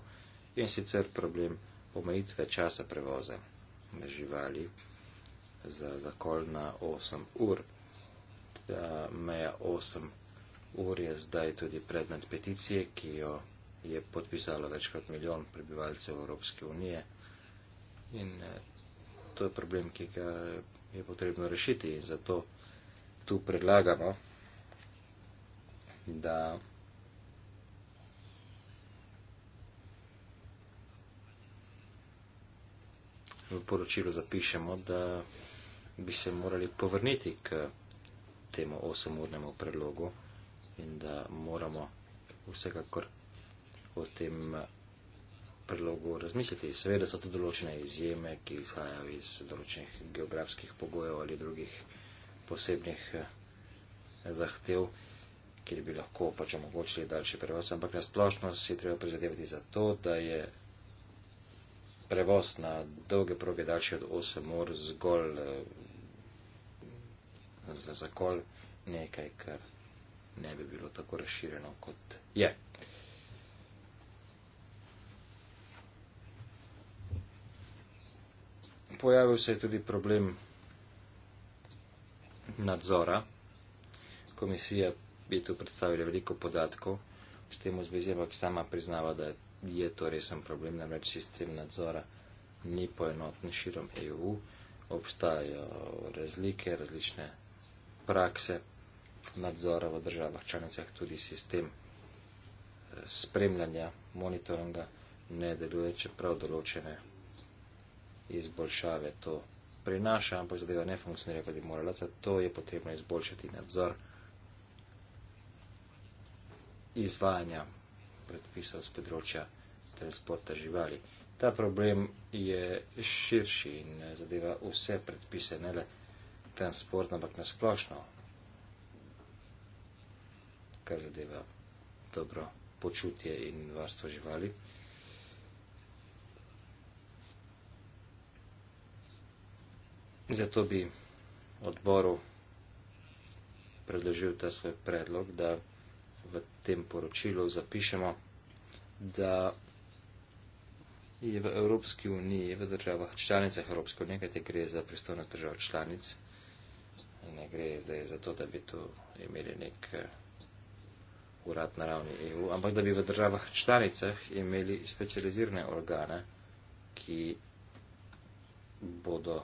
in sicer problem omejitve časa prevoza na živali za zakol na 8 ur. Ta meja 8 ur je zdaj tudi predmet peticije, ki jo je podpisalo več kot milijon prebivalcev Evropske unije. In eh, to je problem, ki ga je potrebno rešiti in zato tu predlagamo, da v poročilu zapišemo, da bi se morali povrniti k temu osemurnemu predlogu in da moramo vsekakor o tem predlogu razmisliti. Seveda so to določene izjeme, ki izhajajo iz določenih geografskih pogojev ali drugih posebnih eh, zahtev, kjer bi lahko pač omogočili daljši prevoz, ampak nasplošno si treba prizadevati za to, da je prevoz na dolge proge daljše od 8 ur zgolj eh, za zakol nekaj, kar ne bi bilo tako razširjeno kot je. Pojavil se je tudi problem nadzora. Komisija bi tu predstavila veliko podatkov s tem v zvezi, ampak sama priznava, da je je to resen problem, namreč sistem nadzora ni poenoten širom EU, obstajajo razlike, različne prakse nadzora v državah članicah, tudi sistem eh, spremljanja, monitoringa ne deluje, čeprav določene izboljšave to prinaša, ampak zadeva ne funkcionira, kot bi morala, zato je potrebno izboljšati nadzor izvajanja predpisov z področja transporta živali. Ta problem je širši in zadeva vse predpise, ne le transport, ampak nasplošno, kar zadeva dobro počutje in varstvo živali. Zato bi odboru predložil ta svoj predlog, da v tem poročilu zapišemo, da je v Evropski uniji, v državah članicah Evropske unije, kajte gre za pristojnost držav članic, ne gre zdaj za to, da bi tu imeli nek eh, urad na ravni EU, ampak da bi v državah članicah imeli specializirane organe, ki bodo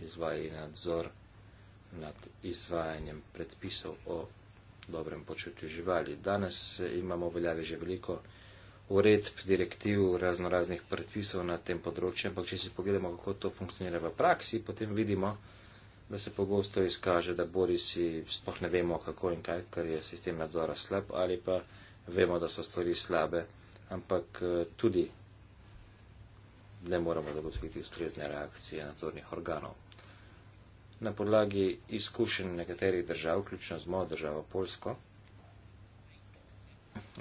izvajali nadzor nad izvajanjem predpisov o dobrem počutju živali. Danes imamo v veljavi že veliko uredb, direktiv, raznoraznih predpisov na tem področju, ampak če si pogledamo, kako to funkcionira v praksi, potem vidimo, da se pogosto izkaže, da bori si sploh ne vemo, kako in kaj, ker je sistem nadzora slab ali pa vemo, da so stvari slabe, ampak eh, tudi ne moramo zagotoviti ustrezne reakcije nadzornih organov na podlagi izkušenj nekaterih držav, vključno z mojo državo Polsko,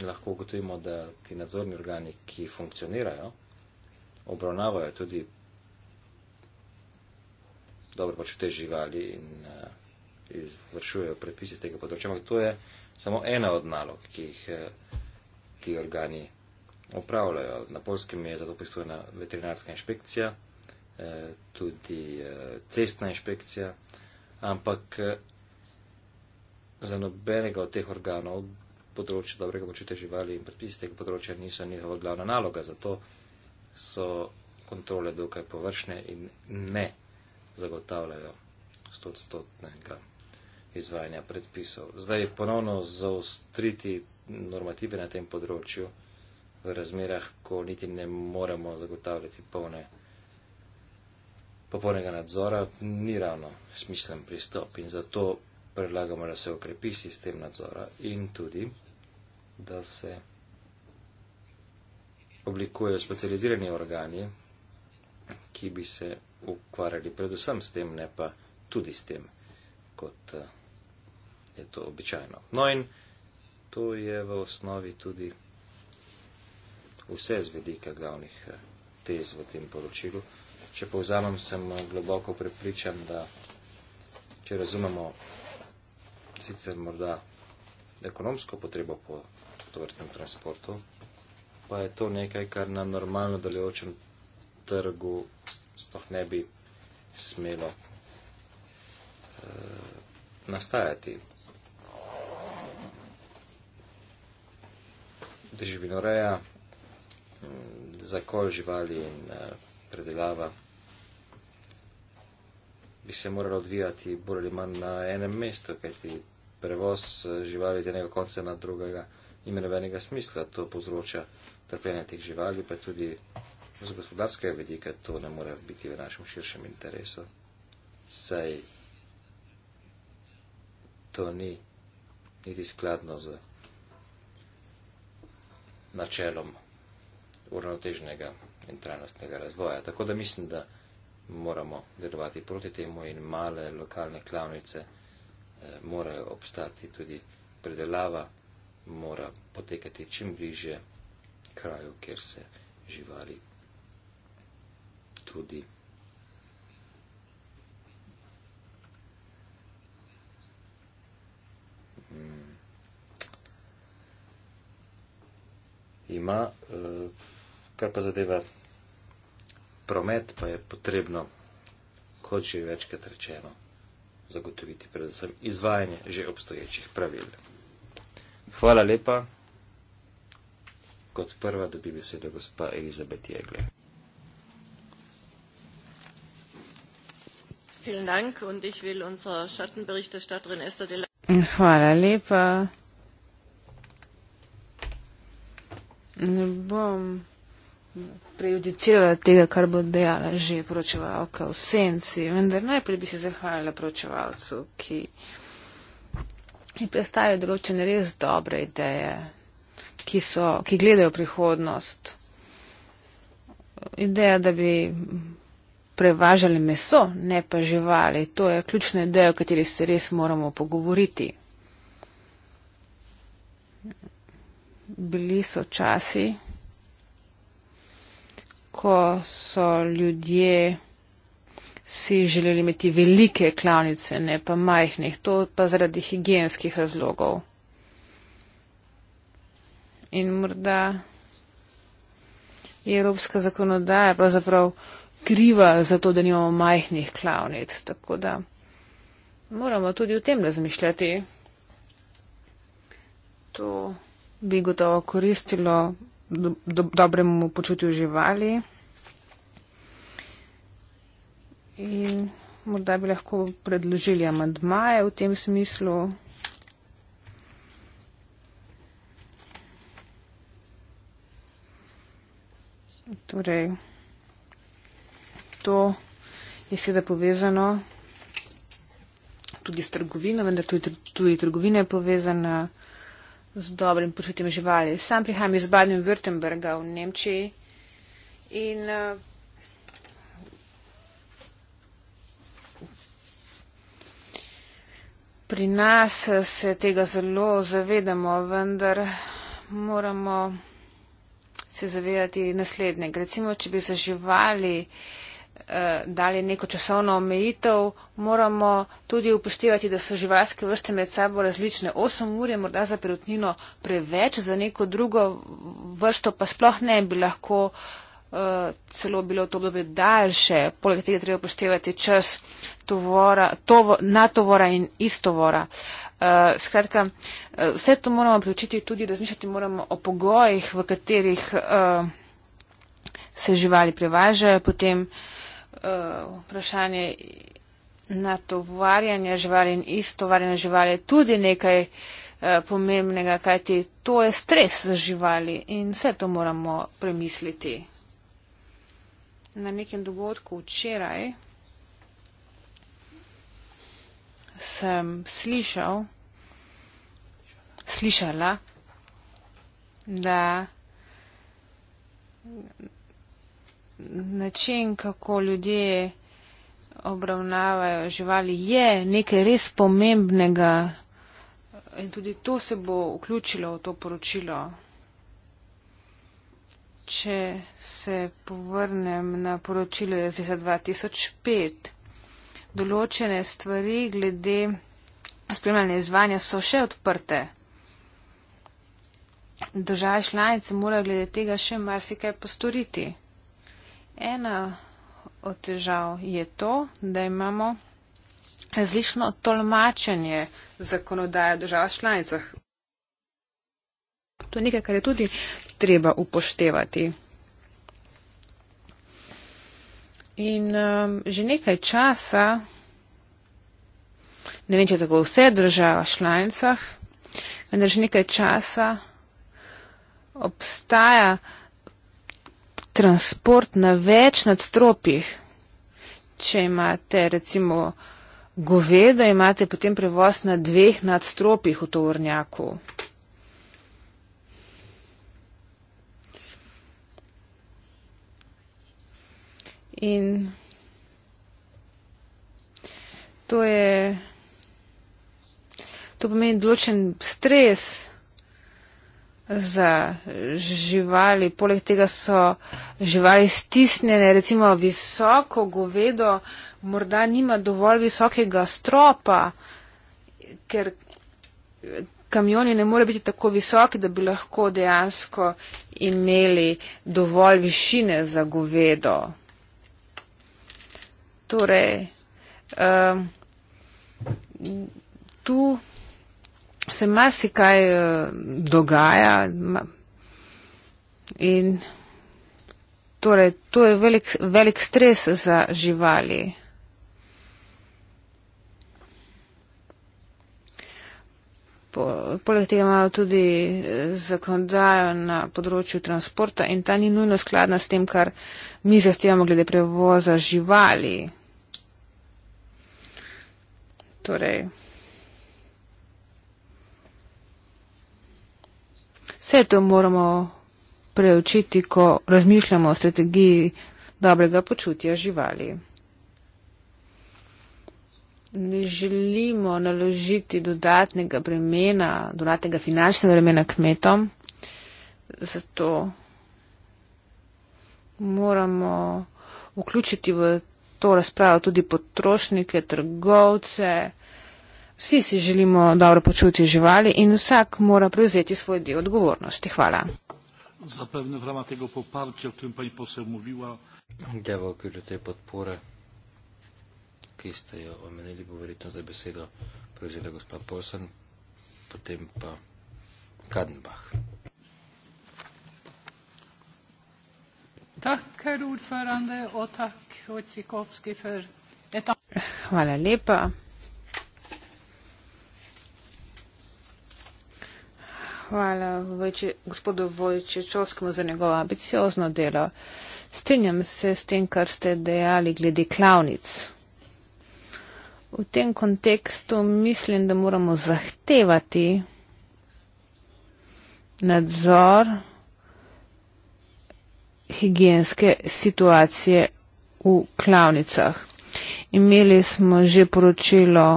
lahko ugotovimo, da ti nadzorni organi, ki funkcionirajo, obravnavajo tudi dobro počute živali in uh, izvršujejo predpisi z tega področja. Ampak to je samo ena od nalog, ki jih uh, ti organi opravljajo. Na polskem je zato pristojna veterinarska inšpekcija, tudi eh, cestna inšpekcija, ampak eh, za nobenega od teh organov področje dobrega počutja živali in predpisi tega področja niso njihova glavna naloga, zato so kontrole dokaj površne in ne zagotavljajo stotstotnega izvajanja predpisov. Zdaj ponovno zaostriti normative na tem področju v razmerah, ko niti ne moremo zagotavljati polne popolnega nadzora ni ravno smislen pristop in zato predlagamo, da se okrepi sistem nadzora in tudi, da se oblikujejo specializirani organi, ki bi se ukvarjali predvsem s tem, ne pa tudi s tem, kot eh, je to običajno. No in to je v osnovi tudi vse z vedika glavnih eh, tez v tem poročilu. Če povzamem, sem eh, globoko prepričan, da če razumemo sicer morda ekonomsko potrebo po tovrstnem transportu, pa je to nekaj, kar na normalno delujočem trgu sploh ne bi smelo e, nastajati. Živinoreja, mm, zakol živali in eh, predelava bi se moralo odvijati bolj ali manj na enem mestu, kajti prevoz eh, živali iz enega konca na drugega nima nobenega smisla. To povzroča trpljenje teh živali, pa tudi z gospodarskega vidika to ne more biti v našem širšem interesu, saj to ni niti skladno z načelom uravnoteženega in trajnostnega razvoja. Tako da mislim, da moramo delovati proti temu in male lokalne klavnice eh, morajo obstati tudi predelava, mora potekati čim bliže kraju, kjer se živali tudi hmm. ima, eh, kar pa zadeva promet pa je potrebno, kot že večkrat rečeno, zagotoviti predvsem izvajanje že obstoječih pravil. Hvala lepa. Kot prva dobi besedo gospa Elizabet Jegle. Hvala lepa. Ne bom prejudicirala tega, kar bo dejala že poročevalka v senci, vendar najprej bi se zahvalila poročevalcu, ki je predstavil določene res dobre ideje, ki, so, ki gledajo prihodnost. Ideja, da bi prevažali meso, ne pa živali, to je ključna ideja, o kateri se res moramo pogovoriti. Bili so časi, ko so ljudje si želeli imeti velike klavnice, ne pa majhnih, to pa zaradi higijenskih razlogov. In morda je evropska zakonodaja pravzaprav kriva za to, da nimamo majhnih klavnic, tako da moramo tudi o tem razmišljati. To bi gotovo koristilo do, dobremu počutju živali. In morda bi lahko predložili amadmaje v tem smislu. Torej, to je seveda povezano tudi s trgovino, vendar tudi, tudi trgovina je povezana z dobrim počutjem živali. Sam prihajam iz Baden-Württemberga v Nemčiji in eh, pri nas eh, se tega zelo zavedamo, vendar moramo se zavedati naslednjega. Recimo, če bi za živali Eh, dali neko časovno omejitev, moramo tudi upoštevati, da so živalske vrste med sabo različne. 8 ur je morda za perutnino preveč, za neko drugo vrsto pa sploh ne bi lahko uh, celo bilo to obdobje daljše. Poleg tega treba upoštevati čas tovora, tovo, na tovora in istovora. Uh, skratka, uh, vse to moramo priučiti tudi razmišljati moramo o pogojih, v katerih uh, se živali prevažajo, potem uh, uh, vprašanje na tovarjanje živali in istovarjanje živali tudi nekaj uh, pomembnega, kajti to je stres za živali in vse to moramo premisliti. Na nekem dogodku včeraj sem slišal, slišala, da način, kako ljudje obravnavajo živali, je nekaj res pomembnega in tudi to se bo vključilo v to poročilo. Če se povrnem na poročilo iz leta 2005, določene stvari glede spremljanja izvanja so še odprte. Države članice morajo glede tega še marsikaj postoriti ena od težav je to, da imamo različno tolmačenje zakonodaje držav članicah. To je nekaj, kar je tudi treba upoštevati. In um, že nekaj časa, ne vem, če tako vse država članicah, vendar že nekaj časa obstaja transport na več nadstropjih. Če imate recimo govedo, imate potem prevoz na dveh nadstropjih v tovornjaku. In to je, to pomeni določen stres za živali. Poleg tega so živali stisnjene, recimo visoko govedo, morda nima dovolj visokega stropa, ker kamioni ne more biti tako visoki, da bi lahko dejansko imeli dovolj višine za govedo. Torej, um, tu se marsikaj eh, dogaja. In torej, to je velik, velik stres za živali. Poleg tega imajo tudi eh, zakonodajo na področju transporta in ta ni nujno skladna s tem, kar mi zahtevamo glede prevoza živali. Torej. Vse to moramo preučiti, ko razmišljamo o strategiji dobrega počutja živali. Ne želimo naložiti dodatnega bremena, dodatnega finančnega bremena kmetom, zato moramo vključiti v to razpravo tudi potrošnike, trgovce, Vsi si želimo dobro počutje živali in vsak mora prevzeti svoj del odgovornosti. Hvala. Zapevne v rama tega poparča, o tem pa je posel mluvila. Gde v okviru te podpore, ki ste jo omenili, bo verjetno zdaj besedo prevzela gospa Polsen, potem pa Kadenbach. Tak, ker urferande, o tak, o Cikovski, fer. Eta. Hvala lepa. Hvala Vojče, gospodu Vojčečovskemu za njegovo ambiciozno delo. Strinjam se s tem, kar ste dejali glede klavnic. V tem kontekstu mislim, da moramo zahtevati nadzor higijenske situacije v klavnicah. Imeli smo že poročilo.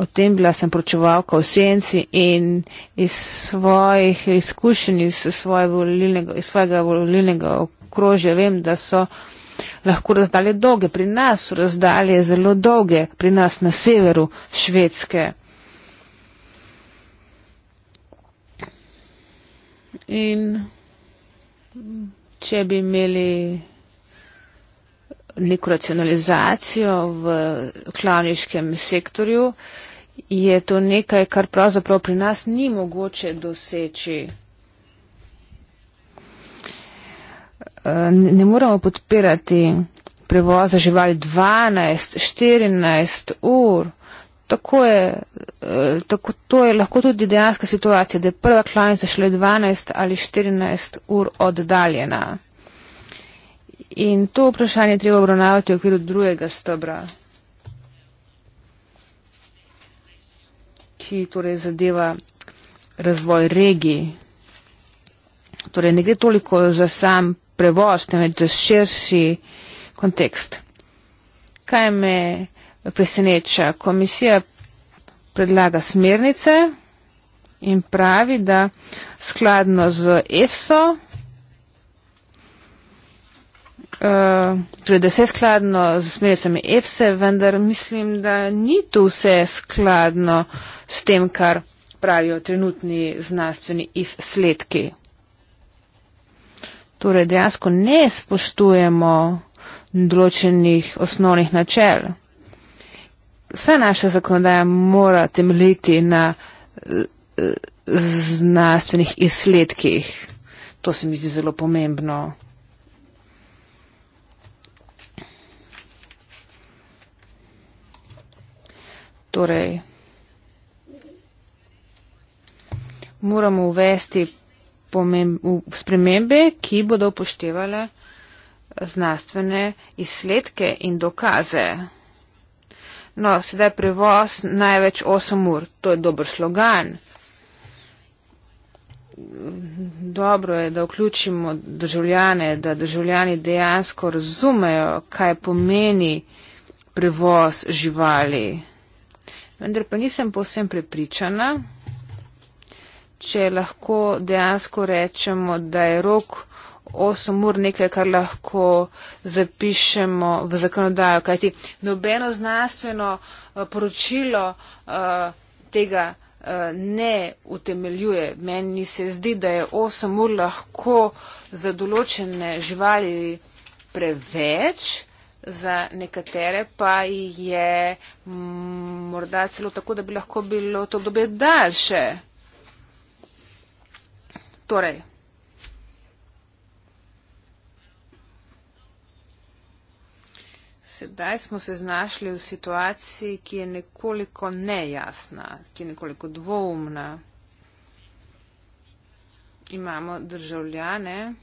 O tem bila sem pročevalka v senci in iz svojih izkušenj, iz, svoje volilnega, iz svojega volilnega okrožja vem, da so lahko razdalje dolge. Pri nas so razdalje zelo dolge, pri nas na severu švedske. In če bi imeli neko racionalizacijo v klavniškem sektorju, je to nekaj, kar pravzaprav pri nas ni mogoče doseči. Eh, ne moramo podpirati prevoza živali 12, 14 ur. Tako je, eh, tako, to je lahko tudi dejanska situacija, da je prva klanica šele 12 ali 14 ur oddaljena. In to vprašanje treba obravnavati v okviru drugega stebra ki torej zadeva razvoj regij. Torej ne gre toliko za sam prevoz, temveč za širši kontekst. Kaj me preseneča? Komisija predlaga smernice in pravi, da skladno z EFSO Eh, torej, da vse skladno z smernicami EFSE, vendar mislim, da ni to vse skladno s tem, kar pravijo trenutni znanstveni izsledki. Torej, dejansko ne spoštujemo določenih osnovnih načel. Vsa naša zakonodaja mora temeljiti na eh, eh, znanstvenih izsledkih. To se mi zdi zelo pomembno. torej moramo uvesti spremembe, ki bodo upoštevale znanstvene izsledke in dokaze. No, sedaj prevoz največ 8 ur, to je dober slogan. Dobro je, da vključimo državljane, da državljani dejansko razumejo, kaj pomeni prevoz živali vendar pa nisem povsem prepričana, če lahko dejansko rečemo, da je rok 8 ur nekaj, kar lahko zapišemo v zakonodajo, kajti nobeno znanstveno eh, poročilo eh, tega eh, ne utemeljuje. Meni se zdi, da je 8 ur lahko za določene živali preveč za nekatere pa je mm, morda celo tako, da bi lahko bilo to obdobje daljše. Torej. Sedaj smo se znašli v situaciji, ki je nekoliko nejasna, ki je nekoliko dvoumna. Imamo državljane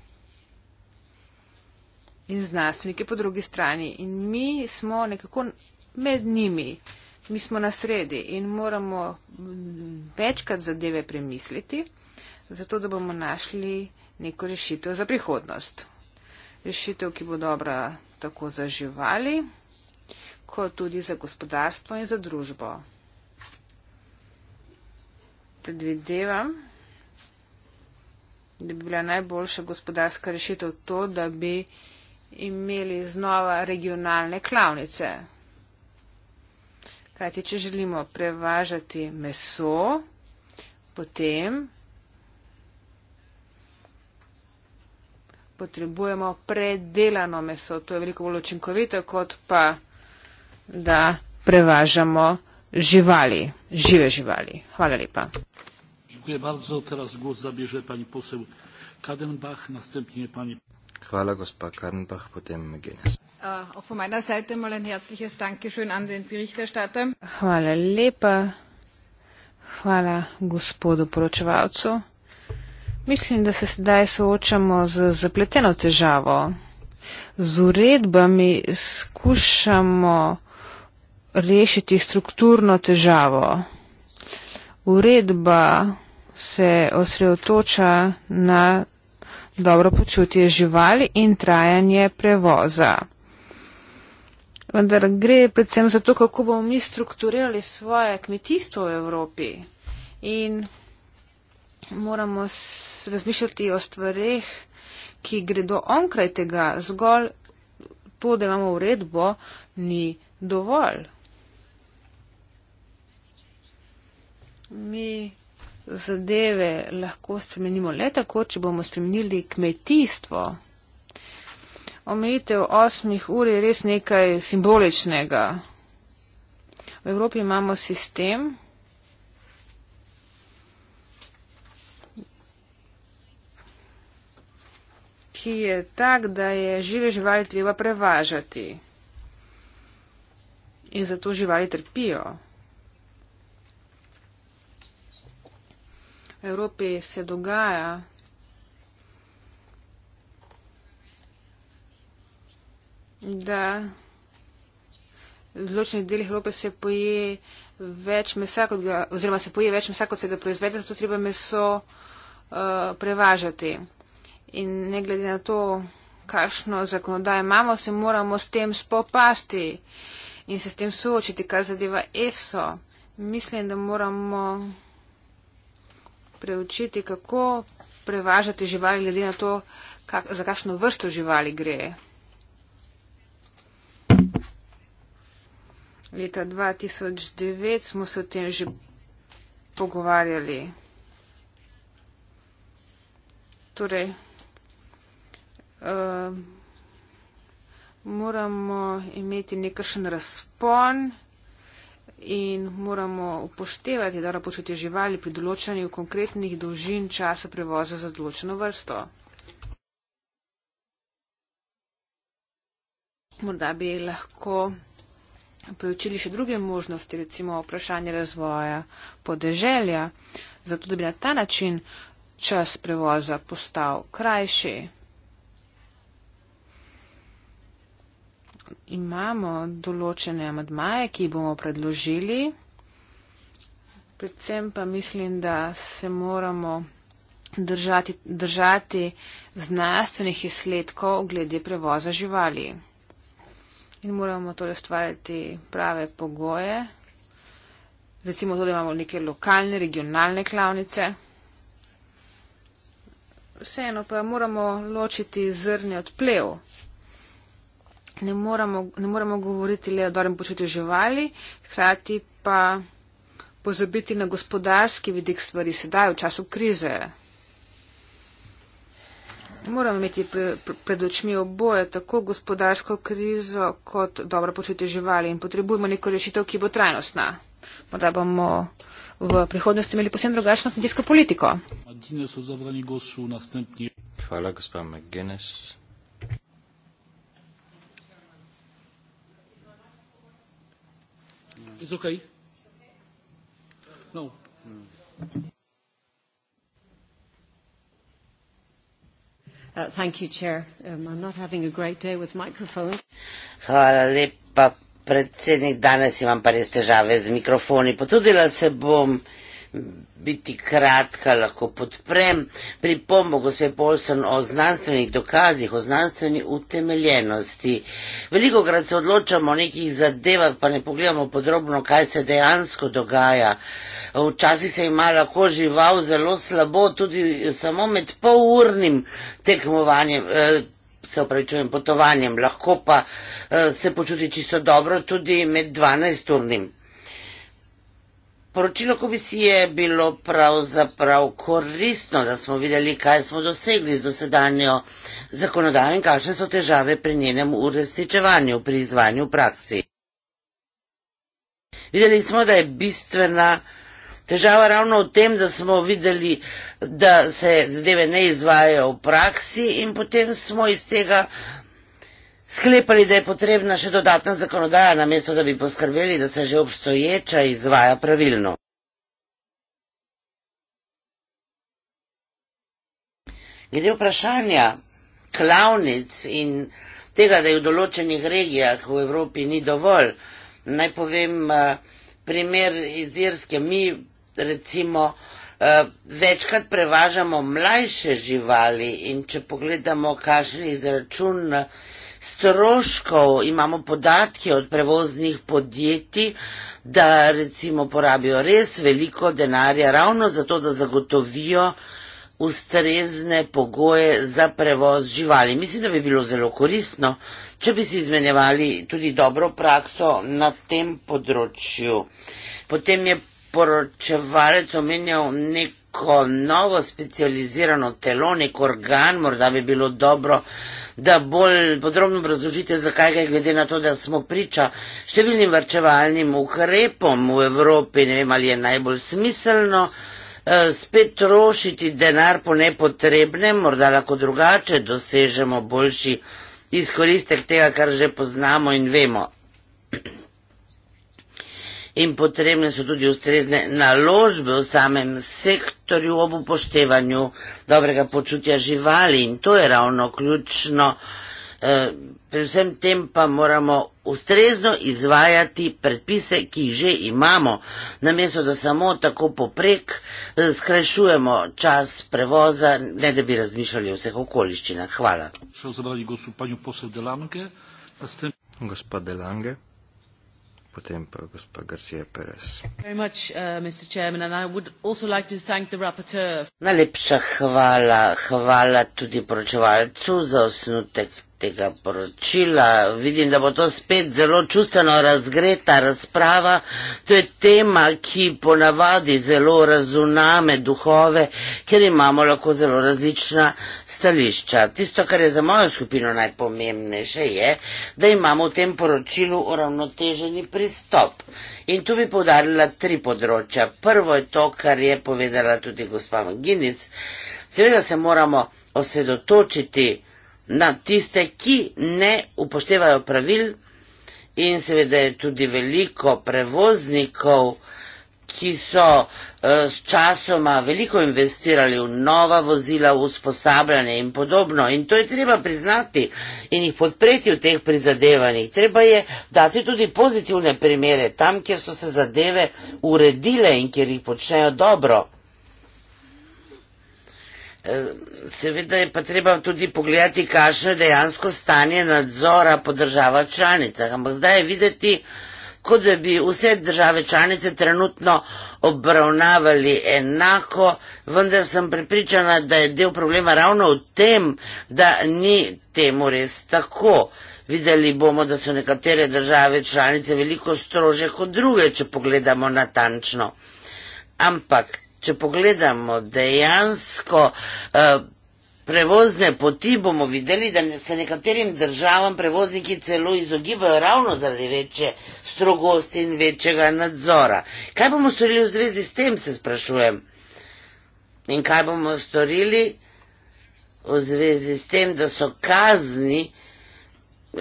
in znanstveniki po drugi strani. In mi smo nekako med njimi, mi smo na sredi in moramo večkrat zadeve premisliti, zato da bomo našli neko rešitev za prihodnost. Rešitev, ki bo dobra tako za živali, kot tudi za gospodarstvo in za družbo. Predvidevam, da bi bila najboljša gospodarska rešitev to, da bi imeli znova regionalne klavnice. Kajti, če želimo prevažati meso, potem potrebujemo predelano meso. To je veliko bolj učinkovito, kot pa da prevažamo živali, žive živali. Hvala lepa. Hvala lepa. Hvala, gospa Karnbach, potem Genes. Äh, Hvala lepa. Hvala gospodu poročevalcu. Mislim, da se sedaj soočamo z zapleteno težavo. Z uredbami skušamo rešiti strukturno težavo. Uredba se osredotoča na dobro počutje živali in trajanje prevoza. Vendar gre predvsem za to, kako bomo mi strukturirali svoje kmetijstvo v Evropi. In moramo razmišljati o stvarih, ki gredo onkraj tega. Zgolj to, da imamo uredbo, ni dovolj. Mi zadeve lahko spremenimo le tako, če bomo spremenili kmetijstvo. Omejitev osmih ur je res nekaj simboličnega. V Evropi imamo sistem, ki je tak, da je žive živali treba prevažati. In zato živali trpijo. Evropi se dogaja. Da, v določenih delih Evrope se poje več mesa, ga, oziroma se poje več mesa, kot se ga proizvede, zato treba meso uh, prevažati. In ne glede na to, kakšno zakonodajo imamo, se moramo s tem spopasti in se s tem soočiti, kar zadeva EFSO. Mislim, da moramo preučiti, kako prevažati živali, glede na to, kak, za kakšno vrsto živali gre. Leta 2009 smo se o tem že pogovarjali. Torej, uh, moramo imeti nekršen razpon in moramo upoštevati, da rapočutje živali pri določanju konkretnih dolžin časa prevoza za določeno vrsto. Morda bi lahko preučili še druge možnosti, recimo vprašanje razvoja podeželja, zato da bi na ta način čas prevoza postal krajši. imamo določene amadmaje, ki bomo predložili. Predvsem pa mislim, da se moramo držati, držati znanstvenih izsledkov glede prevoza živali. In moramo torej ustvarjati prave pogoje. Recimo tudi imamo neke lokalne, regionalne klavnice. Vseeno pa moramo ločiti zrne od plev ne moremo, ne moremo govoriti le o dobrem počutju živali, hkrati pa pozabiti na gospodarski vidik stvari sedaj v času krize. Moramo imeti pred očmi oboje tako gospodarsko krizo kot dobro počutje živali in potrebujemo neko rešitev, ki bo trajnostna. Morda bomo v prihodnosti imeli posebno drugačno kmetijsko politiko. Hvala, gospod McGuinness. is okay. No. Uh, thank you, Chair. Um, I'm not having a great day with microphones. Hvala lepa, predsednik. Danes imam pa res težave z mikrofoni. Potrudila se bom biti kratka, lahko podprem pripombo gospe Polson o znanstvenih dokazih, o znanstveni utemeljenosti. Veliko krat se odločamo o nekih zadevah, pa ne pogledamo podrobno, kaj se dejansko dogaja. Včasih se ima lahko žival zelo slabo, tudi samo med polurnim tekmovanjem. Eh, se opravičujem potovanjem, lahko pa uh, se počuti čisto dobro tudi med 12-urnim Poročilo komisije je bilo pravzaprav koristno, da smo videli, kaj smo dosegli z dosedanjo zakonodajo in kakšne so težave pri njenem uresničevanju, pri izvajanju v praksi. Videli smo, da je bistvena težava ravno v tem, da smo videli, da se zadeve ne izvajajo v praksi in potem smo iz tega sklepali, da je potrebna še dodatna zakonodaja, namesto da bi poskrbeli, da se že obstoječa izvaja pravilno. Glede vprašanja klavnic in tega, da je v določenih regijah v Evropi ni dovolj, naj povem eh, primer iz Irske. Mi recimo eh, večkrat prevažamo mlajše živali in če pogledamo, kakšen izračun stroškov, imamo podatke od prevoznih podjetij, da recimo porabijo res veliko denarja ravno zato, da zagotovijo ustrezne pogoje za prevoz živali. Mislim, da bi bilo zelo koristno, če bi si izmenjevali tudi dobro prakso na tem področju. Potem je poročevalec omenjal neko novo specializirano telo, nek organ, morda bi bilo dobro da bolj podrobno razložite, zakaj je glede na to, da smo priča številnim vrčevalnim ukrepom v Evropi, ne vem, ali je najbolj smiselno eh, spet trošiti denar po nepotrebnem, morda lahko drugače dosežemo boljši izkoristek tega, kar že poznamo in vemo in potrebne so tudi ustrezne naložbe v samem sektorju ob upoštevanju dobrega počutja živali in to je ravno ključno. E, pri vsem tem pa moramo ustrezno izvajati predpise, ki jih že imamo, namesto da samo tako poprek eh, skrajšujemo čas prevoza, ne da bi razmišljali o vseh okoliščinah. Hvala. Gospod Delange potem pa gospa Garcia Perez. Much, uh, like Najlepša hvala, hvala tudi poročevalcu za osnutek tega poročila. Vidim, da bo to spet zelo čustveno razgreta razprava. To je tema, ki ponavadi zelo razuname duhove, ker imamo lahko zelo različna stališča. Tisto, kar je za mojo skupino najpomembnejše, je, da imamo v tem poročilu uravnoteženi pristop. In tu bi povdarila tri področja. Prvo je to, kar je povedala tudi gospa Maginic. Seveda se moramo osredotočiti na tiste, ki ne upoštevajo pravil, in seveda je tudi veliko prevoznikov, ki so eh, s časoma veliko investirali v nova vozila, v usposabljanje in podobno. In to je treba priznati in jih podpreti v teh prizadevanjih. Treba je dati tudi pozitivne primere tam, kjer so se zadeve uredile in kjer jih počnejo dobro. Seveda je pa treba tudi pogledati, kakšno je dejansko stanje nadzora po državah članicah, ampak zdaj je videti, kot da bi vse države članice trenutno obravnavali enako, vendar sem prepričana, da je del problema ravno v tem, da ni temu res tako. Videli bomo, da so nekatere države članice veliko strože kot druge, če pogledamo natančno. Ampak če pogledamo dejansko eh, prevozne poti, bomo videli, da se nekaterim državam prevozniki celo izogibajo ravno zaradi večje strogosti in večjega nadzora. Kaj bomo storili v zvezi s tem, se sprašujem? In kaj bomo storili v zvezi s tem, da so kazni,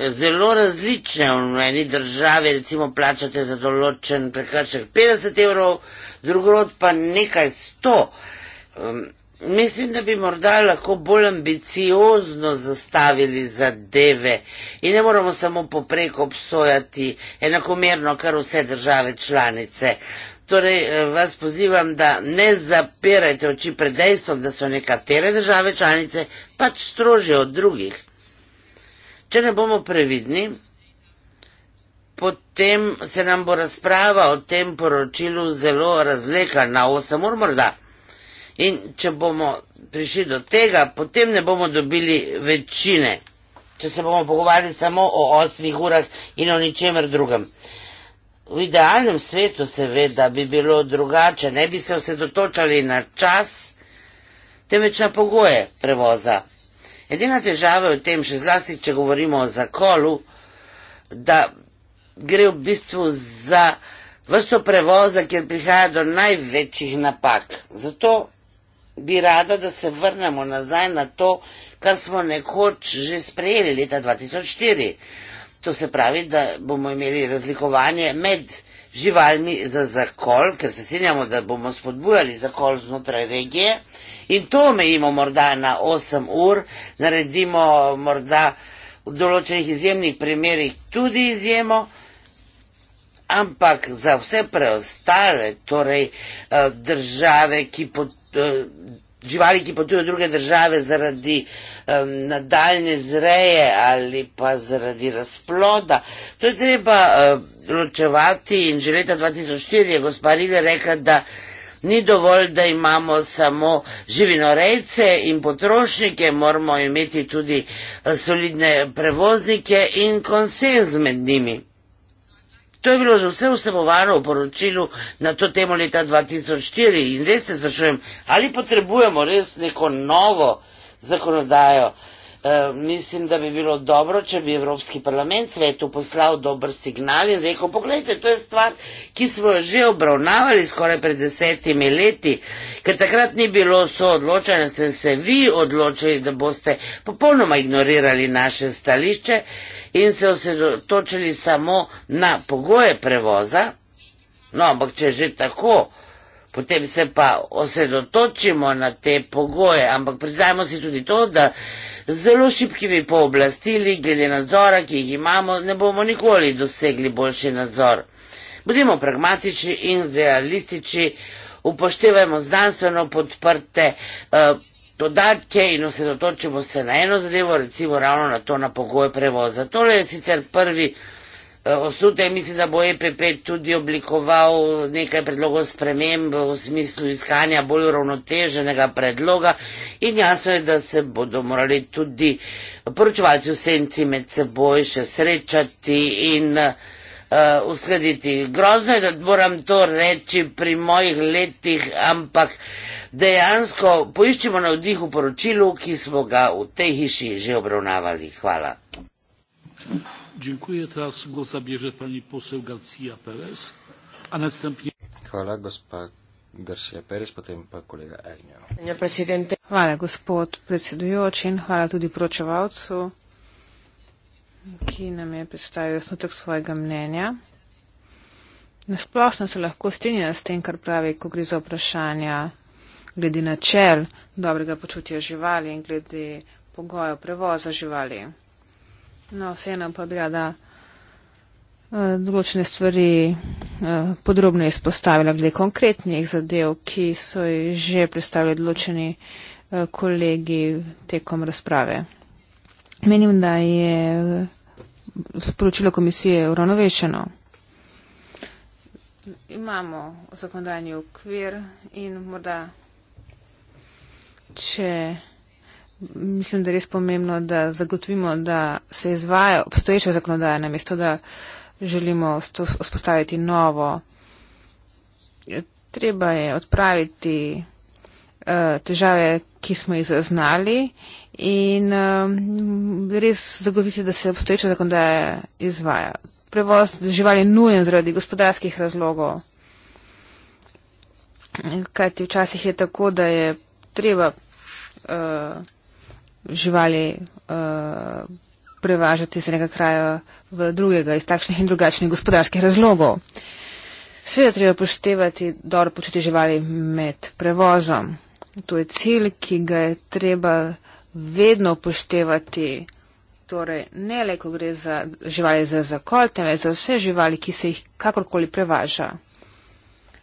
zelo različne. V eni državi recimo plačate za določen prekršek 50 evrov, drugod pa nekaj 100. Um, mislim, da bi morda lahko bolj ambiciozno zastavili zadeve in ne moramo samo popreko obsojati enakomerno kar vse države članice. Torej eh, vas pozivam, da ne zapirajte oči pred dejstvom, da so nekatere države članice pač strože od drugih. Če ne bomo previdni, potem se nam bo razprava o tem poročilu zelo razleka na 8 ur morda. In če bomo prišli do tega, potem ne bomo dobili večine, če se bomo pogovarjali samo o 8 urah in o ničemer drugem. V idealnem svetu seveda bi bilo drugače, ne bi se osredotočali na čas, temveč na pogoje prevoza. Edina težava je v tem, še zlasti, če govorimo o zakolu, da gre v bistvu za vrsto prevoza, kjer prihaja do največjih napak. Zato bi rada, da se vrnemo nazaj na to, kar smo nekoč že sprejeli leta 2004. To se pravi, da bomo imeli razlikovanje med živalmi za zakol, ker se strinjamo, da bomo spodbujali zakol znotraj regije in to omejimo morda na 8 ur, naredimo morda v določenih izjemnih primerih tudi izjemo, ampak za vse preostale, torej eh, države, ki pod, eh, živali, ki potujejo v druge države zaradi um, nadaljne zreje ali pa zaradi razploda. To je treba uh, ločevati in že leta 2004 je gospa Rive rekla, da ni dovolj, da imamo samo živinorejce in potrošnike, moramo imeti tudi eh, solidne prevoznike in konsenz med njimi. To je bilo že vse vsebovano v poročilu na to temo leta 2004 in res se sprašujem, ali potrebujemo res neko novo zakonodajo. E, mislim, da bi bilo dobro, če bi Evropski parlament svetu poslal dober signal in rekel, pogledajte, to je stvar, ki smo jo že obravnavali skoraj pred desetimi leti, ker takrat ni bilo soodločanja, ste se vi odločili, da boste popolnoma ignorirali naše stališče in se osredotočili samo na pogoje prevoza, no, ampak če že tako, potem se pa osredotočimo na te pogoje, ampak priznajmo si tudi to, da z zelo šipkimi pooblastili, glede nadzora, ki jih imamo, ne bomo nikoli dosegli boljši nadzor. Budimo pragmatični in realistični, upoštevajmo znanstveno podprte uh, podatke in osredotočimo se na eno zadevo, recimo ravno na to, na pogoje prevoza. Tole je sicer prvi eh, osnutek, mislim, da bo EPP tudi oblikoval nekaj predlogov sprememb v smislu iskanja bolj uravnoteženega predloga in jasno je, da se bodo morali tudi poročevalci v senci med seboj še srečati in uh, Eh, uskladiti. Grozno je, da moram to reči pri mojih letih, ampak dejansko poiščemo na vdih v poročilu, ki smo ga v tej hiši že obravnavali. Hvala. Hvala, gospa Garcia Perez, potem pa kolega Agnjo. Hvala, gospod predsedujoč in hvala tudi pročevalcu ki nam je predstavil osnutek svojega mnenja. Nasplošno se lahko strinja s tem, kar pravi, ko gre za vprašanja glede načel dobrega počutja živali in glede pogojev prevoza živali. No, vseeno pa bi rada eh, določene stvari eh, podrobno izpostavila glede konkretnih zadev, ki so že predstavili določeni eh, kolegi tekom razprave. Menim, da je sporočilo komisije uravnovešeno. Imamo zakonodajni okvir in morda, če mislim, da je res pomembno, da zagotovimo, da se izvaja obstoječa zakonodaja, namesto da želimo vzpostaviti novo. Treba je odpraviti uh, težave, ki smo jih zaznali in um, res zagotoviti, da se obstoječa zakonodaja izvaja. Prevoz živali je nujen zaradi gospodarskih razlogov. Kajti včasih je tako, da je treba uh, živali uh, prevažati iz enega kraja v drugega, iz takšnih in drugačnih gospodarskih razlogov. Sveda treba poštevati dobro početi živali med prevozom. To je cilj, ki ga je treba vedno upoštevati. Torej, ne le, ko gre za živali za zakol, temveč za vse živali, ki se jih kakorkoli prevaža.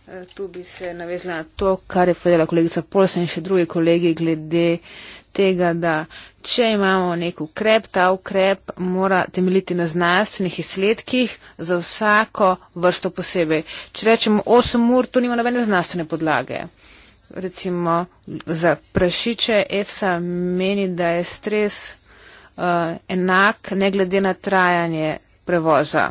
E, tu bi se navezla na to, kar je povedala kolegica Polsa in še drugi kolegi glede tega, da če imamo nek ukrep, ta ukrep mora temeljiti na znanstvenih izsledkih za vsako vrsto posebej. Če rečemo 8 ur, to nima nobene znanstvene podlage recimo za prašiče EFSA meni, da je stres uh, enak, ne glede na trajanje prevoza.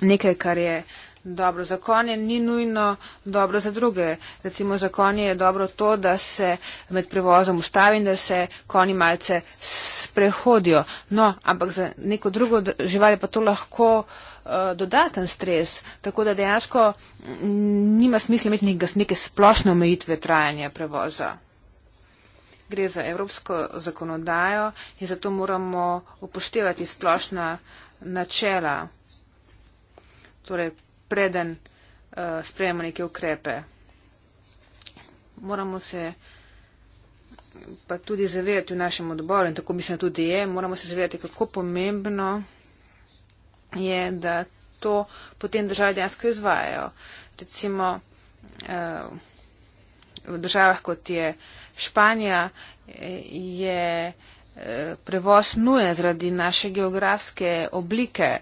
Nekaj, kar je dobro za konje, ni nujno dobro za druge. Recimo za konje je dobro to, da se med prevozom ustavi in da se konji malce sprehodijo. No, ampak za neko drugo živali pa to lahko uh, Eh, dodaten stres. Tako da dejansko nima smisla imeti neke splošne omejitve trajanja prevoza. Gre za evropsko zakonodajo in zato moramo upoštevati splošna načela, torej preden uh, sprejemo neke ukrepe. Moramo se pa tudi zavedati v našem odboru in tako mislim tudi je, moramo se zavedati, kako pomembno je, da to potem države dejansko izvajajo. Recimo eh, v državah, kot je Španija, je eh, prevoz nujen zaradi naše geografske oblike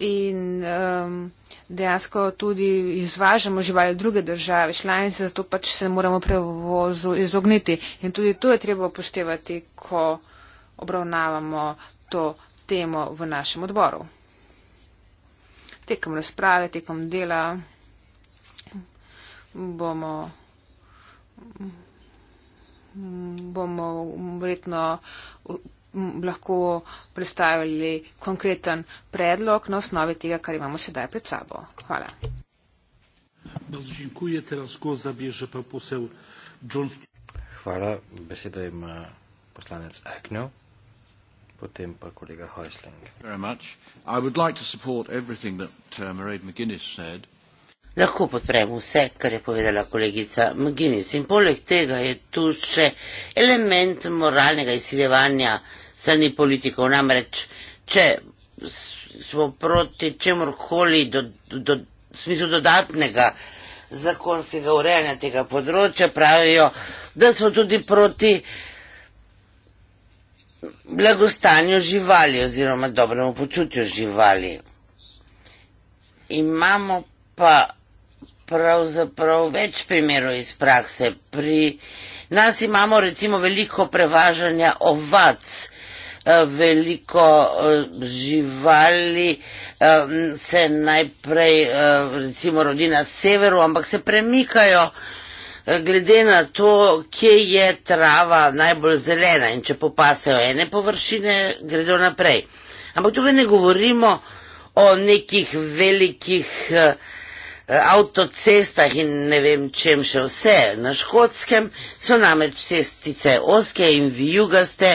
in ehm, dejansko tudi izvažamo živali v druge države, članice, zato pač se moramo prevozu izogniti. In tudi to je treba upoštevati, ko obravnavamo to temo v našem odboru tekom razprave, tekom dela bomo, bomo verjetno lahko predstavili konkreten predlog na osnovi tega, kar imamo sedaj pred sabo. Hvala. Hvala. Besedo ima poslanec Eknjo potem pa kolega Heusling. Uh, Lahko podprem vse, kar je povedala kolegica McGuinness in poleg tega je tu še element moralnega izsiljevanja strani politikov, namreč če smo proti čemorkoli do, do, v smislu dodatnega zakonskega urejanja tega področja, pravijo, da smo tudi proti uh, blagostanju živali oziroma dobremu počutju živali. Imamo pa pravzaprav več primerov iz prakse. Pri nas imamo recimo veliko prevažanja ovac, eh, veliko eh, živali eh, se najprej recimo rodi na severu, ampak se premikajo glede na to, kje je trava najbolj zelena in če popasejo ene površine, gredo naprej. Ampak tukaj ne govorimo o nekih velikih eh, avtocestah in ne vem čem še vse. Na Škotskem so namreč cestice oske in vijugaste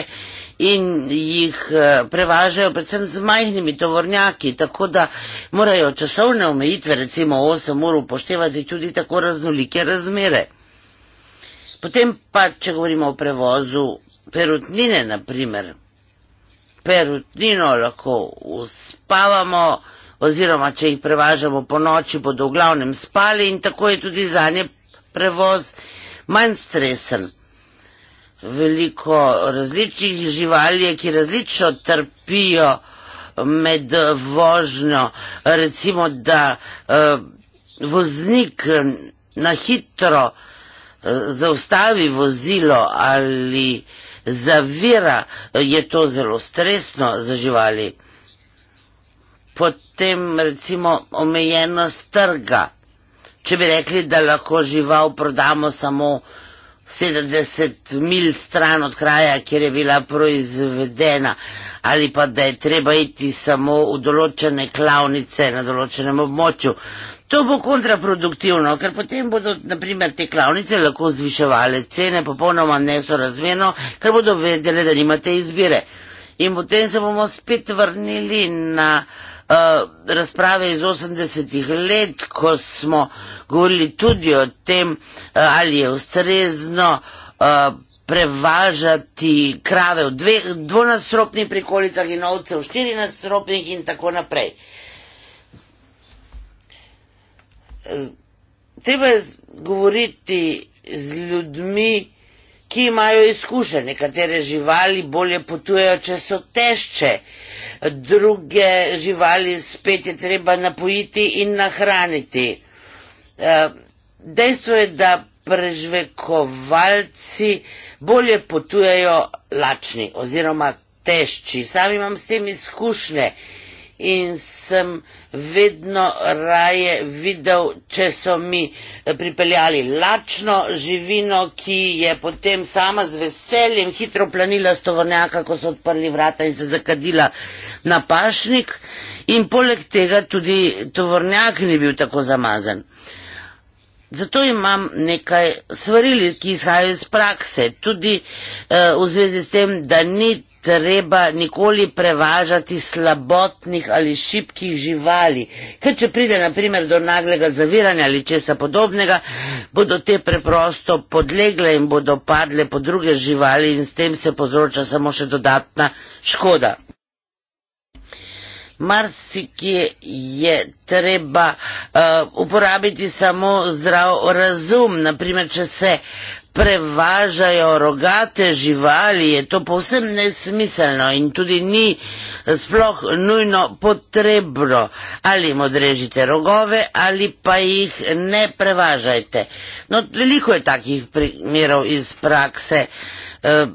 in jih eh, prevažajo predvsem z majhnimi tovornjaki, tako da morajo časovne omejitve, recimo 8 ur, upoštevati tudi tako raznolike razmere. Potem pa, če govorimo o prevozu perutnine, na primer, perutnino lahko uspavamo, oziroma če jih prevažamo po noči, bodo v glavnem spali in tako je tudi za nje prevoz manj stresen. Veliko različnih živalij, ki različno trpijo med vožnjo, recimo da eh, voznik na hitro, zaustavi vozilo ali zavira, je to zelo stresno za živali. Potem recimo omejenost trga. Če bi rekli, da lahko žival prodamo samo 70 mil stran od kraja, kjer je bila proizvedena, ali pa da je treba iti samo v določene klavnice na določenem območju, To bo kontraproduktivno, ker potem bodo naprimer te klavnice lahko zviševali cene popolnoma nesorazmerno, ker bodo vedeli, da nimate izbire. In potem se bomo spet vrnili na uh, razprave iz 80-ih let, ko smo govorili tudi o tem, uh, ali je ustrezno uh, prevažati krave v dvonastropnih prikolicah in ovce v štirinastropnih in tako naprej. Uh, treba je govoriti z ljudmi, ki imajo izkušnje. Nekatere živali bolje potujejo, če so težče, druge živali spet je treba napojiti in nahraniti. Eh, dejstvo je, da prežvekovalci bolje potujejo lačni oziroma težči. Sam imam s tem izkušnje in sem vedno raje videl, če so mi eh, pripeljali lačno živino, ki je potem sama z veseljem hitro planila s tovornjaka, ko so odprli vrata in se zakadila na pašnik. In poleg tega tudi tovornjak ni bil tako zamazan. Zato imam nekaj svarili, ki izhajajo iz prakse, tudi uh, v zvezi s tem, da ni treba nikoli prevažati slabotnih ali šibkih živali. Ker če pride naprimer do naglega zaviranja ali česa podobnega, bodo te preprosto podlegle in bodo padle po druge živali in s tem se povzroča samo še dodatna škoda. Marsikje je treba uh, uporabiti samo zdrav razum, naprimer, če se prevažajo rogate živali, je to povsem nesmiselno in tudi ni sploh nujno potrebno. Ali jim odrežite rogove ali pa jih ne prevažajte. No, veliko je takih primerov iz prakse. E,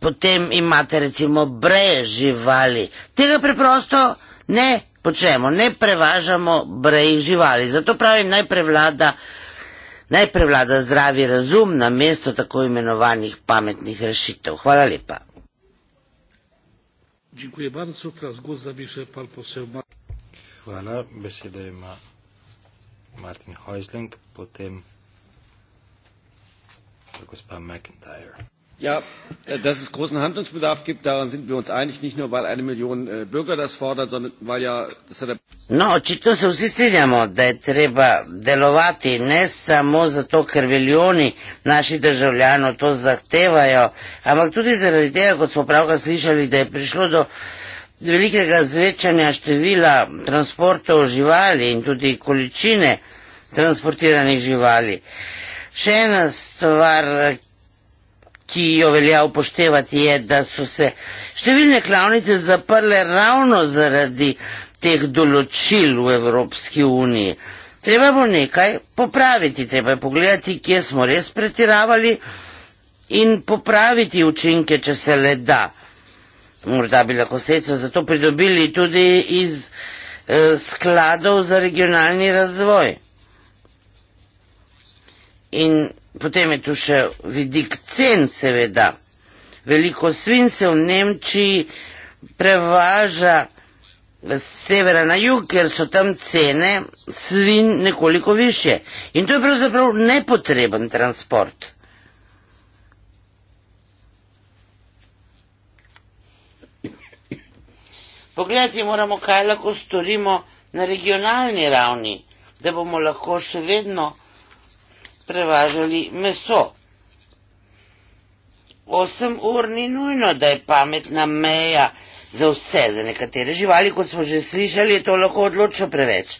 potem imate recimo breje živali. Tega preprosto ne počnemo, ne prevažamo breje živali. Zato pravim, naj prevlada Naj prevlada zdravi razum na mesto tako imenovanih pametnih rešitev. Hvala lepa. Hvala. Besedo ima Martin Heusling, potem gospa McIntyre. Ja, äh, dass es großen Handlungsbedarf gibt, daran sind wir uns einig, nicht nur weil eine Million äh, Bürger das fordert, sondern weil ja... Das hat no, očitno se vsi strinjamo, da je treba delovati ne samo zato, ker milijoni naših državljanov to zahtevajo, ampak tudi zaradi tega, kot smo pravkar slišali, da je prišlo do velikega zvečanja števila transportov živali in tudi količine transportiranih živali. Še ena stvar, ki jo velja upoštevati, je, da so se številne klavnice zaprle ravno zaradi teh določil v Evropski uniji. Treba bo nekaj popraviti, treba je pogledati, kje smo res pretiravali in popraviti učinke, če se le da. Morda bi lahko sredstva za to pridobili tudi iz eh, skladov za regionalni razvoj. In Potem je tu še vidik cen, seveda. Veliko svin se v Nemčiji prevaža z severa na jug, ker so tam cene svin nekoliko više. In to je pravzaprav nepotreben transport. Pogledati moramo, kaj lahko storimo na regionalni ravni, da bomo lahko še vedno prevažali meso. Osem ur ni nujno, da je pametna meja za vse, za nekatere živali, kot smo že slišali, je to lahko odločno preveč.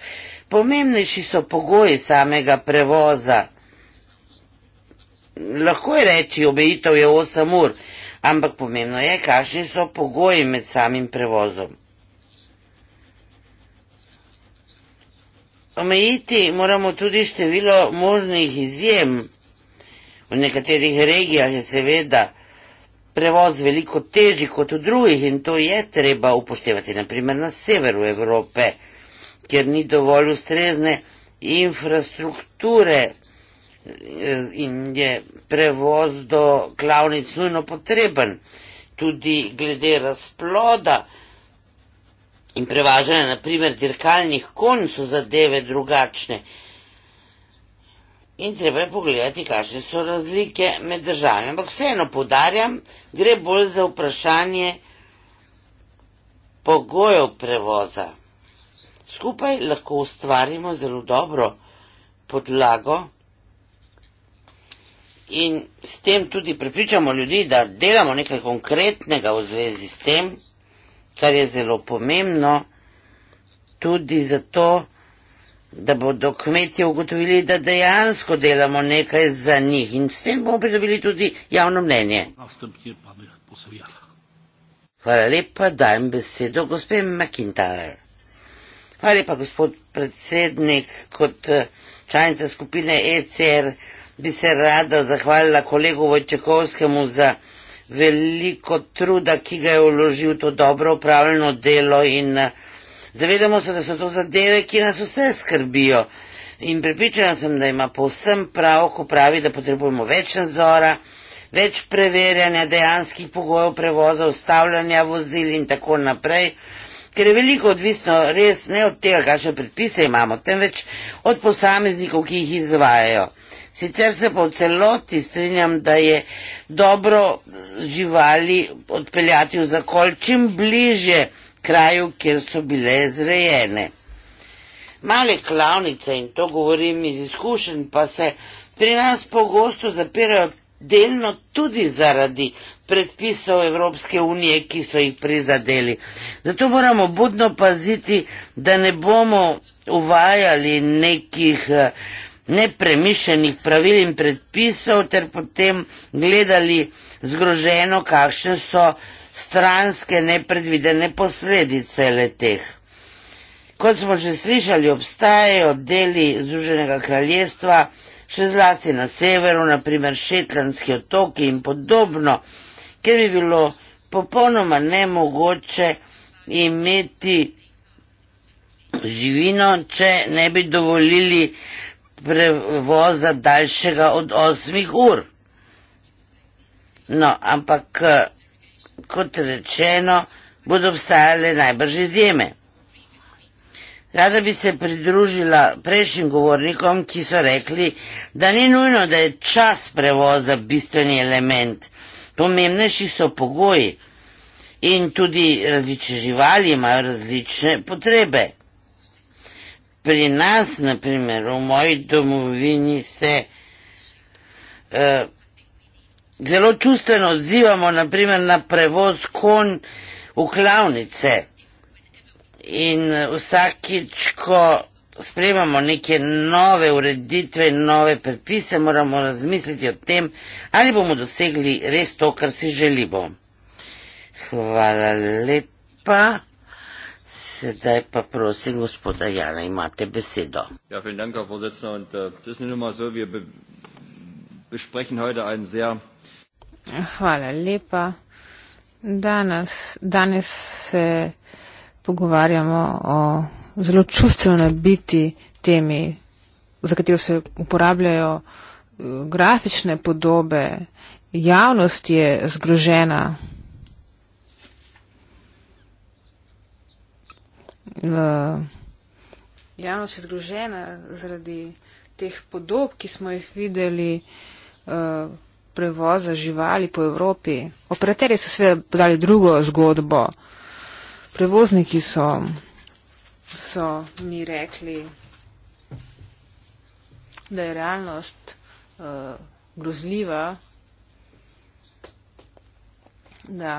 Pomembnejši so pogoji samega prevoza. Lahko je reči, obejitev je osem ur, ampak pomembno je, kakšni so pogoji med samim prevozom. Omejiti moramo tudi število možnih izjem. V nekaterih regijah je seveda prevoz veliko težji kot v drugih in to je treba upoštevati, naprimer na severu Evrope, kjer ni dovolj ustrezne infrastrukture eh, in je prevoz do klavnic nujno potreben. Tudi glede razploda In prevažanje, na primer, dirkalnih konj so zadeve drugačne. In treba je pogledati, kakšne so razlike med državami. Ampak vseeno podarjam, gre bolj za vprašanje pogojev prevoza. Skupaj lahko ustvarimo zelo dobro podlago in s tem tudi prepričamo ljudi, da delamo nekaj konkretnega v zvezi s tem kar je zelo pomembno, tudi zato, da bodo kmetje ugotovili, da dejansko delamo nekaj za njih in s tem bomo pridobili tudi javno mnenje. Hvala lepa, dajem besedo gospe McIntyre. Hvala lepa, gospod predsednik, kot eh, članica skupine ECR bi se rada zahvalila kolegu Vojčekovskemu za veliko truda, ki ga je vložil to dobro upravljeno delo in eh, zavedamo se, da so to zadeve, ki nas vse skrbijo. In pripričana sem, da ima povsem prav, ko pravi, da potrebujemo več nadzora, več preverjanja dejanskih pogojev prevoza, ustavljanja vozil in tako naprej, ker je veliko odvisno res ne od tega, kakšne predpise imamo, temveč od posameznikov, ki jih izvajajo. Sicer se pa v celoti strinjam, da je dobro živali odpeljati v zakol čim bliže kraju, kjer so bile zrejene. Male klavnice, in to govorim iz izkušenj, pa se pri nas pogosto zapirajo delno tudi zaradi predpisov Evropske unije, ki so jih prizadeli. Zato moramo budno paziti, da ne bomo uvajali nekih uh, nepremišljenih pravil in predpisov, ter potem gledali zgroženo, kakšne so stranske nepredvidene posledice leteh. Kot smo že slišali, obstajajo deli Združenega kraljestva, še zlasti na severu, naprimer Šetlanski otoki in podobno, kjer bi bilo popolnoma nemogoče imeti živino, če ne bi dovolili prevoza daljšega od osmih ur. No, ampak, eh, kot rečeno, bodo obstajale najbrž izjeme. Rada bi se pridružila prejšnjim govornikom, ki so rekli, da ni nujno, da je čas prevoza bistveni element. Pomembnejši so pogoji in tudi različne živali imajo različne potrebe pri nas, na primer, v moji domovini se uh, zelo čustveno odzivamo, na primer, na prevoz kon v klavnice. In eh, vsakič, ko sprejemamo neke nove ureditve, nove predpise, moramo razmisliti o tem, ali bomo dosegli res to, kar si želimo. Hvala lepa. Sedaj pa prosim, gospoda Jana, imate besedo. Ja, vielen Dank, Frau Vorsitzende. In to je nujno so, wir besprechen heute einen sehr. Hvala lepa. Danes, danes se pogovarjamo o zelo čustveno biti temi, za katero se uporabljajo eh, grafične podobe. Javnost je zgrožena uh, javnost je zgrožena zaradi teh podob, ki smo jih videli uh, prevoza živali po Evropi. Operaterji so seveda dali drugo zgodbo. Prevozniki so, so mi rekli, da je realnost uh, grozljiva, da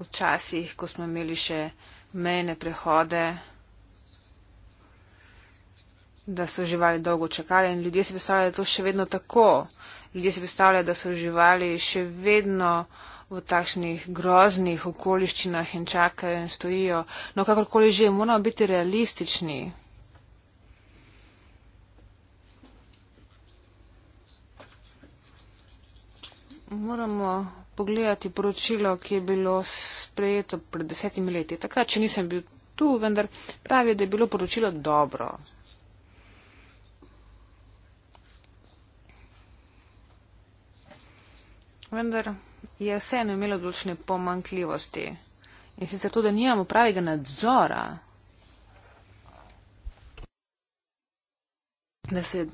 včasih, ko smo imeli še mejne prehode, da so živali dolgo čakali in ljudje si predstavljajo, da je to še vedno tako. Ljudje si predstavljajo, da so živali še vedno v takšnih groznih okoliščinah in čakajo in stojijo. No, kakorkoli že, moramo biti realistični. Moramo pogledati poročilo, ki je bilo sprejeto pred desetimi leti. Takrat, če nisem bil tu, vendar pravi, da je bilo poročilo dobro. Vendar je vseeno imelo določene pomankljivosti in sicer to, da nijamo pravega nadzora, da se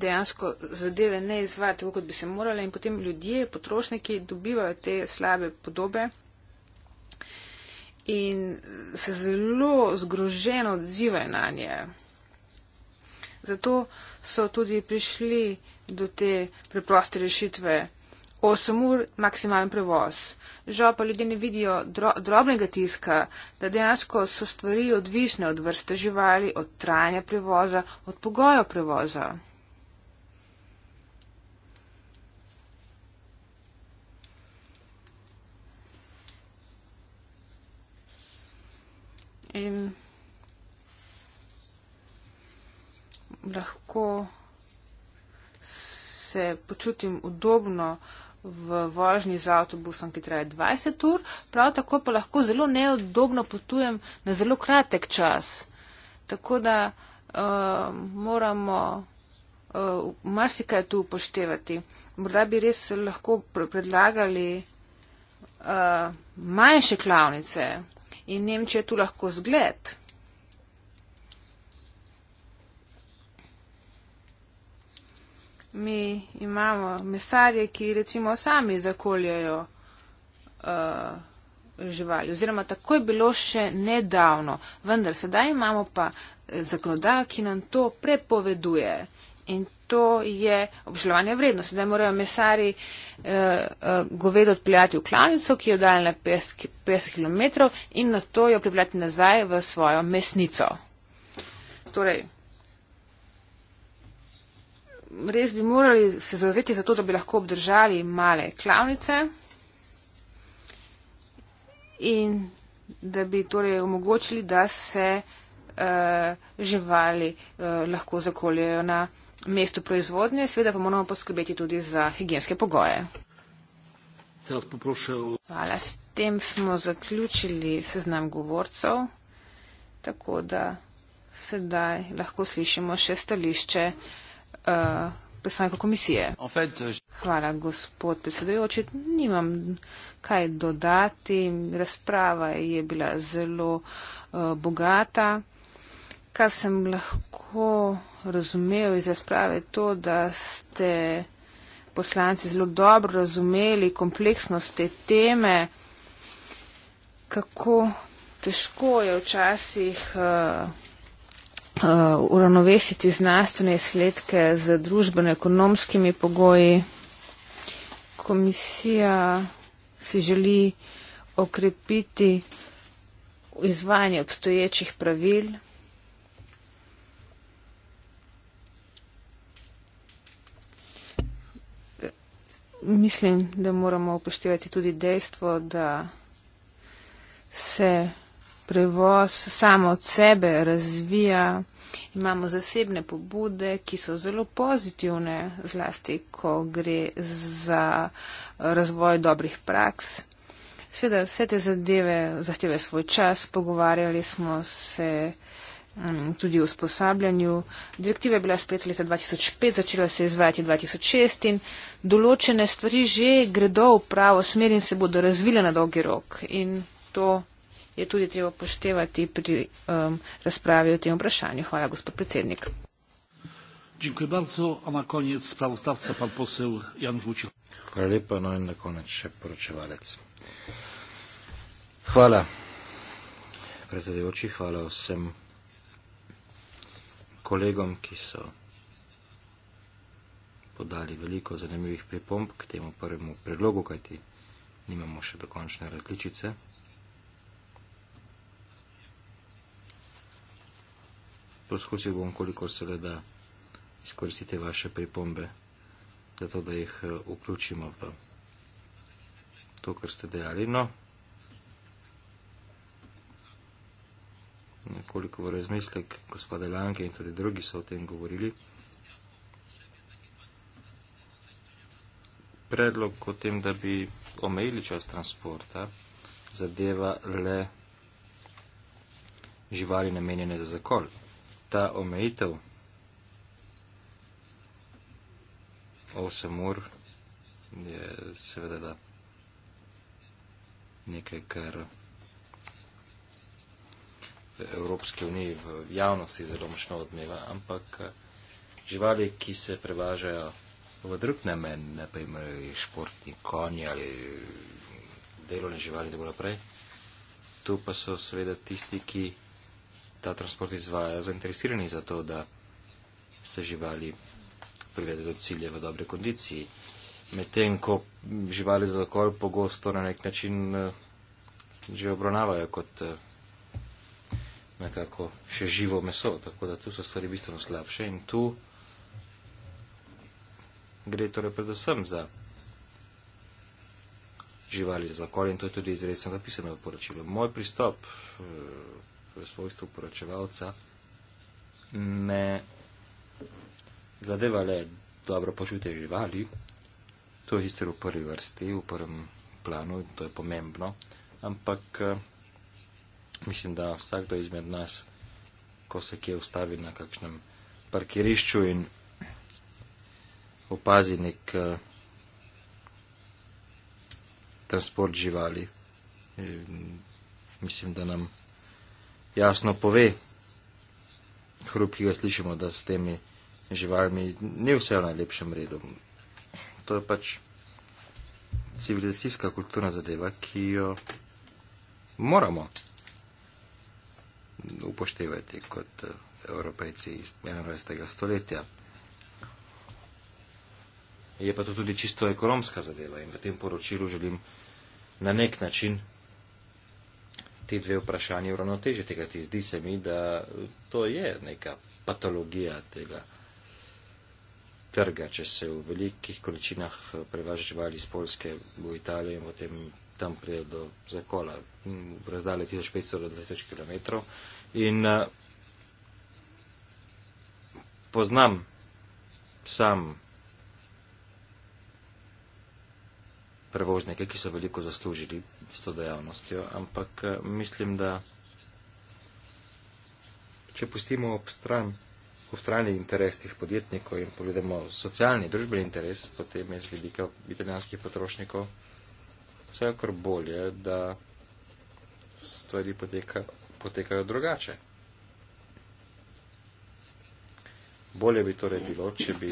dejansko zadeve ne izvajati, kot bi se morali in potem ljudje, potrošniki dobivajo te slabe podobe in se zelo zgroženo odzivajo na nje. Zato so tudi prišli do te preproste rešitve. 8 ur maksimalen prevoz. Žal pa ljudje ne vidijo dro, drobnega tiska, da dejansko so stvari odvisne od vrste živali, od trajanja prevoza, od pogojev prevoza. in lahko se počutim udobno v vožnji z avtobusom, ki traja 20 ur, prav tako pa lahko zelo neodobno potujem na zelo kratek čas. Tako da uh, moramo uh, marsikaj tu upoštevati. Morda bi res lahko predlagali uh, manjše klavnice in Nemčija tu lahko zgled. Mi imamo mesarje, ki recimo sami zakoljajo uh, živali, oziroma tako je bilo še nedavno, vendar sedaj imamo pa eh, zakonodajo, ki nam to prepoveduje. Uh, in to je obžalovanje vredno. Sedaj morajo mesari eh, eh, govedo odpeljati v klanico, ki je oddaljena 50 km in na to jo pripeljati nazaj v svojo mesnico. Torej, res bi morali se zavzeti za to, da bi lahko obdržali male klavnice in da bi torej omogočili, da se uh, živali uh, lahko zakoljejo na mestu proizvodnje, seveda pa moramo poskrbeti tudi za higijenske pogoje. Hvala. S tem smo zaključili seznam govorcev, tako da sedaj lahko slišimo še stališče uh, predstavnika komisije. Hvala, gospod predsedujoči. Nimam kaj dodati. Razprava je bila zelo uh, bogata kar sem lahko razumel iz razprave, to, da ste poslanci zelo dobro razumeli kompleksnost te teme, kako težko je včasih uh, uh, uravnovesiti znanstvene sledke z družbeno-ekonomskimi pogoji. Komisija si želi okrepiti izvajanje obstoječih pravil, mislim, da moramo upoštevati tudi dejstvo, da se prevoz samo od sebe razvija. Imamo zasebne pobude, ki so zelo pozitivne, zlasti, ko gre za razvoj dobrih praks. Sveda, vse te zadeve zahteve svoj čas, pogovarjali smo se tudi usposabljanju. Direktiva je bila sprejeta leta 2005, začela se izvajati 2006 in določene stvari že gredo v pravo smer in se bodo razvile na dolgi rok. In to je tudi treba poštevati pri um, razpravi o tem vprašanju. Hvala, gospod predsednik. Dziękuję bardzo. A na koniec sprawozdawca, pan poseł Jan Wucich. Hvala no i na koniec się poroczewalec. Hvala, predsedujący, hvala wszystkim kolegom, ki so podali veliko zanimivih pripomb k temu prvemu predlogu, kajti nimamo še dokončne različice. Poskusil bom, koliko se le da izkoristite vaše pripombe, zato da jih eh, vključimo v to, kar ste dejali. No, nekoliko v razmislek, gospoda Lanke in tudi drugi so o tem govorili. Predlog o tem, da bi omejili čas transporta, zadeva le živali namenjene za zakol. Ta omejitev 8 ur je seveda da nekaj, kar Evropske unije v javnosti zelo močno odmeva, ampak eh, živali, ki se prevažajo v drug namen, ne pa imajo športni konji ali delovne živali, da bo naprej, tu pa so seveda tisti, ki ta transport izvajajo, zainteresirani za to, da se živali privede do cilje v dobre kondiciji. Medtem, ko živali za okolje pogosto na nek način eh, že obravnavajo kot eh, nekako še živo meso, tako da tu so stvari bistveno slabše in tu gre torej predvsem za živali, za zakor in to je tudi izredno zapisano v poročilu. Moj pristop eh, v svojstvu poročevalca me zadeva le dobro počutje živali, to je sicer v prvi vrsti, v prvem planu, to je pomembno, ampak eh, mislim, da vsakdo izmed nas, ko se kje ustavi na kakšnem parkirišču in opazi nek uh, transport živali, mislim, da nam jasno pove hrup, ki ga slišimo, da s temi živalmi ni vse v najlepšem redu. To je pač civilizacijska kulturna zadeva, ki jo moramo upoštevati kot eh, evropejci iz 21. stoletja. Je pa to tudi čisto ekonomska zadeva in v tem poročilu želim na nek način te dve vprašanje uravnotežiti, kajti zdi se mi, da to je neka patologija tega trga, če se v velikih količinah eh, prevaža živali iz Polske v Italijo in potem tam pride do zakola. Mm, v razdalje 1500 do 2000 km In eh, poznam sam prevožnike, ki so veliko zaslužili s to dejavnostjo, ampak eh, mislim, da če pustimo ob stran, ob strani interes tih podjetnikov in pogledamo socialni, družbeni interes, potem je z vidika italijanskih potrošnikov vsekakor bolje, da stvari poteka potekajo drugače. Bolje bi torej bilo, če bi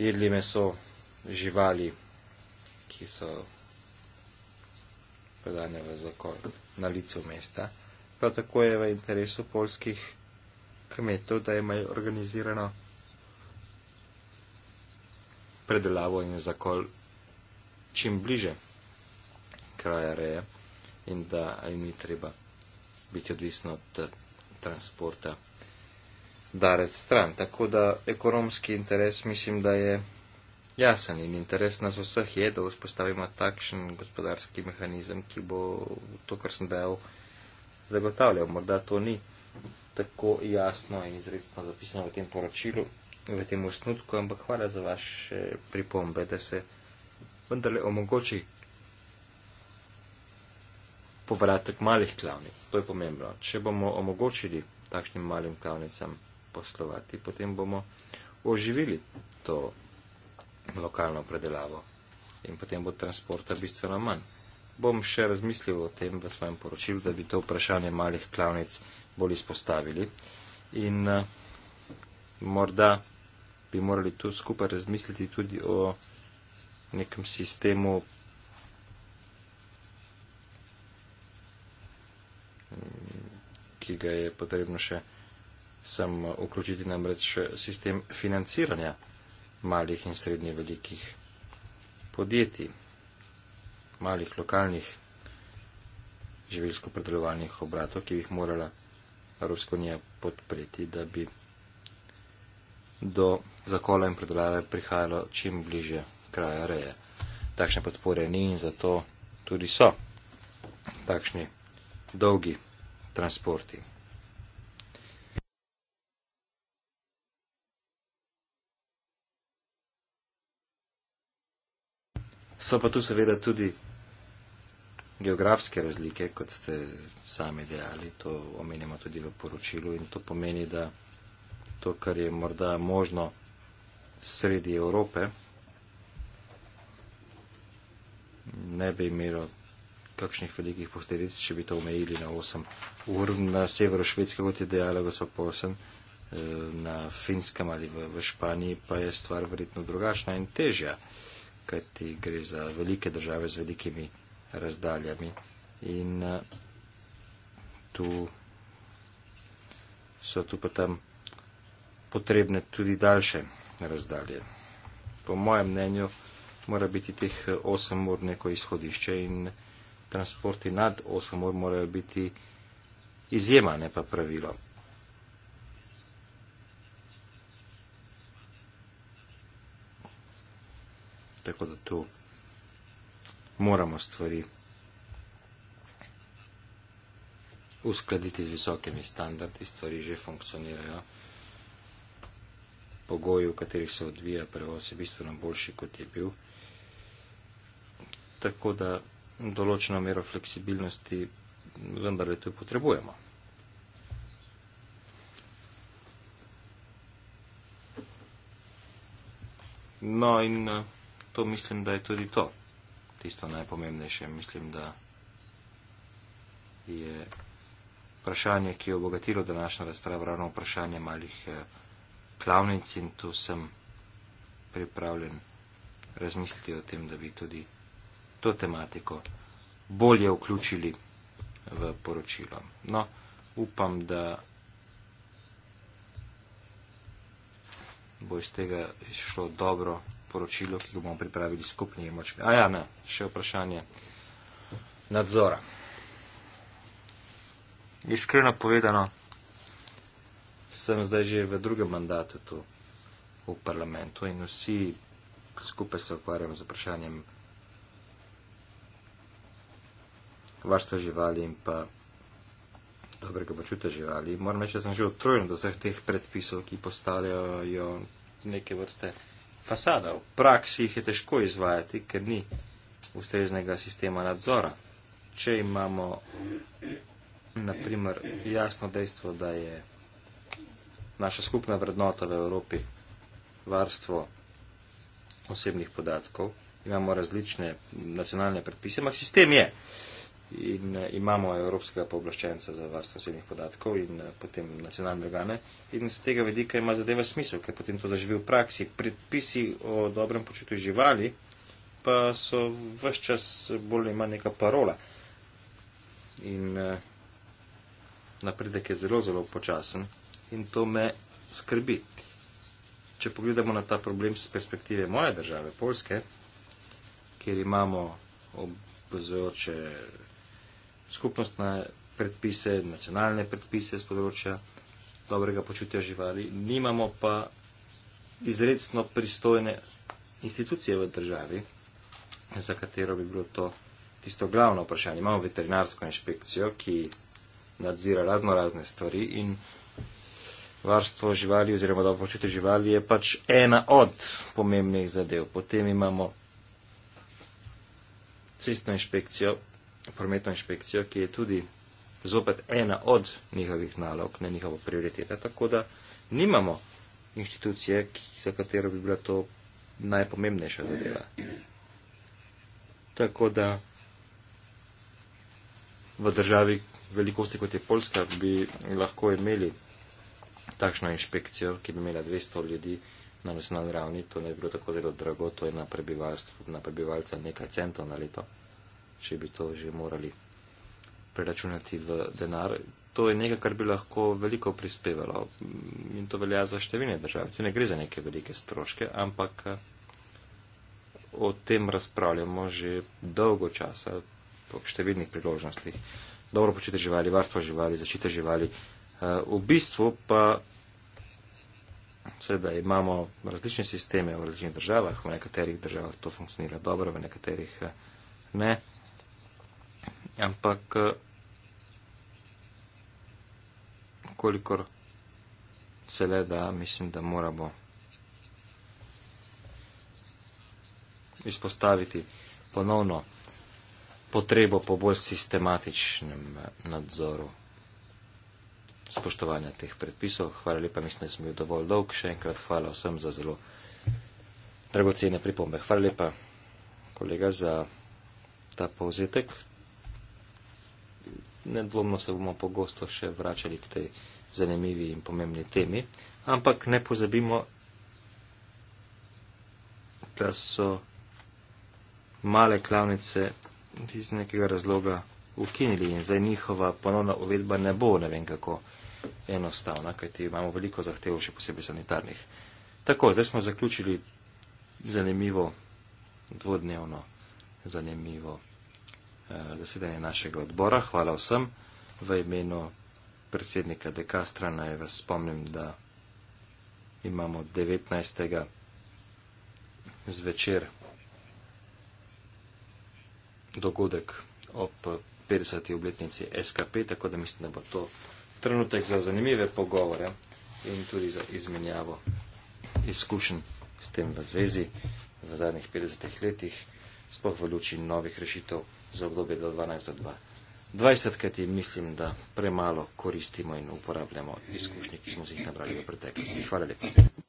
jedli meso živali, ki so predane v zakon na licu mesta. Prav tako je v interesu polskih kmetov, da imajo organizirano predelavo in zakol čim bliže kraja reje in da jim ni treba biti odvisno od eh, transporta darec stran. Tako da ekonomski interes mislim, da je jasen in interes nas vseh je, da vzpostavimo takšen gospodarski mehanizem, ki bo to, kar sem dejal, zagotavljal. Morda to ni tako jasno in izredno zapisano v tem poročilu, v tem osnutku, ampak hvala za vaše pripombe, da se vendarle omogoči povratek malih klavnic. To je pomembno. Če bomo omogočili takšnim malim klavnicam poslovati, potem bomo oživili to lokalno predelavo in potem bo transporta bistveno manj. Bom še razmislil o tem v svojem poročilu, da bi to vprašanje malih klavnic bolj izpostavili in uh, morda bi morali tu skupaj razmisliti tudi o nekem sistemu Mm, ki ga je potrebno še sem vključiti namreč sistem financiranja malih in srednje velikih podjetij, malih lokalnih živilsko-predelovalnih obratov, ki bi jih morala Evropska unija podpreti, da bi do zakola in predelave prihajalo čim bliže kraja reje. Takšne podpore ni in zato tudi so takšni dolgi transporti. So pa tu seveda tudi geografske razlike, kot ste sami dejali, to omenjamo tudi v poročilu in to pomeni, da to, kar je morda možno sredi Evrope, ne bi imelo kakšnih velikih posledic, če bi to omejili na 8 ur na severu Švedske, kot je dejala gospa Posen, eh, na Finskem ali v, v Španiji, pa je stvar verjetno drugačna in težja, kajti gre za velike države z velikimi razdaljami. In eh, tu so tu pa tam potrebne tudi daljše razdalje. Po mojem mnenju mora biti teh 8 eh, ur neko izhodišče in transporti nad 8 ur morajo biti izjema, ne pa pravilo. Tako da tu moramo stvari uskladiti z visokimi standardi, stvari že funkcionirajo. Pogoji, v katerih se odvija prevoz, je bistveno boljši, kot je bil. Tako da določeno mero fleksibilnosti vendar le tu potrebujemo. No in eh, to mislim, da je tudi to. Tisto najpomembnejše mislim, da je vprašanje, ki je obogatilo današnjo razpravo, ravno vprašanje malih eh, klavnic in tu sem pripravljen razmisliti o tem, da bi tudi to tematiko bolje vključili v poročilo. No, upam, da bo iz tega šlo dobro poročilo, ki ga bomo pripravili skupni močmi. A ja, ne, še vprašanje nadzora. Iskreno povedano, sem zdaj že v drugem mandatu tu v parlamentu in vsi skupaj se ukvarjamo z vprašanjem nadzora varstva živali in pa dobrega počuta živali. Moram reči, da sem že otrojen do vseh teh predpisov, ki postavljajo neke vrste fasada. V praksi jih je težko izvajati, ker ni ustreznega sistema nadzora. Če imamo naprimer jasno dejstvo, da je naša skupna vrednota v Evropi varstvo osebnih podatkov, imamo različne nacionalne predpise, ampak sistem je in eh, imamo evropskega pooblaščenca za varstvo osebnih podatkov in eh, potem nacionalne organe. In z tega vedika ima zadeva smisel, ker potem to zaživi v praksi. Predpisi o dobrem počutju živali pa so vse čas bolj ima neka parola. In eh, napredek je zelo, zelo počasen in to me skrbi. Če pogledamo na ta problem z perspektive moje države, Polske, kjer imamo obvezujoče skupnostne predpise, nacionalne predpise z področja dobrega počutja živali, nimamo pa izredno pristojne institucije v državi, za katero bi bilo to tisto glavno vprašanje. Imamo veterinarsko inšpekcijo, ki nadzira razno razne stvari in varstvo živali oziroma dobro počutje živali je pač ena od pomembnih zadev. Potem imamo cestno inšpekcijo, prometno inšpekcijo, ki je tudi zopet ena od njihovih nalog, ne njihova prioriteta, tako da nimamo inštitucije, ki, za katero bi bila to najpomembnejša zadeva. Tako da v državi velikosti kot je Poljska bi lahko imeli takšno inšpekcijo, ki bi imela 200 ljudi na nacionalni ravni, to ne bi bilo tako zelo drago, to je na, na prebivalca nekaj centov na leto če bi to že morali preračunati v denar. To je nekaj, kar bi lahko veliko prispevalo in to velja za številne države. Tu ne gre za neke velike stroške, ampak o tem razpravljamo že dolgo časa, po številnih priložnostih. Dobro počite živali, varstvo živali, zaščite živali. Eh, v bistvu pa seveda imamo različne sisteme v različnih državah, v nekaterih državah to funkcionira dobro, v nekaterih eh, ne ampak eh, kolikor se le da, mislim, da moramo izpostaviti ponovno potrebo po bolj sistematičnem eh, nadzoru spoštovanja teh predpisov. Hvala lepa, mislim, da sem bil dovolj dolg. Še enkrat hvala vsem za zelo dragocene pripombe. Hvala lepa, kolega, za ta povzetek nedvomno se bomo pogosto še vračali k tej zanimivi in pomembni temi, ampak ne pozabimo, da so male klavnice iz nekega razloga ukinili in zdaj njihova ponovna uvedba ne bo ne vem kako enostavna, kajti imamo veliko zahtev, še posebej sanitarnih. Tako, zdaj smo zaključili zanimivo dvodnevno, zanimivo. Eh, zasedanje našega odbora. Hvala vsem v imenu predsednika Dekastra. Naj vas spomnim, da imamo 19. zvečer dogodek ob 50. obletnici SKP, tako da mislim, da bo to trenutek za zanimive pogovore in tudi za izmenjavo izkušenj s tem v zvezi v zadnjih 50 letih, spoh v luči novih rešitev za obdobje do 12 do 2. 20 krat je, mislim, da premalo koristimo in uporabljamo izkušnje, ki smo si jih nabrali v preteklosti. Hvala lepa.